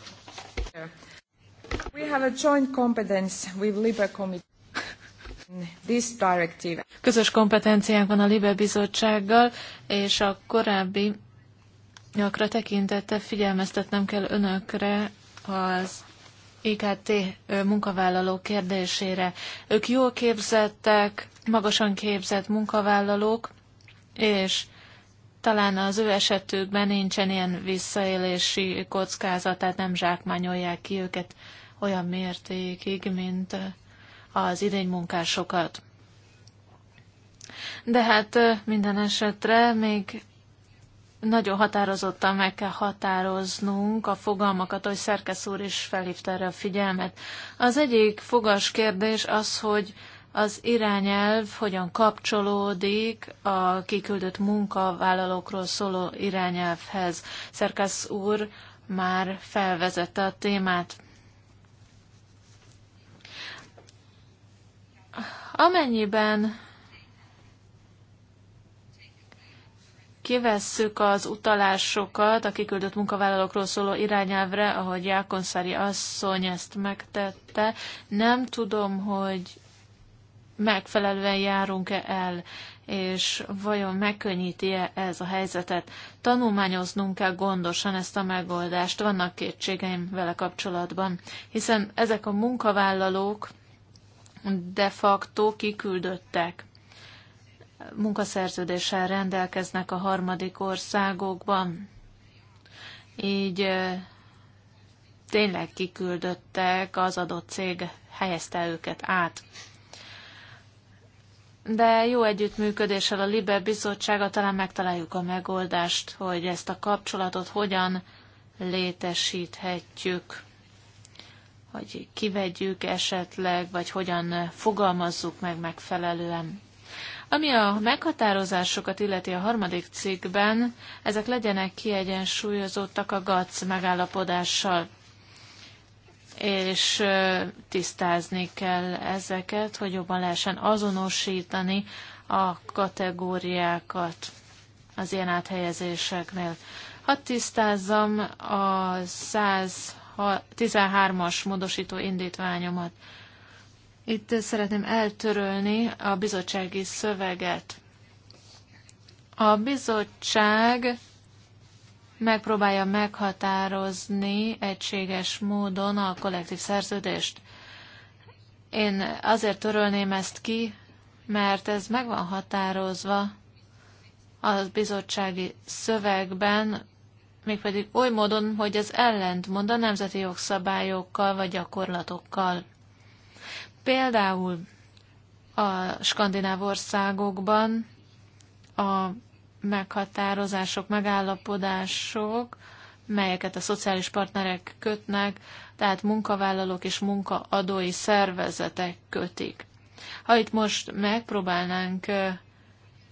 We have a joint competence with LIBE Committee. This directive. Közös kompetenciánk van a Libe bizottsággal, és a korábbi nyakra tekintette figyelmeztetnem kell önökre az IKT munkavállalók kérdésére. Ők jól képzettek, magasan képzett munkavállalók, és talán az ő esetükben nincsen ilyen visszaélési kockázat, tehát nem zsákmányolják ki őket olyan mértékig, mint az idény munkásokat. De hát minden esetre még nagyon határozottan meg kell határoznunk a fogalmakat, hogy Szerkesz úr is felhívta erre a figyelmet. Az egyik fogas kérdés az, hogy az irányelv hogyan kapcsolódik a kiküldött munkavállalókról szóló irányelvhez. Szerkesz úr már felvezette a témát. Amennyiben kivesszük az utalásokat a kiküldött munkavállalókról szóló irányelvre, ahogy Jákonszári asszony ezt megtette, nem tudom, hogy megfelelően járunk-e el, és vajon megkönnyíti-e ez a helyzetet. Tanulmányoznunk kell gondosan ezt a megoldást, vannak kétségeim vele kapcsolatban, hiszen ezek a munkavállalók de facto kiküldöttek. Munkaszerződéssel rendelkeznek a harmadik országokban, így tényleg kiküldöttek, az adott cég helyezte őket át de jó együttműködéssel a Liber bizottsága talán megtaláljuk a megoldást, hogy ezt a kapcsolatot hogyan létesíthetjük, hogy kivegyük esetleg, vagy hogyan fogalmazzuk meg megfelelően. Ami a meghatározásokat illeti a harmadik cikkben, ezek legyenek kiegyensúlyozottak a GATS megállapodással és tisztázni kell ezeket, hogy jobban lehessen azonosítani a kategóriákat az ilyen áthelyezéseknél. Ha tisztázzam a 113-as módosító indítványomat. Itt szeretném eltörölni a bizottsági szöveget. A bizottság megpróbálja meghatározni egységes módon a kollektív szerződést. Én azért törölném ezt ki, mert ez meg van határozva a bizottsági szövegben, mégpedig oly módon, hogy ez ellentmond a nemzeti jogszabályokkal vagy gyakorlatokkal. Például a skandináv országokban a meghatározások, megállapodások, melyeket a szociális partnerek kötnek, tehát munkavállalók és munkaadói szervezetek kötik. Ha itt most megpróbálnánk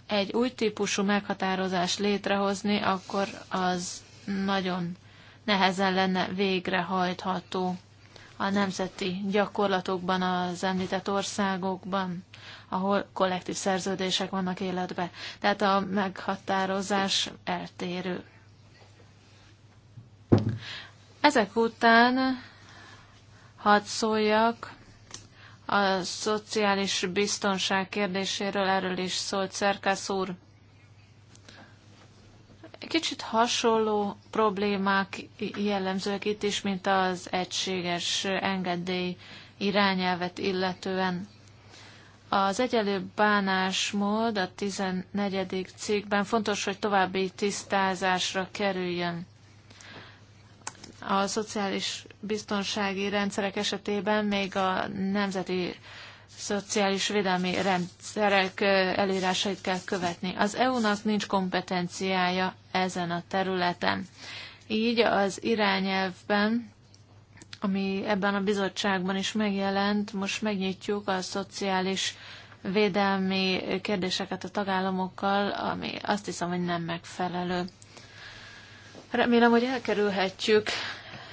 egy új típusú meghatározást létrehozni, akkor az nagyon nehezen lenne végrehajtható a nemzeti gyakorlatokban, az említett országokban ahol kollektív szerződések vannak életbe. Tehát a meghatározás eltérő. Ezek után hadd szóljak a szociális biztonság kérdéséről, erről is szólt Szerkesz úr. Kicsit hasonló problémák jellemzőek itt is, mint az egységes engedély irányelvet illetően. Az egyelő bánásmód a 14. cikkben fontos, hogy további tisztázásra kerüljön. A szociális biztonsági rendszerek esetében még a nemzeti szociális védelmi rendszerek előírásait kell követni. Az EU-nak nincs kompetenciája ezen a területen. Így az irányelvben ami ebben a bizottságban is megjelent, most megnyitjuk a szociális védelmi kérdéseket a tagállamokkal, ami azt hiszem, hogy nem megfelelő. Remélem, hogy elkerülhetjük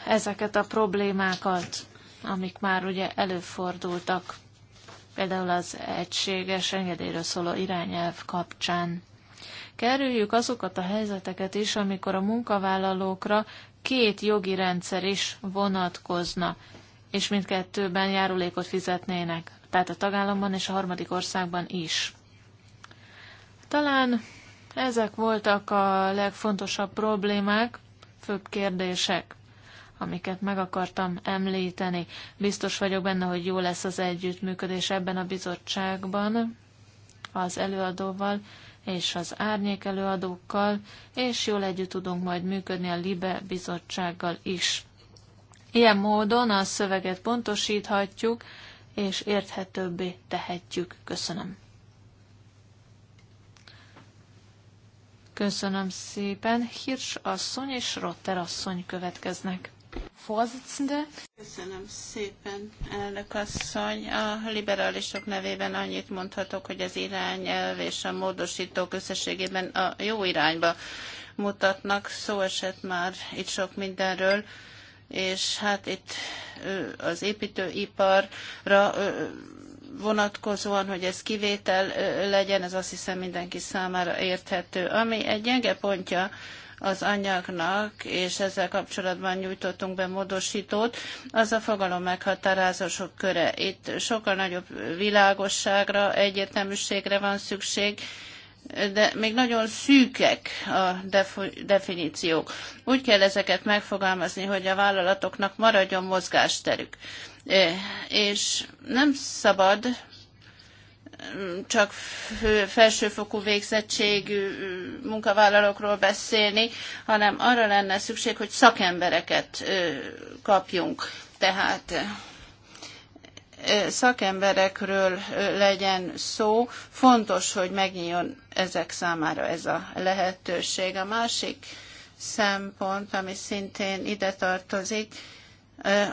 ezeket a problémákat, amik már ugye előfordultak, például az egységes engedélyről szóló irányelv kapcsán. Kerüljük azokat a helyzeteket is, amikor a munkavállalókra két jogi rendszer is vonatkozna, és mindkettőben járulékot fizetnének, tehát a tagállamban és a harmadik országban is. Talán ezek voltak a legfontosabb problémák, főbb kérdések, amiket meg akartam említeni. Biztos vagyok benne, hogy jó lesz az együttműködés ebben a bizottságban az előadóval, és az árnyék előadókkal, és jól együtt tudunk majd működni a LIBE bizottsággal is. Ilyen módon a szöveget pontosíthatjuk, és érthetőbbé tehetjük. Köszönöm. Köszönöm szépen. Hirsch asszony és Rotter asszony következnek. Vorsitzende. Köszönöm szépen, elnök asszony. A liberálisok nevében annyit mondhatok, hogy az irányelv és a módosítók összességében a jó irányba mutatnak. Szó esett már itt sok mindenről és hát itt az építőiparra vonatkozóan, hogy ez kivétel legyen, ez azt hiszem mindenki számára érthető. Ami egy gyenge pontja az anyagnak, és ezzel kapcsolatban nyújtottunk be módosítót, az a fogalom meghatározások köre. Itt sokkal nagyobb világosságra, egyértelműségre van szükség, de még nagyon szűkek a definíciók. Úgy kell ezeket megfogalmazni, hogy a vállalatoknak maradjon mozgásterük. Eh, és nem szabad csak felsőfokú végzettségű munkavállalókról beszélni, hanem arra lenne szükség, hogy szakembereket kapjunk. Tehát szakemberekről legyen szó. Fontos, hogy megnyíljon ezek számára ez a lehetőség. A másik szempont, ami szintén ide tartozik,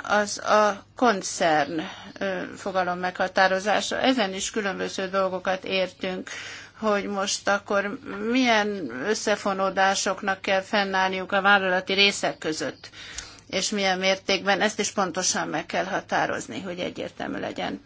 az a koncern fogalom meghatározása. Ezen is különböző dolgokat értünk hogy most akkor milyen összefonódásoknak kell fennállniuk a vállalati részek között, és milyen mértékben, ezt is pontosan meg kell határozni, hogy egyértelmű legyen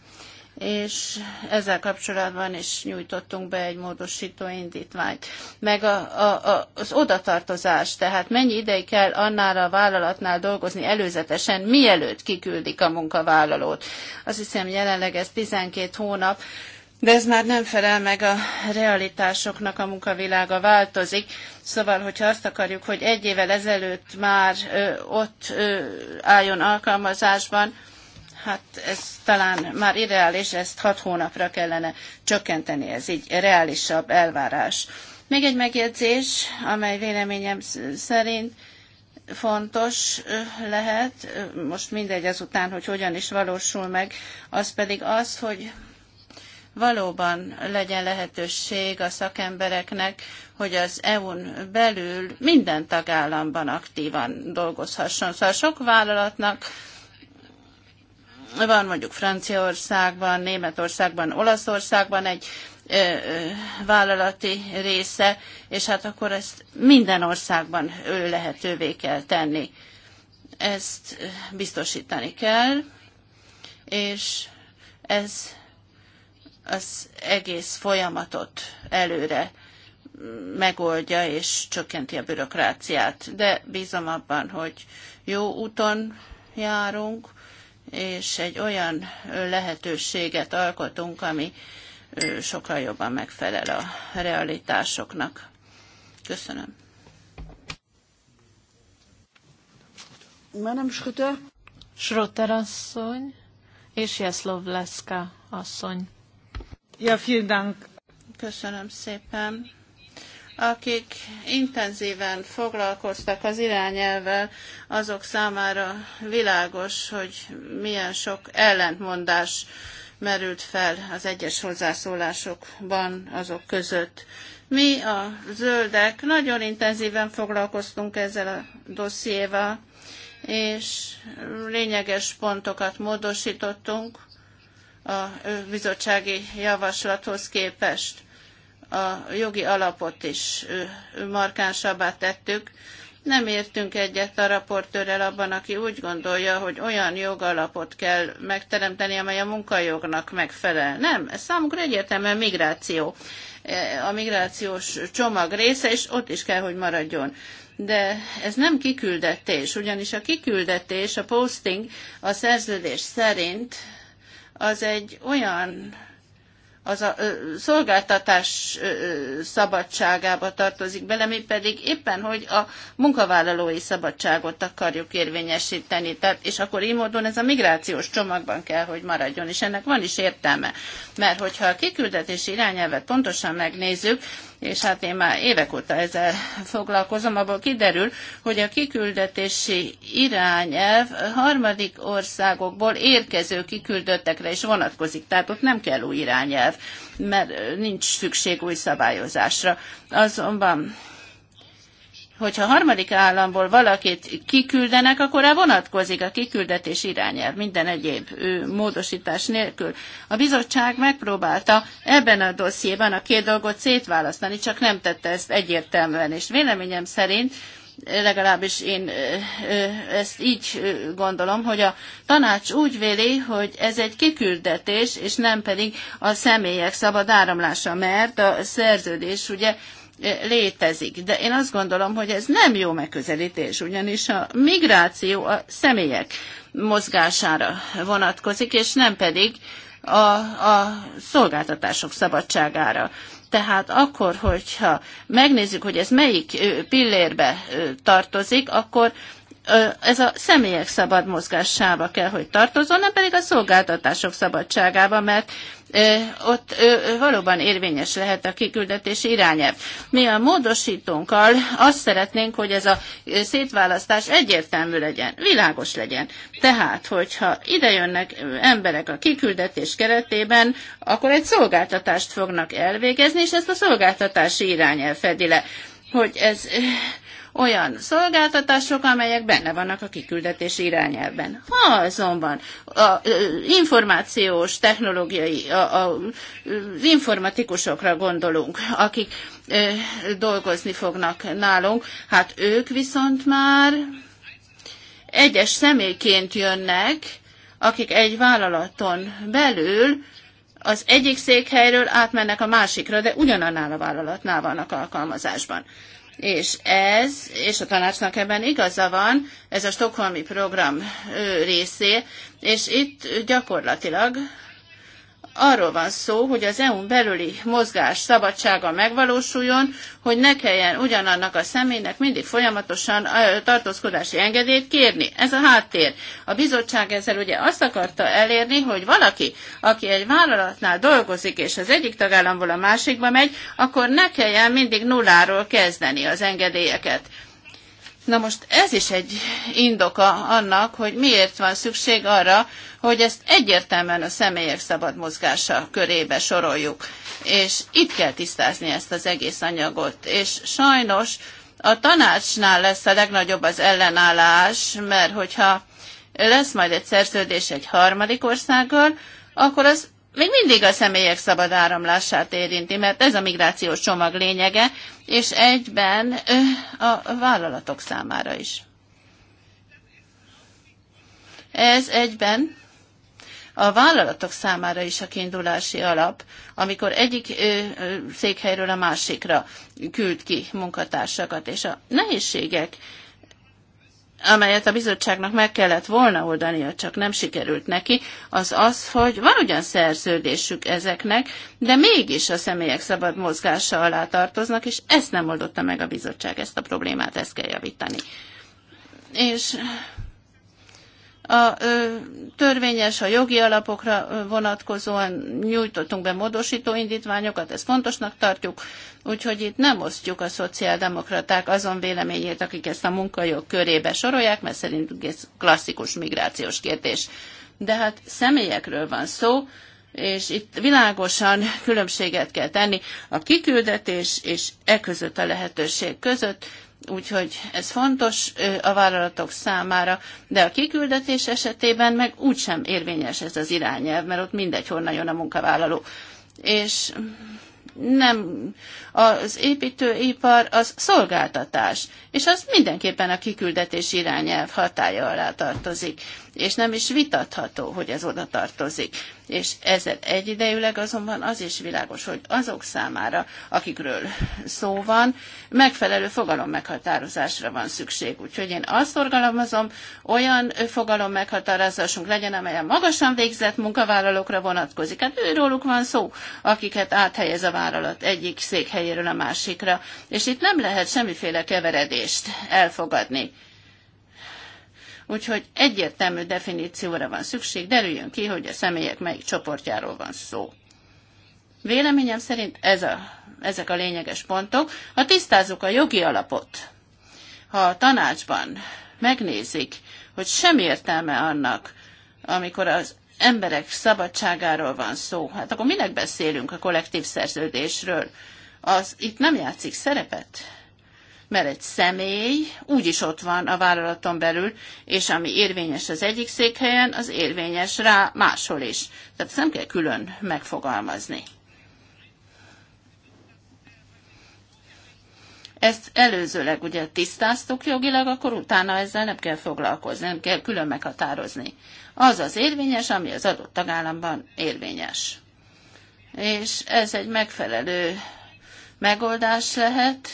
és ezzel kapcsolatban is nyújtottunk be egy módosító indítványt. Meg a, a, a, az odatartozás, tehát mennyi ideig kell annál a vállalatnál dolgozni előzetesen, mielőtt kiküldik a munkavállalót. Azt hiszem jelenleg ez 12 hónap, de ez már nem felel meg a realitásoknak, a munkavilága változik. Szóval, hogyha azt akarjuk, hogy egy évvel ezelőtt már ö, ott ö, álljon alkalmazásban, hát ez talán már ideális, ezt hat hónapra kellene csökkenteni, ez így reálisabb elvárás. Még egy megjegyzés, amely véleményem szerint fontos lehet, most mindegy azután, hogy hogyan is valósul meg, az pedig az, hogy valóban legyen lehetőség a szakembereknek, hogy az EU-n belül minden tagállamban aktívan dolgozhasson. Szóval sok vállalatnak van mondjuk Franciaországban, Németországban, Olaszországban egy vállalati része, és hát akkor ezt minden országban ő lehetővé kell tenni. Ezt biztosítani kell, és ez az egész folyamatot előre megoldja és csökkenti a bürokráciát. De bízom abban, hogy jó úton járunk, és egy olyan lehetőséget alkotunk, ami sokkal jobban megfelel a realitásoknak. Köszönöm. Madame Schröter. Schröter asszony és Jeszlov Leszka asszony. Ja, vielen Dank. Köszönöm szépen akik intenzíven foglalkoztak az irányelvel, azok számára világos, hogy milyen sok ellentmondás merült fel az egyes hozzászólásokban azok között. Mi a zöldek nagyon intenzíven foglalkoztunk ezzel a dossziéval, és lényeges pontokat módosítottunk a bizottsági javaslathoz képest a jogi alapot is markánsabbá tettük. Nem értünk egyet a raportőrrel abban, aki úgy gondolja, hogy olyan jogalapot kell megteremteni, amely a munkajognak megfelel. Nem, ez számunkra egyértelműen migráció. E, a migrációs csomag része, és ott is kell, hogy maradjon de ez nem kiküldetés, ugyanis a kiküldetés, a posting a szerződés szerint az egy olyan az a szolgáltatás szabadságába tartozik bele, mi pedig éppen, hogy a munkavállalói szabadságot akarjuk érvényesíteni, tehát, és akkor így módon ez a migrációs csomagban kell, hogy maradjon, és ennek van is értelme. Mert hogyha a kiküldetés irányelvet pontosan megnézzük, és hát én már évek óta ezzel foglalkozom, abból kiderül, hogy a kiküldetési irányelv harmadik országokból érkező kiküldöttekre is vonatkozik, tehát ott nem kell új irányelv, mert nincs szükség új szabályozásra. Azonban hogyha harmadik államból valakit kiküldenek, akkor rá vonatkozik a kiküldetés irányelv minden egyéb módosítás nélkül. A bizottság megpróbálta ebben a dossziéban a két dolgot szétválasztani, csak nem tette ezt egyértelműen, és véleményem szerint legalábbis én ezt így gondolom, hogy a tanács úgy véli, hogy ez egy kiküldetés, és nem pedig a személyek szabad áramlása, mert a szerződés ugye létezik. De én azt gondolom, hogy ez nem jó megközelítés, ugyanis a migráció a személyek mozgására vonatkozik, és nem pedig a, a szolgáltatások szabadságára. Tehát akkor, hogyha megnézzük, hogy ez melyik pillérbe tartozik, akkor ez a személyek szabad mozgásába kell, hogy tartozon, nem pedig a szolgáltatások szabadságába, mert ott valóban érvényes lehet a kiküldetés irányelv. Mi a módosítónkkal azt szeretnénk, hogy ez a szétválasztás egyértelmű legyen, világos legyen. Tehát, hogyha ide jönnek emberek a kiküldetés keretében, akkor egy szolgáltatást fognak elvégezni, és ezt a szolgáltatási irányelv fedi le hogy ez olyan szolgáltatások, amelyek benne vannak a kiküldetés irányelben. Ha azonban a információs technológiai, a, a, az informatikusokra gondolunk, akik ö, dolgozni fognak nálunk, hát ők viszont már egyes személyként jönnek, akik egy vállalaton belül az egyik székhelyről átmennek a másikra, de ugyanannál a vállalatnál vannak alkalmazásban. És ez, és a tanácsnak ebben igaza van, ez a stokholmi program részé, és itt gyakorlatilag arról van szó, hogy az EU-n belüli mozgás szabadsága megvalósuljon, hogy ne kelljen ugyanannak a személynek mindig folyamatosan tartózkodási engedélyt kérni. Ez a háttér. A bizottság ezzel ugye azt akarta elérni, hogy valaki, aki egy vállalatnál dolgozik, és az egyik tagállamból a másikba megy, akkor ne kelljen mindig nulláról kezdeni az engedélyeket. Na most ez is egy indoka annak, hogy miért van szükség arra, hogy ezt egyértelműen a személyek szabad mozgása körébe soroljuk. És itt kell tisztázni ezt az egész anyagot. És sajnos a tanácsnál lesz a legnagyobb az ellenállás, mert hogyha lesz majd egy szerződés egy harmadik országgal, akkor az még mindig a személyek szabad áramlását érinti, mert ez a migrációs csomag lényege, és egyben a vállalatok számára is. Ez egyben a vállalatok számára is a kiindulási alap, amikor egyik ö, székhelyről a másikra küld ki munkatársakat, és a nehézségek amelyet a bizottságnak meg kellett volna oldania, csak nem sikerült neki, az az, hogy van ugyan szerződésük ezeknek, de mégis a személyek szabad mozgása alá tartoznak, és ezt nem oldotta meg a bizottság, ezt a problémát, ezt kell javítani. És a törvényes, a jogi alapokra vonatkozóan nyújtottunk be módosító indítványokat, ezt fontosnak tartjuk, úgyhogy itt nem osztjuk a szociáldemokraták azon véleményét, akik ezt a munkajog körébe sorolják, mert szerintük ez klasszikus migrációs kérdés. De hát személyekről van szó, és itt világosan különbséget kell tenni a kiküldetés és e között a lehetőség között, Úgyhogy ez fontos a vállalatok számára, de a kiküldetés esetében meg úgysem érvényes ez az irányelv, mert ott mindegy, honnan jön a munkavállaló. És nem az építőipar, az szolgáltatás, és az mindenképpen a kiküldetés irányelv hatája alá tartozik és nem is vitatható, hogy ez oda tartozik. És ezzel egyidejűleg azonban az is világos, hogy azok számára, akikről szó van, megfelelő fogalom meghatározásra van szükség. Úgyhogy én azt forgalmazom, olyan fogalom meghatározásunk legyen, amely a magasan végzett munkavállalókra vonatkozik. Hát őróluk van szó, akiket áthelyez a vállalat egyik székhelyéről a másikra. És itt nem lehet semmiféle keveredést elfogadni. Úgyhogy egyértelmű definícióra van szükség, derüljön ki, hogy a személyek melyik csoportjáról van szó. Véleményem szerint ez a, ezek a lényeges pontok. Ha tisztázunk a jogi alapot, ha a tanácsban megnézik, hogy sem értelme annak, amikor az emberek szabadságáról van szó, hát akkor minek beszélünk a kollektív szerződésről? Az itt nem játszik szerepet mert egy személy úgyis ott van a vállalaton belül, és ami érvényes az egyik székhelyen, az érvényes rá máshol is. Tehát ezt nem kell külön megfogalmazni. Ezt előzőleg ugye tisztáztuk jogilag, akkor utána ezzel nem kell foglalkozni, nem kell külön meghatározni. Az az érvényes, ami az adott tagállamban érvényes. És ez egy megfelelő megoldás lehet,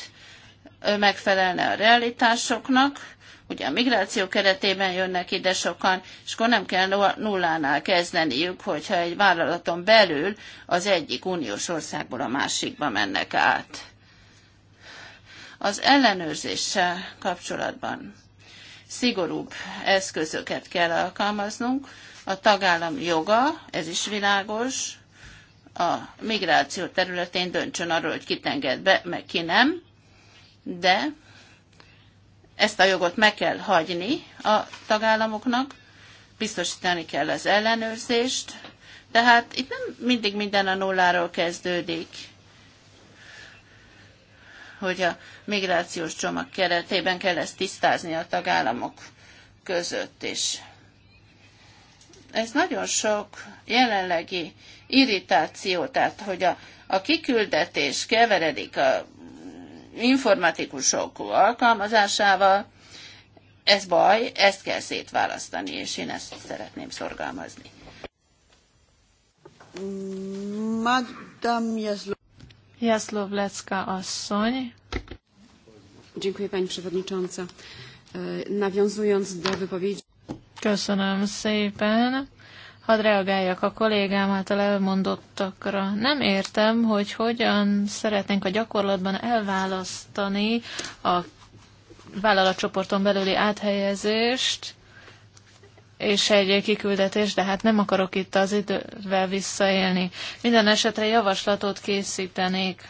megfelelne a realitásoknak, ugye a migráció keretében jönnek ide sokan, és akkor nem kell nullánál kezdeniük, hogyha egy vállalaton belül az egyik uniós országból a másikba mennek át. Az ellenőrzéssel kapcsolatban szigorúbb eszközöket kell alkalmaznunk. A tagállam joga, ez is világos, a migráció területén döntsön arról, hogy kit enged be, meg ki nem de ezt a jogot meg kell hagyni a tagállamoknak, biztosítani kell az ellenőrzést, tehát itt nem mindig minden a nulláról kezdődik, hogy a migrációs csomag keretében kell ezt tisztázni a tagállamok között is. Ez nagyon sok jelenlegi irritáció, tehát hogy a, a kiküldetés keveredik a informatikusok alkalmazásával, ez baj, ezt kell szétválasztani, és én ezt szeretném szorgalmazni. Madame Jaszlo... asszony. Dziękuję Pani Przewodnicząca. E, nawiązując do wypowiedzi... Köszönöm szépen. Hadd reagáljak a kollégám által elmondottakra. Nem értem, hogy hogyan szeretnénk a gyakorlatban elválasztani a vállalatcsoporton belüli áthelyezést és egy kiküldetés, de hát nem akarok itt az idővel visszaélni. Minden esetre javaslatot készítenék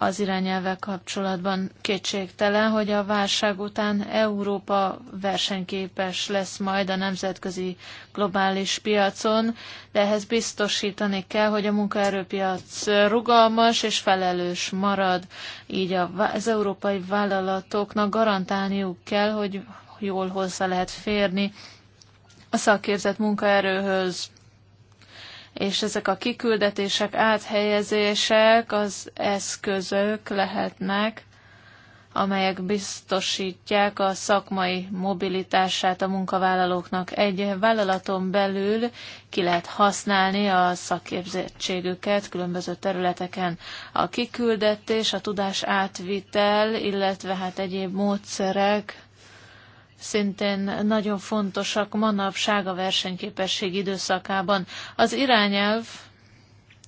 az irányelvvel kapcsolatban kétségtelen, hogy a válság után Európa versenyképes lesz majd a nemzetközi globális piacon, de ehhez biztosítani kell, hogy a munkaerőpiac rugalmas és felelős marad, így az európai vállalatoknak garantálniuk kell, hogy jól hozzá lehet férni a szakképzett munkaerőhöz és ezek a kiküldetések, áthelyezések az eszközök lehetnek, amelyek biztosítják a szakmai mobilitását a munkavállalóknak. Egy vállalaton belül ki lehet használni a szakképzettségüket különböző területeken. A kiküldetés, a tudás átvitel, illetve hát egyéb módszerek szintén nagyon fontosak manapság a versenyképesség időszakában. Az irányelv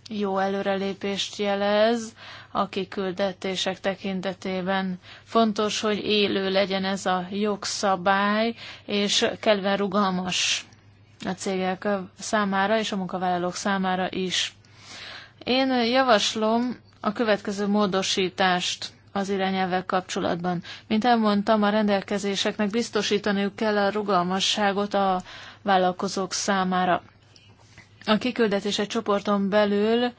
jó előrelépést jelez a kiküldetések tekintetében. Fontos, hogy élő legyen ez a jogszabály, és kellően rugalmas a cégek számára és a munkavállalók számára is. Én javaslom a következő módosítást az irányelvvel kapcsolatban. Mint elmondtam, a rendelkezéseknek biztosítaniuk kell a rugalmasságot a vállalkozók számára. A kiküldetés egy csoporton belül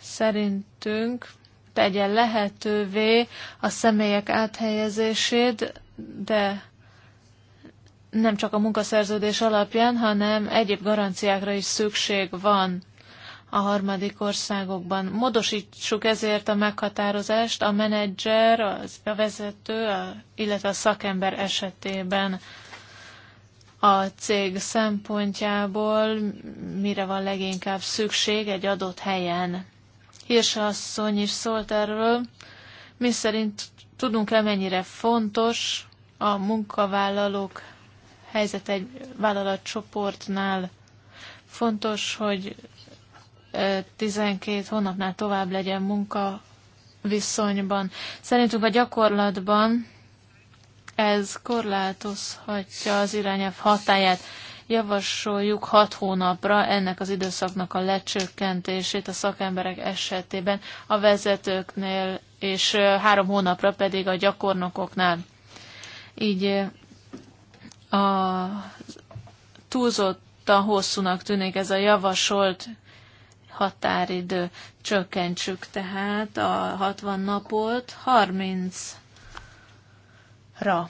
szerintünk tegye lehetővé a személyek áthelyezését, de nem csak a munkaszerződés alapján, hanem egyéb garanciákra is szükség van a harmadik országokban. Modosítsuk ezért a meghatározást a menedzser, az a vezető, a, illetve a szakember esetében a cég szempontjából mire van leginkább szükség egy adott helyen. Hirsa asszony is szólt erről, mi szerint tudunk-e mennyire fontos a munkavállalók helyzet egy vállalatcsoportnál. Fontos, hogy 12 hónapnál tovább legyen munka viszonyban. Szerintünk a gyakorlatban ez korlátozhatja az irányelv hatáját. Javasoljuk 6 hónapra ennek az időszaknak a lecsökkentését a szakemberek esetében, a vezetőknél, és 3 hónapra pedig a gyakornokoknál. Így a a hosszúnak tűnik ez a javasolt határidő. Csökkentsük tehát a 60 napot 30-ra.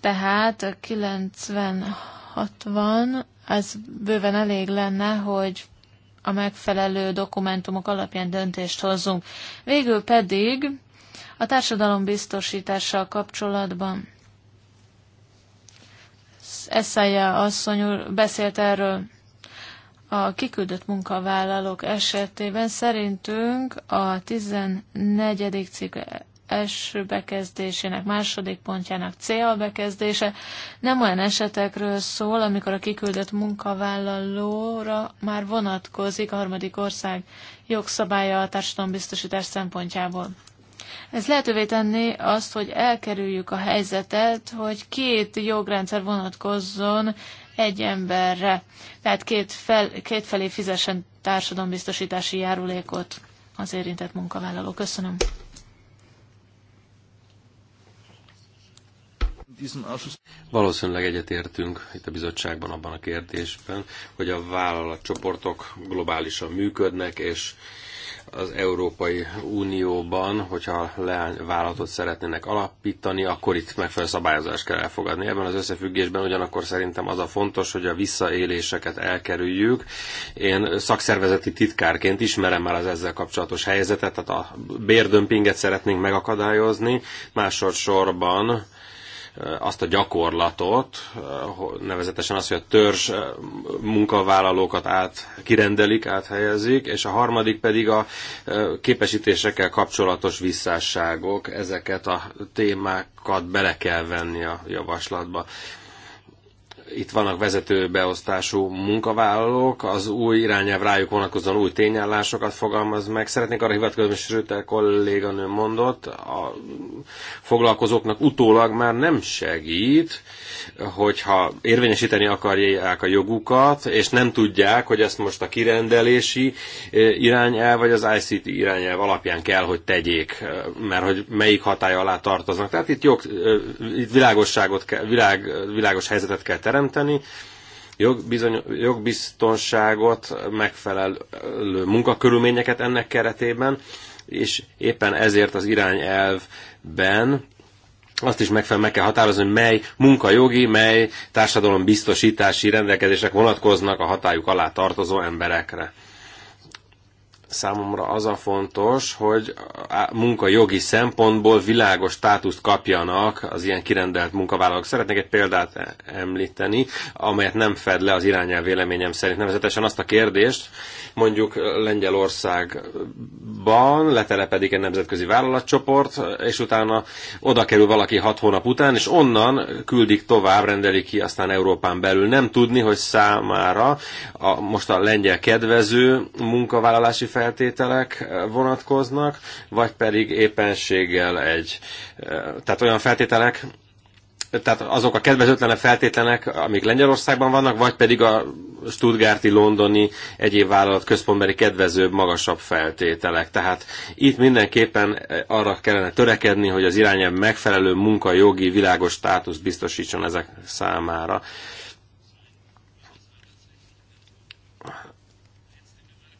Tehát 90-60, ez bőven elég lenne, hogy a megfelelő dokumentumok alapján döntést hozzunk. Végül pedig a társadalombiztosítással kapcsolatban Eszelje asszony úr beszélt erről a kiküldött munkavállalók esetében szerintünk a 14. cikk első bekezdésének, második pontjának cél bekezdése nem olyan esetekről szól, amikor a kiküldött munkavállalóra már vonatkozik a harmadik ország jogszabálya a társadalombiztosítás szempontjából. Ez lehetővé tenni azt, hogy elkerüljük a helyzetet, hogy két jogrendszer vonatkozzon egy emberre. Tehát két, fel, két felé fizessen társadalombiztosítási járulékot az érintett munkavállaló. Köszönöm. Valószínűleg egyetértünk itt a bizottságban abban a kérdésben, hogy a vállalatcsoportok globálisan működnek, és az Európai Unióban, hogyha leányvállalatot szeretnének alapítani, akkor itt megfelelő szabályozást kell elfogadni. Ebben az összefüggésben ugyanakkor szerintem az a fontos, hogy a visszaéléseket elkerüljük. Én szakszervezeti titkárként ismerem már az ezzel kapcsolatos helyzetet, tehát a bérdömpinget szeretnénk megakadályozni. Másodszorban azt a gyakorlatot, nevezetesen azt, hogy a törzs munkavállalókat át kirendelik, áthelyezik, és a harmadik pedig a képesítésekkel kapcsolatos visszásságok, ezeket a témákat bele kell venni a javaslatba itt vannak vezető beosztású munkavállalók, az új irányelv rájuk vonatkozóan új tényállásokat fogalmaz meg. Szeretnék arra hivatkozni, hogy Schröter kolléganő mondott, a foglalkozóknak utólag már nem segít, hogyha érvényesíteni akarják a jogukat, és nem tudják, hogy ezt most a kirendelési e, irányelv, vagy az ICT irányelv alapján kell, hogy tegyék, e, mert hogy melyik hatája alá tartoznak. Tehát itt, jog, e, itt világosságot, világ, világos helyzetet kell teremteni, teremteni, jogbizony, jogbiztonságot, megfelelő munkakörülményeket ennek keretében, és éppen ezért az irányelvben azt is megfelel, meg kell határozni, hogy mely munkajogi, mely társadalombiztosítási rendelkezések vonatkoznak a hatájuk alá tartozó emberekre számomra az a fontos, hogy a munkajogi szempontból világos státuszt kapjanak az ilyen kirendelt munkavállalók. Szeretnék egy példát e- említeni, amelyet nem fed le az irányelv véleményem szerint. Nevezetesen azt a kérdést, mondjuk Lengyelországban letelepedik egy nemzetközi vállalatcsoport, és utána oda kerül valaki hat hónap után, és onnan küldik tovább, rendelik ki aztán Európán belül. Nem tudni, hogy számára a, most a lengyel kedvező munkavállalási fel feltételek vonatkoznak, vagy pedig éppenséggel egy, tehát olyan feltételek, tehát azok a kedvezőtlenebb feltételek, amik Lengyelországban vannak, vagy pedig a Stuttgarti, londoni egyéb vállalat központbeli kedvezőbb, magasabb feltételek. Tehát itt mindenképpen arra kellene törekedni, hogy az irányelv megfelelő munkajogi világos státusz biztosítson ezek számára.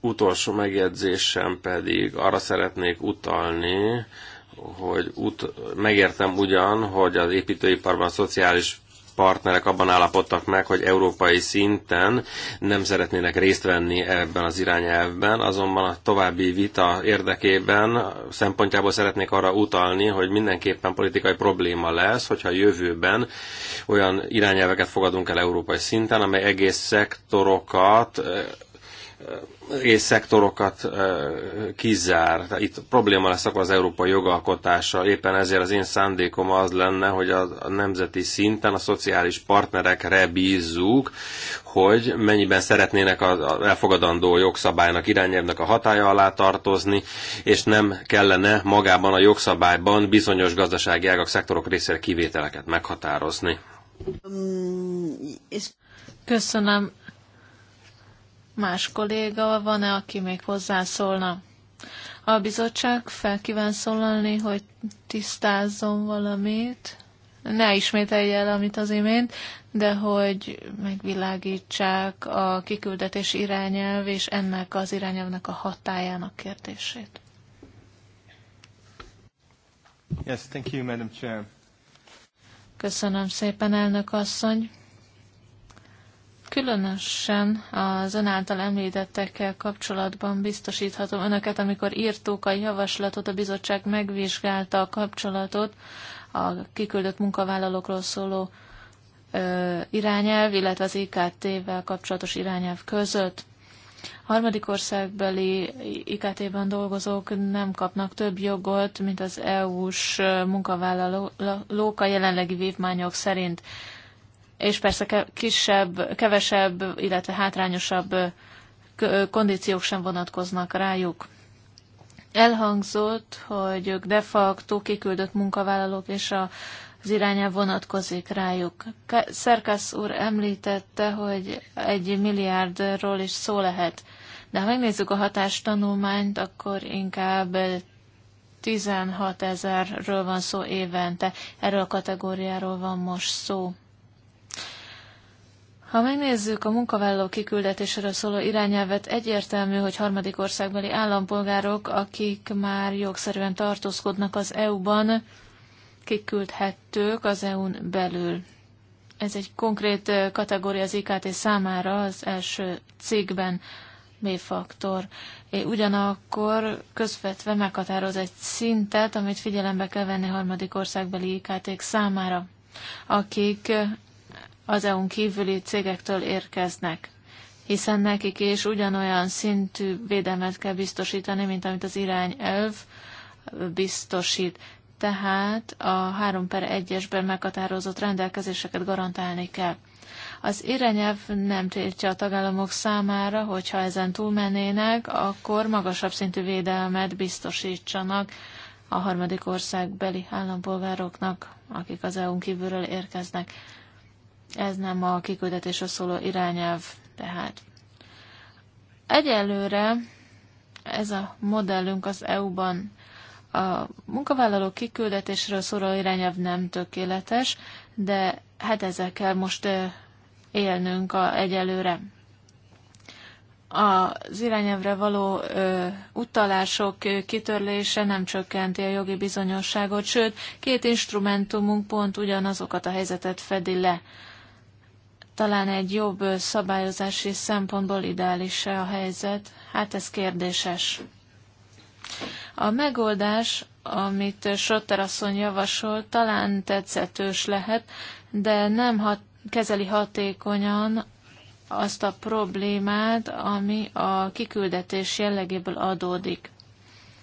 utolsó megjegyzésem pedig arra szeretnék utalni, hogy ut- megértem ugyan, hogy az építőiparban a szociális partnerek abban állapodtak meg, hogy európai szinten nem szeretnének részt venni ebben az irányelvben, azonban a további vita érdekében szempontjából szeretnék arra utalni, hogy mindenképpen politikai probléma lesz, hogyha jövőben olyan irányelveket fogadunk el európai szinten, amely egész szektorokat részszektorokat kizár. Itt probléma lesz akkor az európai jogalkotása. Éppen ezért az én szándékom az lenne, hogy a, a nemzeti szinten a szociális partnerekre bízzuk, hogy mennyiben szeretnének az elfogadandó jogszabálynak, irányelvnek a hatája alá tartozni, és nem kellene magában a jogszabályban bizonyos gazdasági ágak, szektorok részére kivételeket meghatározni. Köszönöm. Más kolléga van-e, aki még hozzászólna? A bizottság fel kíván szólalni, hogy tisztázzon valamit. Ne ismételje el, amit az imént, de hogy megvilágítsák a kiküldetés irányelv és ennek az irányelvnek a hatájának kérdését. Yes, thank you, Madam Chair. Köszönöm szépen, elnök asszony. Különösen az ön által említettekkel kapcsolatban biztosíthatom önöket, amikor írtuk a javaslatot, a bizottság megvizsgálta a kapcsolatot a kiküldött munkavállalókról szóló ö, irányelv, illetve az IKT-vel kapcsolatos irányelv között. Harmadik országbeli IKT-ben dolgozók nem kapnak több jogot, mint az EU-s munkavállalók a jelenlegi vívmányok szerint és persze kisebb, kevesebb, illetve hátrányosabb kondíciók sem vonatkoznak rájuk. Elhangzott, hogy ők de facto kiküldött munkavállalók, és a az irányá vonatkozik rájuk. Szerkasz úr említette, hogy egy milliárdról is szó lehet, de ha megnézzük a hatástanulmányt, akkor inkább 16 ezerről van szó évente. Erről a kategóriáról van most szó. Ha megnézzük a munkavállaló kiküldetéséről szóló irányelvet, egyértelmű, hogy harmadik országbeli állampolgárok, akik már jogszerűen tartózkodnak az EU-ban, kiküldhetők az EU-n belül. Ez egy konkrét kategória az IKT számára az első cikkben B-faktor. Ugyanakkor közvetve meghatároz egy szintet, amit figyelembe kell venni harmadik országbeli IKT-k számára, akik az EU-n kívüli cégektől érkeznek, hiszen nekik is ugyanolyan szintű védelmet kell biztosítani, mint amit az irányelv biztosít. Tehát a 3 per 1-esben meghatározott rendelkezéseket garantálni kell. Az irányelv nem tiltja a tagállamok számára, hogyha ezen túlmennének, akkor magasabb szintű védelmet biztosítsanak a harmadik országbeli állampolgároknak, akik az EU-n kívülről érkeznek. Ez nem a kiküldetésről szóló irányelv, tehát. Egyelőre ez a modellünk az EU-ban a munkavállaló kiküldetésről szóló irányelv nem tökéletes, de hát ezzel kell most élnünk a, egyelőre. Az irányelvre való ö, utalások kitörlése nem csökkenti a jogi bizonyosságot, sőt, két instrumentumunk pont ugyanazokat a helyzetet fedi le talán egy jobb szabályozási szempontból ideális-e a helyzet? Hát ez kérdéses. A megoldás, amit Sotter asszony javasol, talán tetszetős lehet, de nem hat, kezeli hatékonyan azt a problémát, ami a kiküldetés jellegéből adódik.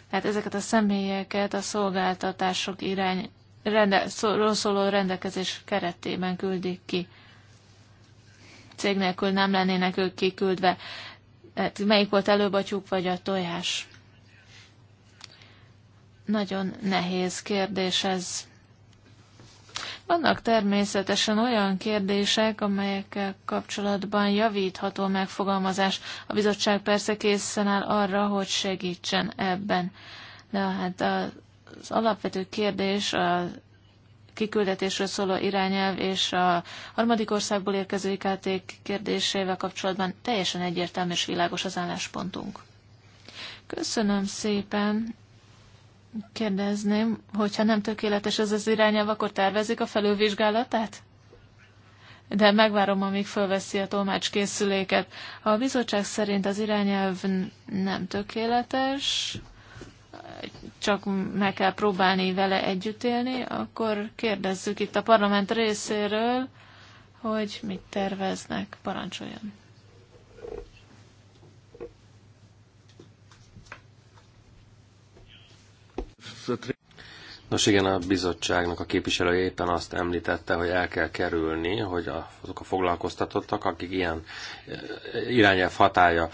Tehát ezeket a személyeket a szolgáltatások irány, rende, szóló rendelkezés keretében küldik ki cég nélkül nem lennének ők kiküldve. Hát melyik volt előbb a tyúk vagy a tojás? Nagyon nehéz kérdés ez. Vannak természetesen olyan kérdések, amelyekkel kapcsolatban javítható megfogalmazás. A bizottság persze készen áll arra, hogy segítsen ebben. De hát az alapvető kérdés az kiküldetésről szóló irányelv és a harmadik országból érkező IKT kérdésével kapcsolatban teljesen egyértelmű és világos az álláspontunk. Köszönöm szépen. Kérdezném, hogyha nem tökéletes ez az irányelv, akkor tervezik a felülvizsgálatát? De megvárom, amíg fölveszi a tolmácskészüléket. A bizottság szerint az irányelv nem tökéletes, csak meg kell próbálni vele együtt élni, akkor kérdezzük itt a parlament részéről, hogy mit terveznek. Parancsoljon! Nos igen, a bizottságnak a képviselője éppen azt említette, hogy el kell kerülni, hogy azok a foglalkoztatottak, akik ilyen eh, irányelv hatája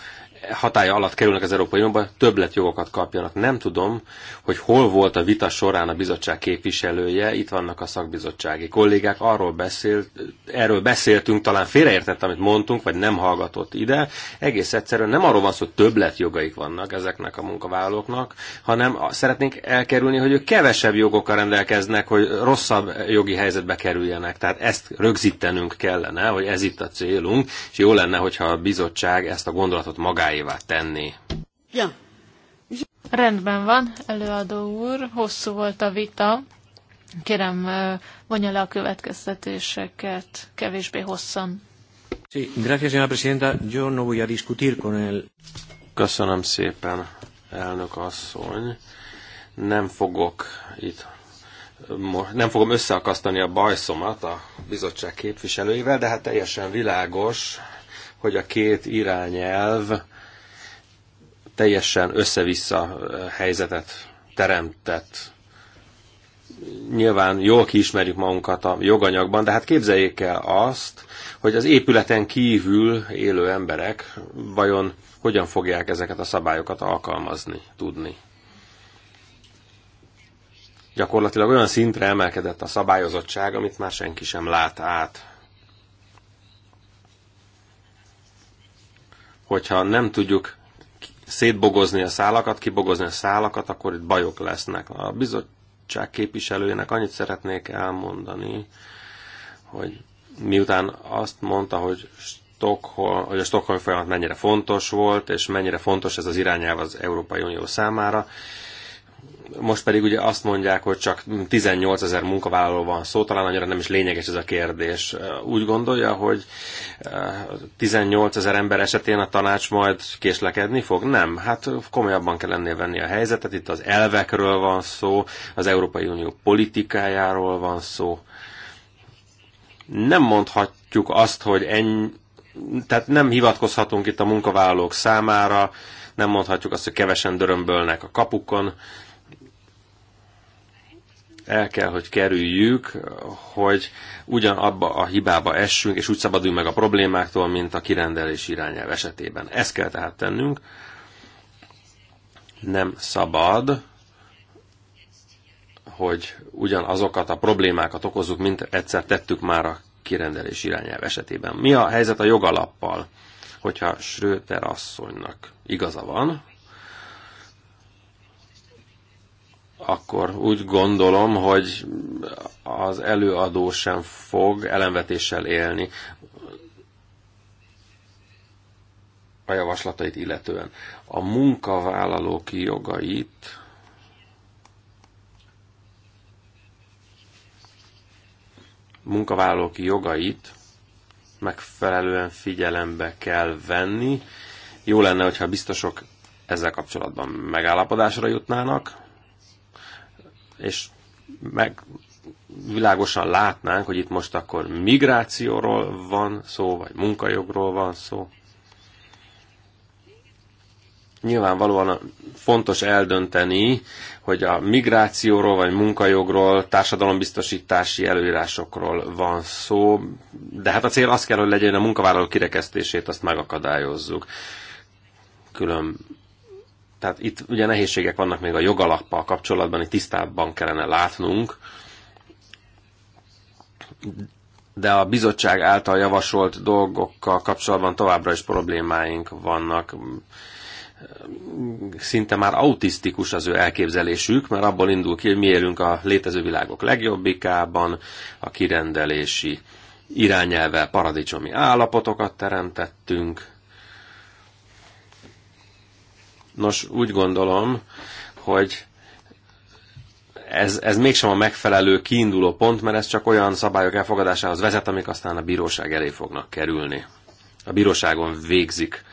hatája alatt kerülnek az Európai Unióba, többletjogokat kapjanak. Nem tudom, hogy hol volt a vita során a bizottság képviselője, itt vannak a szakbizottsági kollégák, arról beszélt, erről beszéltünk, talán félreértett, amit mondtunk, vagy nem hallgatott ide. Egész egyszerűen nem arról van szó, hogy többletjogaik vannak ezeknek a munkavállalóknak, hanem szeretnénk elkerülni, hogy ők kevesebb jogokkal rendelkeznek, hogy rosszabb jogi helyzetbe kerüljenek. Tehát ezt rögzítenünk kellene, hogy ez itt a célunk, és jó lenne, hogyha a bizottság ezt a gondolatot magáé magáévá tenni. Ja. Rendben van, előadó úr, hosszú volt a vita. Kérem, vonja le a következtetéseket kevésbé hosszan. Sí, gracias, señora presidenta. Yo no voy a discutir con el... Köszönöm szépen, elnök asszony. Nem fogok itt nem fogom összeakasztani a bajszomat a bizottság képviselőivel, de hát teljesen világos, hogy a két irányelv teljesen össze-vissza helyzetet teremtett. Nyilván jól kiismerjük magunkat a joganyagban, de hát képzeljék el azt, hogy az épületen kívül élő emberek vajon hogyan fogják ezeket a szabályokat alkalmazni, tudni. Gyakorlatilag olyan szintre emelkedett a szabályozottság, amit már senki sem lát át. hogyha nem tudjuk szétbogozni a szálakat, kibogozni a szálakat, akkor itt bajok lesznek. A bizottság képviselőjének annyit szeretnék elmondani, hogy miután azt mondta, hogy Stockholm, hogy a Stockholm folyamat mennyire fontos volt, és mennyire fontos ez az irányelv az Európai Unió számára, most pedig ugye azt mondják, hogy csak 18 ezer munkavállaló van szó, talán annyira nem is lényeges ez a kérdés. Úgy gondolja, hogy 18 ezer ember esetén a tanács majd késlekedni fog? Nem, hát komolyabban kell ennél venni a helyzetet, itt az elvekről van szó, az Európai Unió politikájáról van szó. Nem mondhatjuk azt, hogy ennyi, tehát nem hivatkozhatunk itt a munkavállalók számára, nem mondhatjuk azt, hogy kevesen dörömbölnek a kapukon, el kell, hogy kerüljük, hogy ugyanabba a hibába essünk, és úgy szabaduljunk meg a problémáktól, mint a kirendelés irányelv esetében. Ezt kell tehát tennünk. Nem szabad, hogy ugyanazokat a problémákat okozzuk, mint egyszer tettük már a kirendelés irányelv esetében. Mi a helyzet a jogalappal? Hogyha Schröter asszonynak igaza van, akkor úgy gondolom, hogy az előadó sem fog elemvetéssel élni a javaslatait illetően. A munkavállalók jogait munkavállalók jogait megfelelően figyelembe kell venni. Jó lenne, hogyha biztosok ezzel kapcsolatban megállapodásra jutnának, és meg világosan látnánk, hogy itt most akkor migrációról van szó, vagy munkajogról van szó. Nyilvánvalóan fontos eldönteni, hogy a migrációról, vagy munkajogról, társadalombiztosítási előírásokról van szó, de hát a cél az kell, hogy legyen a munkavállaló kirekesztését, azt megakadályozzuk. Külön tehát itt ugye nehézségek vannak még a jogalappal kapcsolatban, itt tisztábban kellene látnunk, de a bizottság által javasolt dolgokkal kapcsolatban továbbra is problémáink vannak. Szinte már autisztikus az ő elképzelésük, mert abból indul ki, hogy mi élünk a létező világok legjobbikában, a kirendelési irányelvel paradicsomi állapotokat teremtettünk, Nos, úgy gondolom, hogy ez, ez mégsem a megfelelő kiinduló pont, mert ez csak olyan szabályok elfogadásához vezet, amik aztán a bíróság elé fognak kerülni. A bíróságon végzik.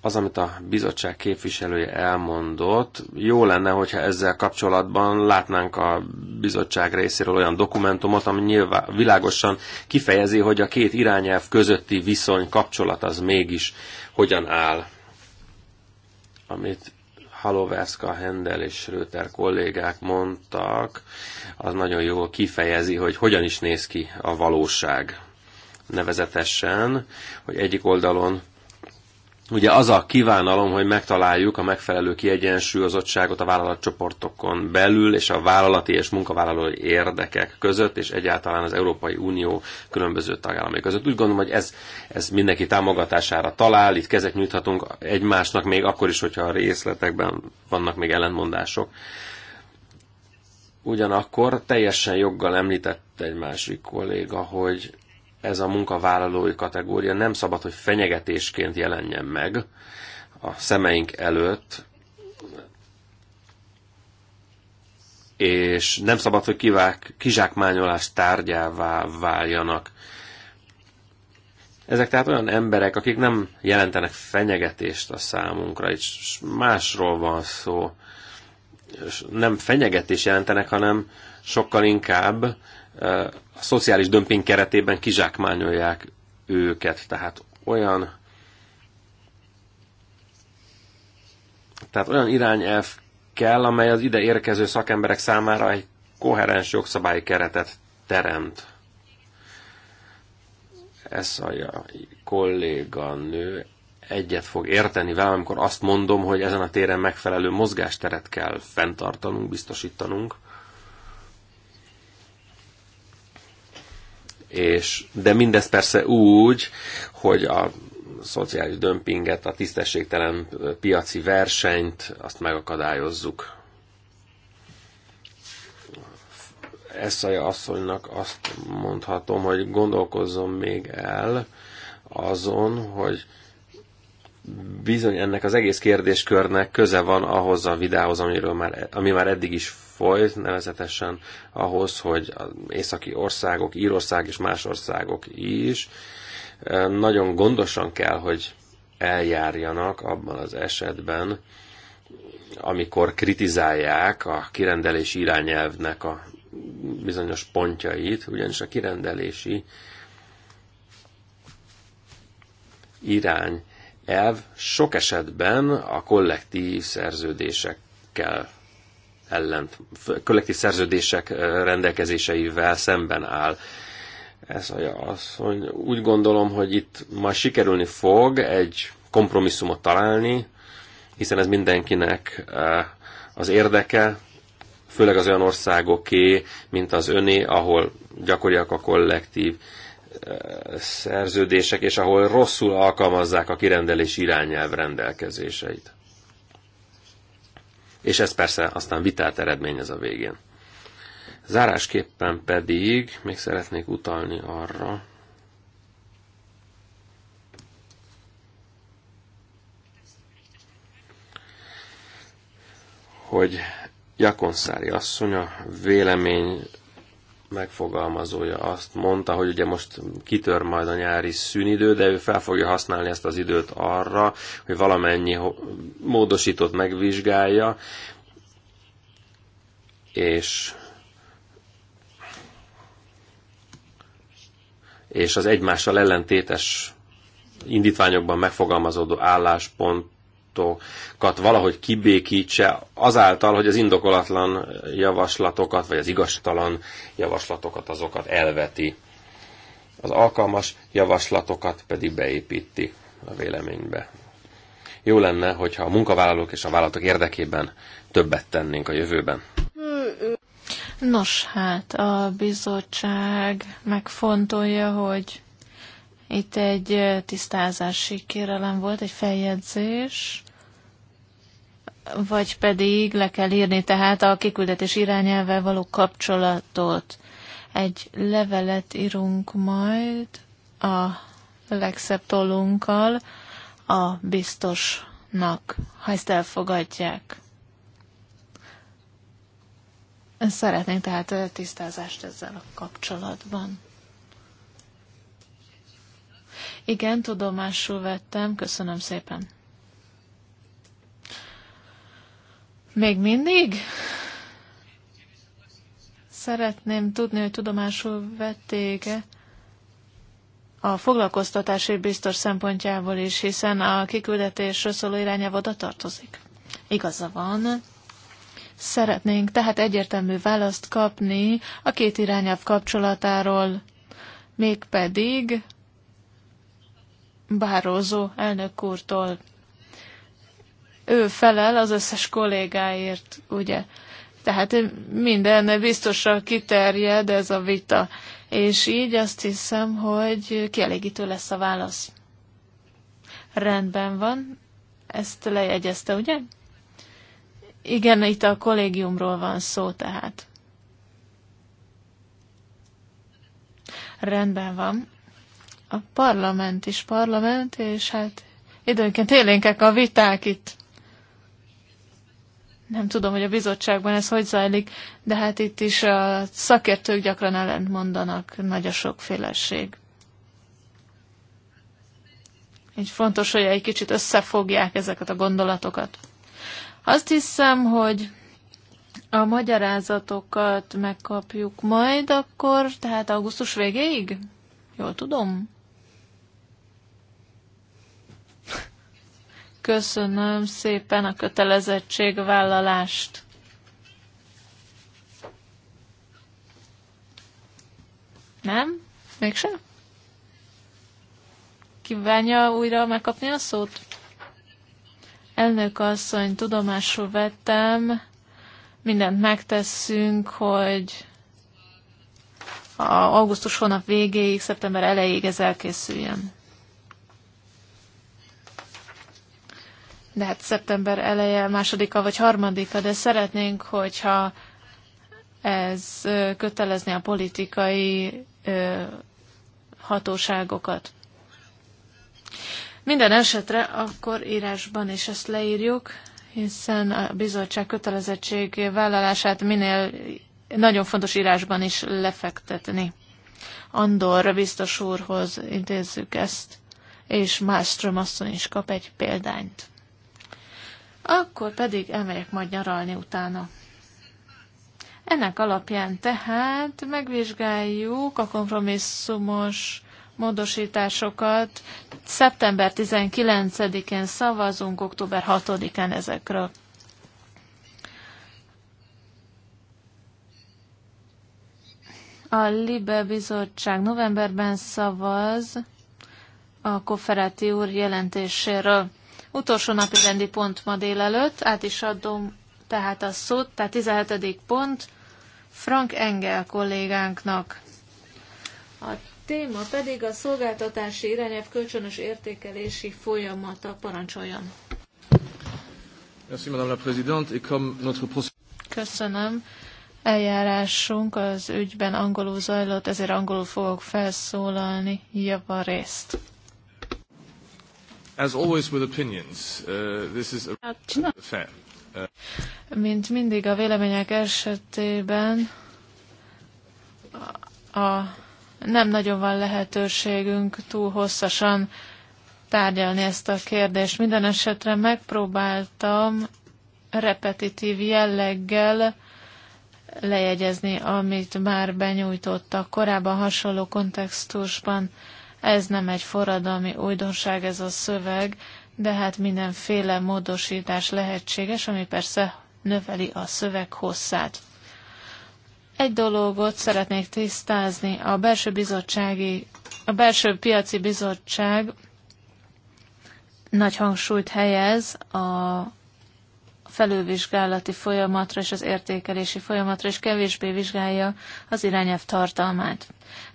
Az, amit a bizottság képviselője elmondott, jó lenne, hogyha ezzel kapcsolatban látnánk a bizottság részéről olyan dokumentumot, ami nyilván világosan kifejezi, hogy a két irányelv közötti viszony kapcsolat az mégis hogyan áll amit Haloverska, Hendel és Schröter kollégák mondtak, az nagyon jól kifejezi, hogy hogyan is néz ki a valóság. Nevezetesen, hogy egyik oldalon Ugye az a kívánalom, hogy megtaláljuk a megfelelő kiegyensúlyozottságot a vállalatcsoportokon belül, és a vállalati és munkavállalói érdekek között, és egyáltalán az Európai Unió különböző tagállamai között. Úgy gondolom, hogy ez, ez mindenki támogatására talál, itt kezet nyújthatunk egymásnak, még akkor is, hogyha a részletekben vannak még ellentmondások. Ugyanakkor teljesen joggal említett egy másik kolléga, hogy ez a munkavállalói kategória nem szabad, hogy fenyegetésként jelenjen meg a szemeink előtt, és nem szabad, hogy kivák, kizsákmányolás tárgyává váljanak. Ezek tehát olyan emberek, akik nem jelentenek fenyegetést a számunkra, és másról van szó. És nem fenyegetés jelentenek, hanem sokkal inkább eh, a szociális dömping keretében kizsákmányolják őket. Tehát olyan tehát olyan irányelv kell, amely az ide érkező szakemberek számára egy koherens jogszabályi keretet teremt. Ez a kolléganő egyet fog érteni velem, amikor azt mondom, hogy ezen a téren megfelelő mozgásteret kell fenntartanunk, biztosítanunk. és, de mindez persze úgy, hogy a szociális dömpinget, a tisztességtelen piaci versenyt, azt megakadályozzuk. Eszaja asszonynak azt mondhatom, hogy gondolkozzon még el azon, hogy bizony ennek az egész kérdéskörnek köze van ahhoz a videóhoz, amiről már, ami már eddig is folyt, nevezetesen ahhoz, hogy az északi országok, Írország és más országok is nagyon gondosan kell, hogy eljárjanak abban az esetben, amikor kritizálják a kirendelési irányelvnek a bizonyos pontjait, ugyanis a kirendelési irányelv sok esetben a kollektív szerződésekkel ellent, kollektív szerződések rendelkezéseivel szemben áll. Ez az, hogy úgy gondolom, hogy itt majd sikerülni fog egy kompromisszumot találni, hiszen ez mindenkinek az érdeke, főleg az olyan országoké, mint az öné, ahol gyakoriak a kollektív szerződések, és ahol rosszul alkalmazzák a kirendelés irányelv rendelkezéseit és ez persze aztán vitát eredményez a végén. Zárásképpen pedig még szeretnék utalni arra, hogy Jakonszári asszony a vélemény megfogalmazója azt mondta, hogy ugye most kitör majd a nyári szünidő, de ő fel fogja használni ezt az időt arra, hogy valamennyi módosított megvizsgálja, és és az egymással ellentétes indítványokban megfogalmazódó álláspont javaslatokat valahogy kibékítse azáltal, hogy az indokolatlan javaslatokat, vagy az igaztalan javaslatokat azokat elveti. Az alkalmas javaslatokat pedig beépíti a véleménybe. Jó lenne, hogyha a munkavállalók és a vállalatok érdekében többet tennénk a jövőben. Nos, hát a bizottság megfontolja, hogy itt egy tisztázási kérelem volt, egy feljegyzés vagy pedig le kell írni tehát a kiküldetés irányelvvel való kapcsolatot. Egy levelet írunk majd a legszebb tollunkkal a biztosnak, ha ezt elfogadják. Szeretnénk tehát tisztázást ezzel a kapcsolatban. Igen, tudomásul vettem, köszönöm szépen. Még mindig? Szeretném tudni, hogy tudomásul vették-e a foglalkoztatási biztos szempontjából is, hiszen a kiküldetésről szóló irányelv oda tartozik. Igaza van. Szeretnénk tehát egyértelmű választ kapni a két irányelv kapcsolatáról, mégpedig Bározó elnök úrtól ő felel az összes kollégáért, ugye? Tehát minden biztosra kiterjed ez a vita, és így azt hiszem, hogy kielégítő lesz a válasz. Rendben van, ezt lejegyezte, ugye? Igen, itt a kollégiumról van szó tehát. Rendben van. A parlament is parlament, és hát időnként élénkek a viták itt. Nem tudom, hogy a bizottságban ez hogy zajlik, de hát itt is a szakértők gyakran ellent mondanak, nagy a sokféleség. Így fontos, hogy egy kicsit összefogják ezeket a gondolatokat. Azt hiszem, hogy a magyarázatokat megkapjuk majd akkor, tehát augusztus végéig? Jól tudom? Köszönöm szépen a kötelezettségvállalást. Nem? Mégsem? Kívánja újra megkapni a szót? Elnök asszony, tudomásul vettem, mindent megtesszünk, hogy a augusztus hónap végéig, szeptember elejéig ez elkészüljön. hát szeptember eleje, másodika vagy harmadika, de szeretnénk, hogyha ez kötelezni a politikai hatóságokat. Minden esetre akkor írásban is ezt leírjuk, hiszen a bizottság kötelezettség vállalását minél nagyon fontos írásban is lefektetni. Andor biztos úrhoz intézzük ezt, és Malmström asszony is kap egy példányt akkor pedig emeljek majd nyaralni utána. Ennek alapján tehát megvizsgáljuk a kompromisszumos módosításokat. Szeptember 19-én szavazunk, október 6-án ezekről. A Libe Bizottság novemberben szavaz a Koferáti úr jelentéséről. Utolsó napi rendi pont ma délelőtt, át is adom tehát a szót, tehát 17. pont Frank Engel kollégánknak. A téma pedig a szolgáltatási irányelv kölcsönös értékelési folyamata. Parancsoljon! Köszönöm. Eljárásunk az ügyben angolul zajlott, ezért angolul fogok felszólalni javarészt. As always with opinions, uh, this is a hát, fair. Uh, Mint mindig a vélemények esetében a, a nem nagyon van lehetőségünk túl hosszasan tárgyalni ezt a kérdést. Minden esetre megpróbáltam repetitív jelleggel lejegyezni, amit már benyújtottak korábban hasonló kontextusban. Ez nem egy forradalmi újdonság ez a szöveg, de hát mindenféle módosítás lehetséges, ami persze növeli a szöveg hosszát. Egy dologot szeretnék tisztázni. A belső, bizottsági, a belső piaci bizottság nagy hangsúlyt helyez a felülvizsgálati folyamatra és az értékelési folyamatra, és kevésbé vizsgálja az irányelv tartalmát.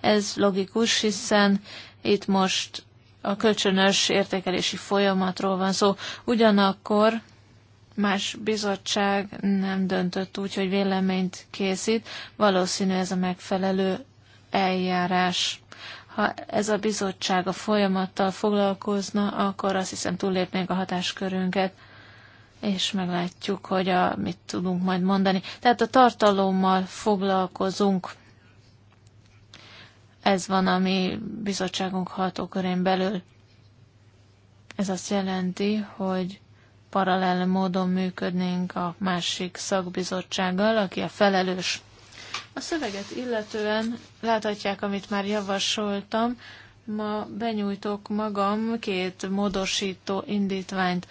Ez logikus, hiszen itt most a kölcsönös értékelési folyamatról van szó. Ugyanakkor más bizottság nem döntött úgy, hogy véleményt készít. Valószínű ez a megfelelő eljárás. Ha ez a bizottság a folyamattal foglalkozna, akkor azt hiszem túllépnénk a hatáskörünket, és meglátjuk, hogy a, mit tudunk majd mondani. Tehát a tartalommal foglalkozunk ez van, ami bizottságunk hatókörén belül. Ez azt jelenti, hogy paralel módon működnénk a másik szakbizottsággal, aki a felelős. A szöveget illetően láthatják, amit már javasoltam. Ma benyújtok magam két módosító indítványt.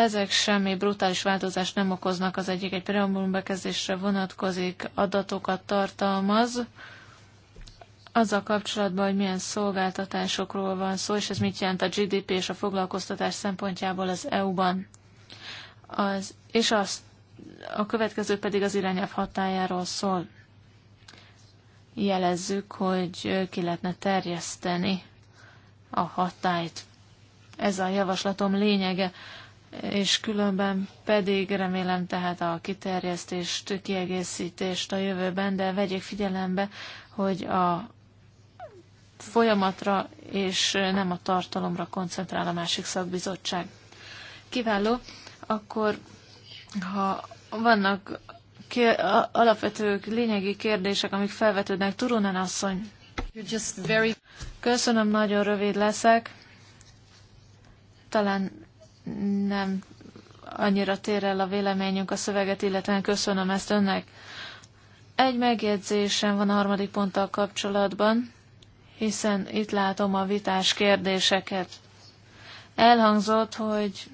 Ezek semmi brutális változást nem okoznak, az egyik egy preambulum bekezdésre vonatkozik, adatokat tartalmaz, azzal kapcsolatban, hogy milyen szolgáltatásokról van szó, és ez mit jelent a GDP és a foglalkoztatás szempontjából az EU-ban. Az, és az, a következő pedig az irányelv hatájáról szól. Jelezzük, hogy ki lehetne terjeszteni a hatályt. Ez a javaslatom lényege és különben pedig remélem tehát a kiterjesztést, kiegészítést a jövőben, de vegyék figyelembe, hogy a folyamatra és nem a tartalomra koncentrál a másik szakbizottság. Kiváló, akkor ha vannak kér, alapvető lényegi kérdések, amik felvetődnek, Turunen asszony. Köszönöm, nagyon rövid leszek. Talán nem annyira tér el a véleményünk a szöveget, illetve köszönöm ezt önnek. Egy megjegyzésem van a harmadik ponttal kapcsolatban, hiszen itt látom a vitás kérdéseket. Elhangzott, hogy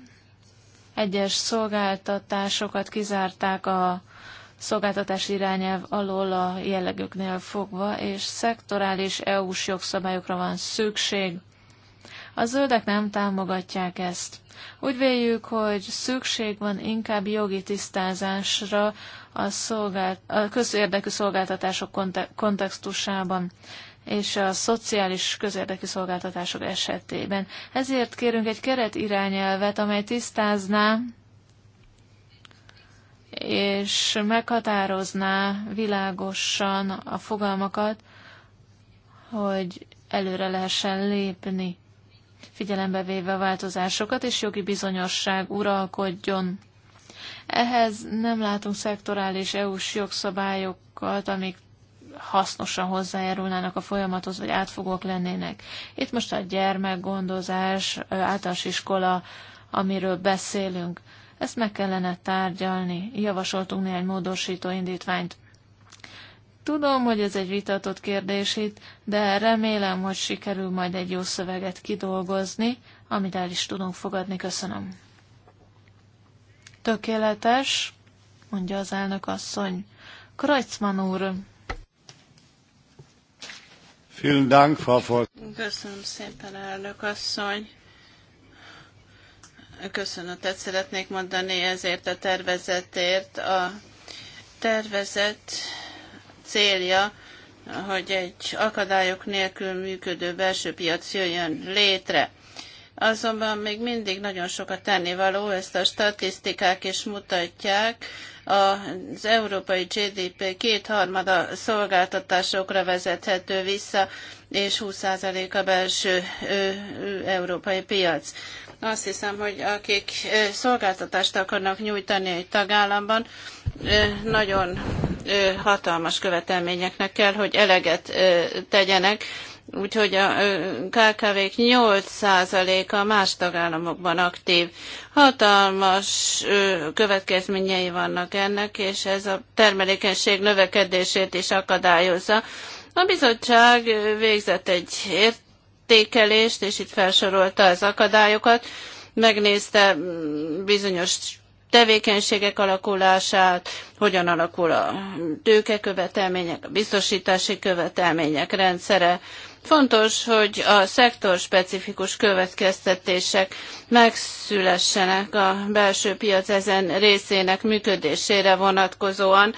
egyes szolgáltatásokat kizárták a szolgáltatás irányelv alól a jellegüknél fogva, és szektorális EU-s jogszabályokra van szükség a zöldek nem támogatják ezt. Úgy véljük, hogy szükség van inkább jogi tisztázásra a, szolgált, a közérdekű szolgáltatások kontextusában és a szociális közérdekű szolgáltatások esetében. Ezért kérünk egy keret irányelvet, amely tisztázná és meghatározná világosan a fogalmakat, hogy előre lehessen lépni figyelembe véve a változásokat, és jogi bizonyosság uralkodjon. Ehhez nem látunk szektorális EU-s jogszabályokat, amik hasznosan hozzájárulnának a folyamathoz, vagy átfogók lennének. Itt most a gyermekgondozás, általános iskola, amiről beszélünk. Ezt meg kellene tárgyalni. Javasoltunk néhány módosító indítványt. Tudom, hogy ez egy vitatott kérdés itt, de remélem, hogy sikerül majd egy jó szöveget kidolgozni, amit el is tudunk fogadni. Köszönöm. Tökéletes, mondja az elnök asszony. Kreutzmann úr. Köszönöm szépen, elnök asszony. Köszönetet szeretnék mondani ezért a tervezetért. A tervezet célja, hogy egy akadályok nélkül működő belső piac jöjjön létre. Azonban még mindig nagyon sokat tennivaló, ezt a statisztikák is mutatják. Az európai GDP kétharmada szolgáltatásokra vezethető vissza, és 20% a belső európai piac. Azt hiszem, hogy akik szolgáltatást akarnak nyújtani egy tagállamban, nagyon hatalmas követelményeknek kell, hogy eleget tegyenek, úgyhogy a KKV-k 8%-a más tagállamokban aktív. Hatalmas következményei vannak ennek, és ez a termelékenység növekedését is akadályozza. A bizottság végzett egy értékelést, és itt felsorolta az akadályokat, megnézte bizonyos tevékenységek alakulását, hogyan alakul a tőkekövetelmények, a biztosítási követelmények rendszere. Fontos, hogy a szektor specifikus következtetések megszülessenek a belső piac ezen részének működésére vonatkozóan.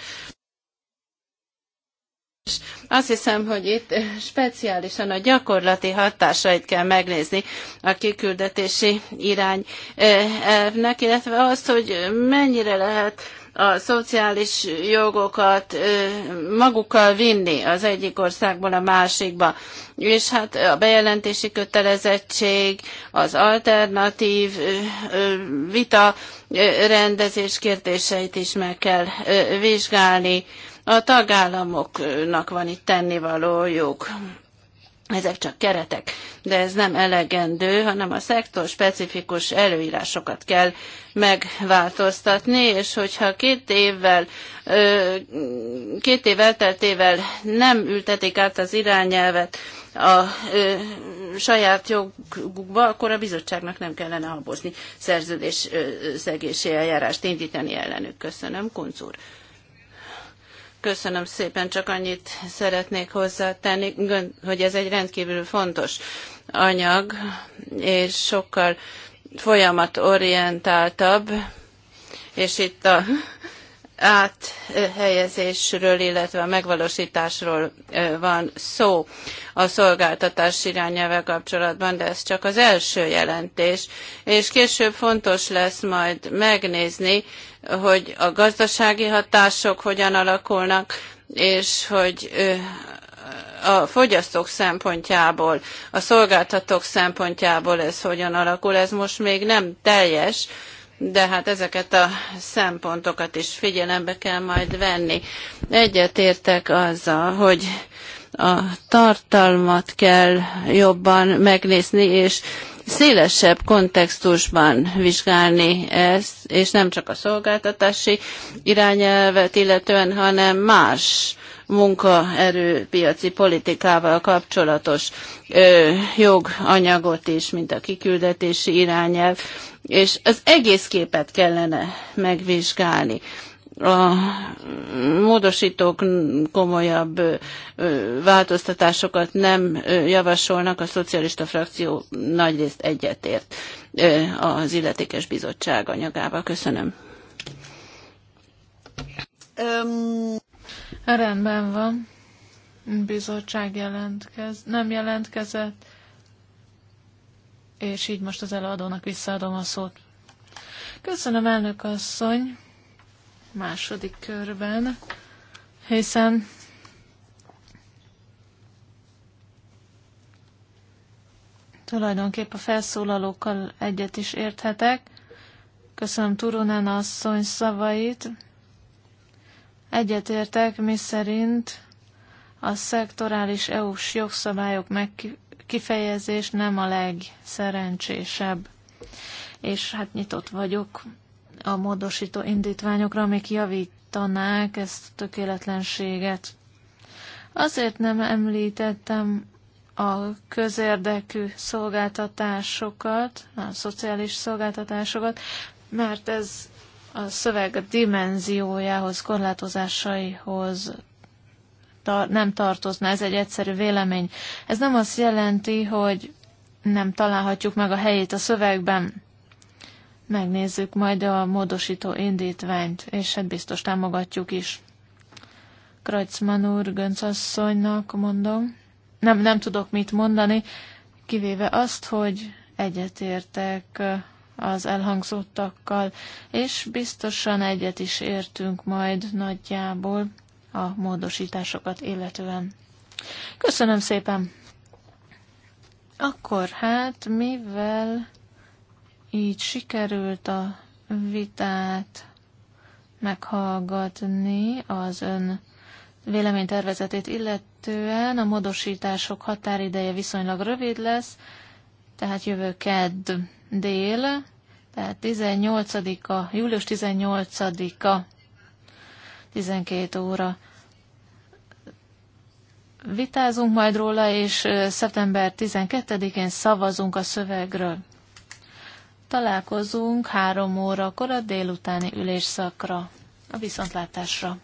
Azt hiszem, hogy itt speciálisan a gyakorlati hatásait kell megnézni a kiküldetési irányelvnek, eh, illetve azt, hogy mennyire lehet a szociális jogokat eh, magukkal vinni az egyik országból a másikba. És hát a bejelentési kötelezettség, az alternatív eh, vita rendezés kérdéseit is meg kell vizsgálni a tagállamoknak van itt tennivalójuk. Ezek csak keretek, de ez nem elegendő, hanem a szektor specifikus előírásokat kell megváltoztatni, és hogyha két évvel, két év elteltével nem ültetik át az irányelvet a saját jogukba, akkor a bizottságnak nem kellene habozni szerződés szegési eljárást indítani ellenük. Köszönöm, Kunc úr. Köszönöm szépen, csak annyit szeretnék hozzátenni, hogy ez egy rendkívül fontos anyag, és sokkal folyamatorientáltabb, és itt a áthelyezésről, illetve a megvalósításról van szó a szolgáltatás irányelve kapcsolatban, de ez csak az első jelentés, és később fontos lesz majd megnézni, hogy a gazdasági hatások hogyan alakulnak, és hogy a fogyasztók szempontjából, a szolgáltatók szempontjából ez hogyan alakul. Ez most még nem teljes, de hát ezeket a szempontokat is figyelembe kell majd venni. Egyetértek azzal, hogy a tartalmat kell jobban megnézni, és szélesebb kontextusban vizsgálni ezt, és nem csak a szolgáltatási irányelvet illetően, hanem más munkaerőpiaci politikával kapcsolatos ö, joganyagot is, mint a kiküldetési irányelv, és az egész képet kellene megvizsgálni a módosítók komolyabb változtatásokat nem javasolnak, a szocialista frakció nagyrészt egyetért az illetékes bizottság anyagába. Köszönöm. Um, rendben van. Bizottság jelentkez, nem jelentkezett, és így most az előadónak visszaadom a szót. Köszönöm, elnök asszony második körben, hiszen tulajdonképp a felszólalókkal egyet is érthetek. Köszönöm Turunen asszony szavait. egyet értek, mi szerint a szektorális EU-s jogszabályok megkifejezés nem a legszerencsésebb. És hát nyitott vagyok a módosító indítványokra, amik javítanák ezt a tökéletlenséget. Azért nem említettem a közérdekű szolgáltatásokat, a szociális szolgáltatásokat, mert ez a szöveg dimenziójához, korlátozásaihoz tar- nem tartozna. Ez egy egyszerű vélemény. Ez nem azt jelenti, hogy nem találhatjuk meg a helyét a szövegben megnézzük majd a módosító indítványt, és hát biztos támogatjuk is. Krajcman úr, Göncasszonynak mondom. Nem, nem tudok mit mondani, kivéve azt, hogy egyetértek az elhangzottakkal, és biztosan egyet is értünk majd nagyjából a módosításokat illetően. Köszönöm szépen! Akkor hát, mivel így sikerült a vitát meghallgatni az ön véleménytervezetét illetően. A módosítások határideje viszonylag rövid lesz, tehát jövő kedd dél, tehát 18-a, július 18-a, 12 óra vitázunk majd róla, és szeptember 12-én szavazunk a szövegről. Találkozunk három órakor a délutáni ülésszakra, a viszontlátásra.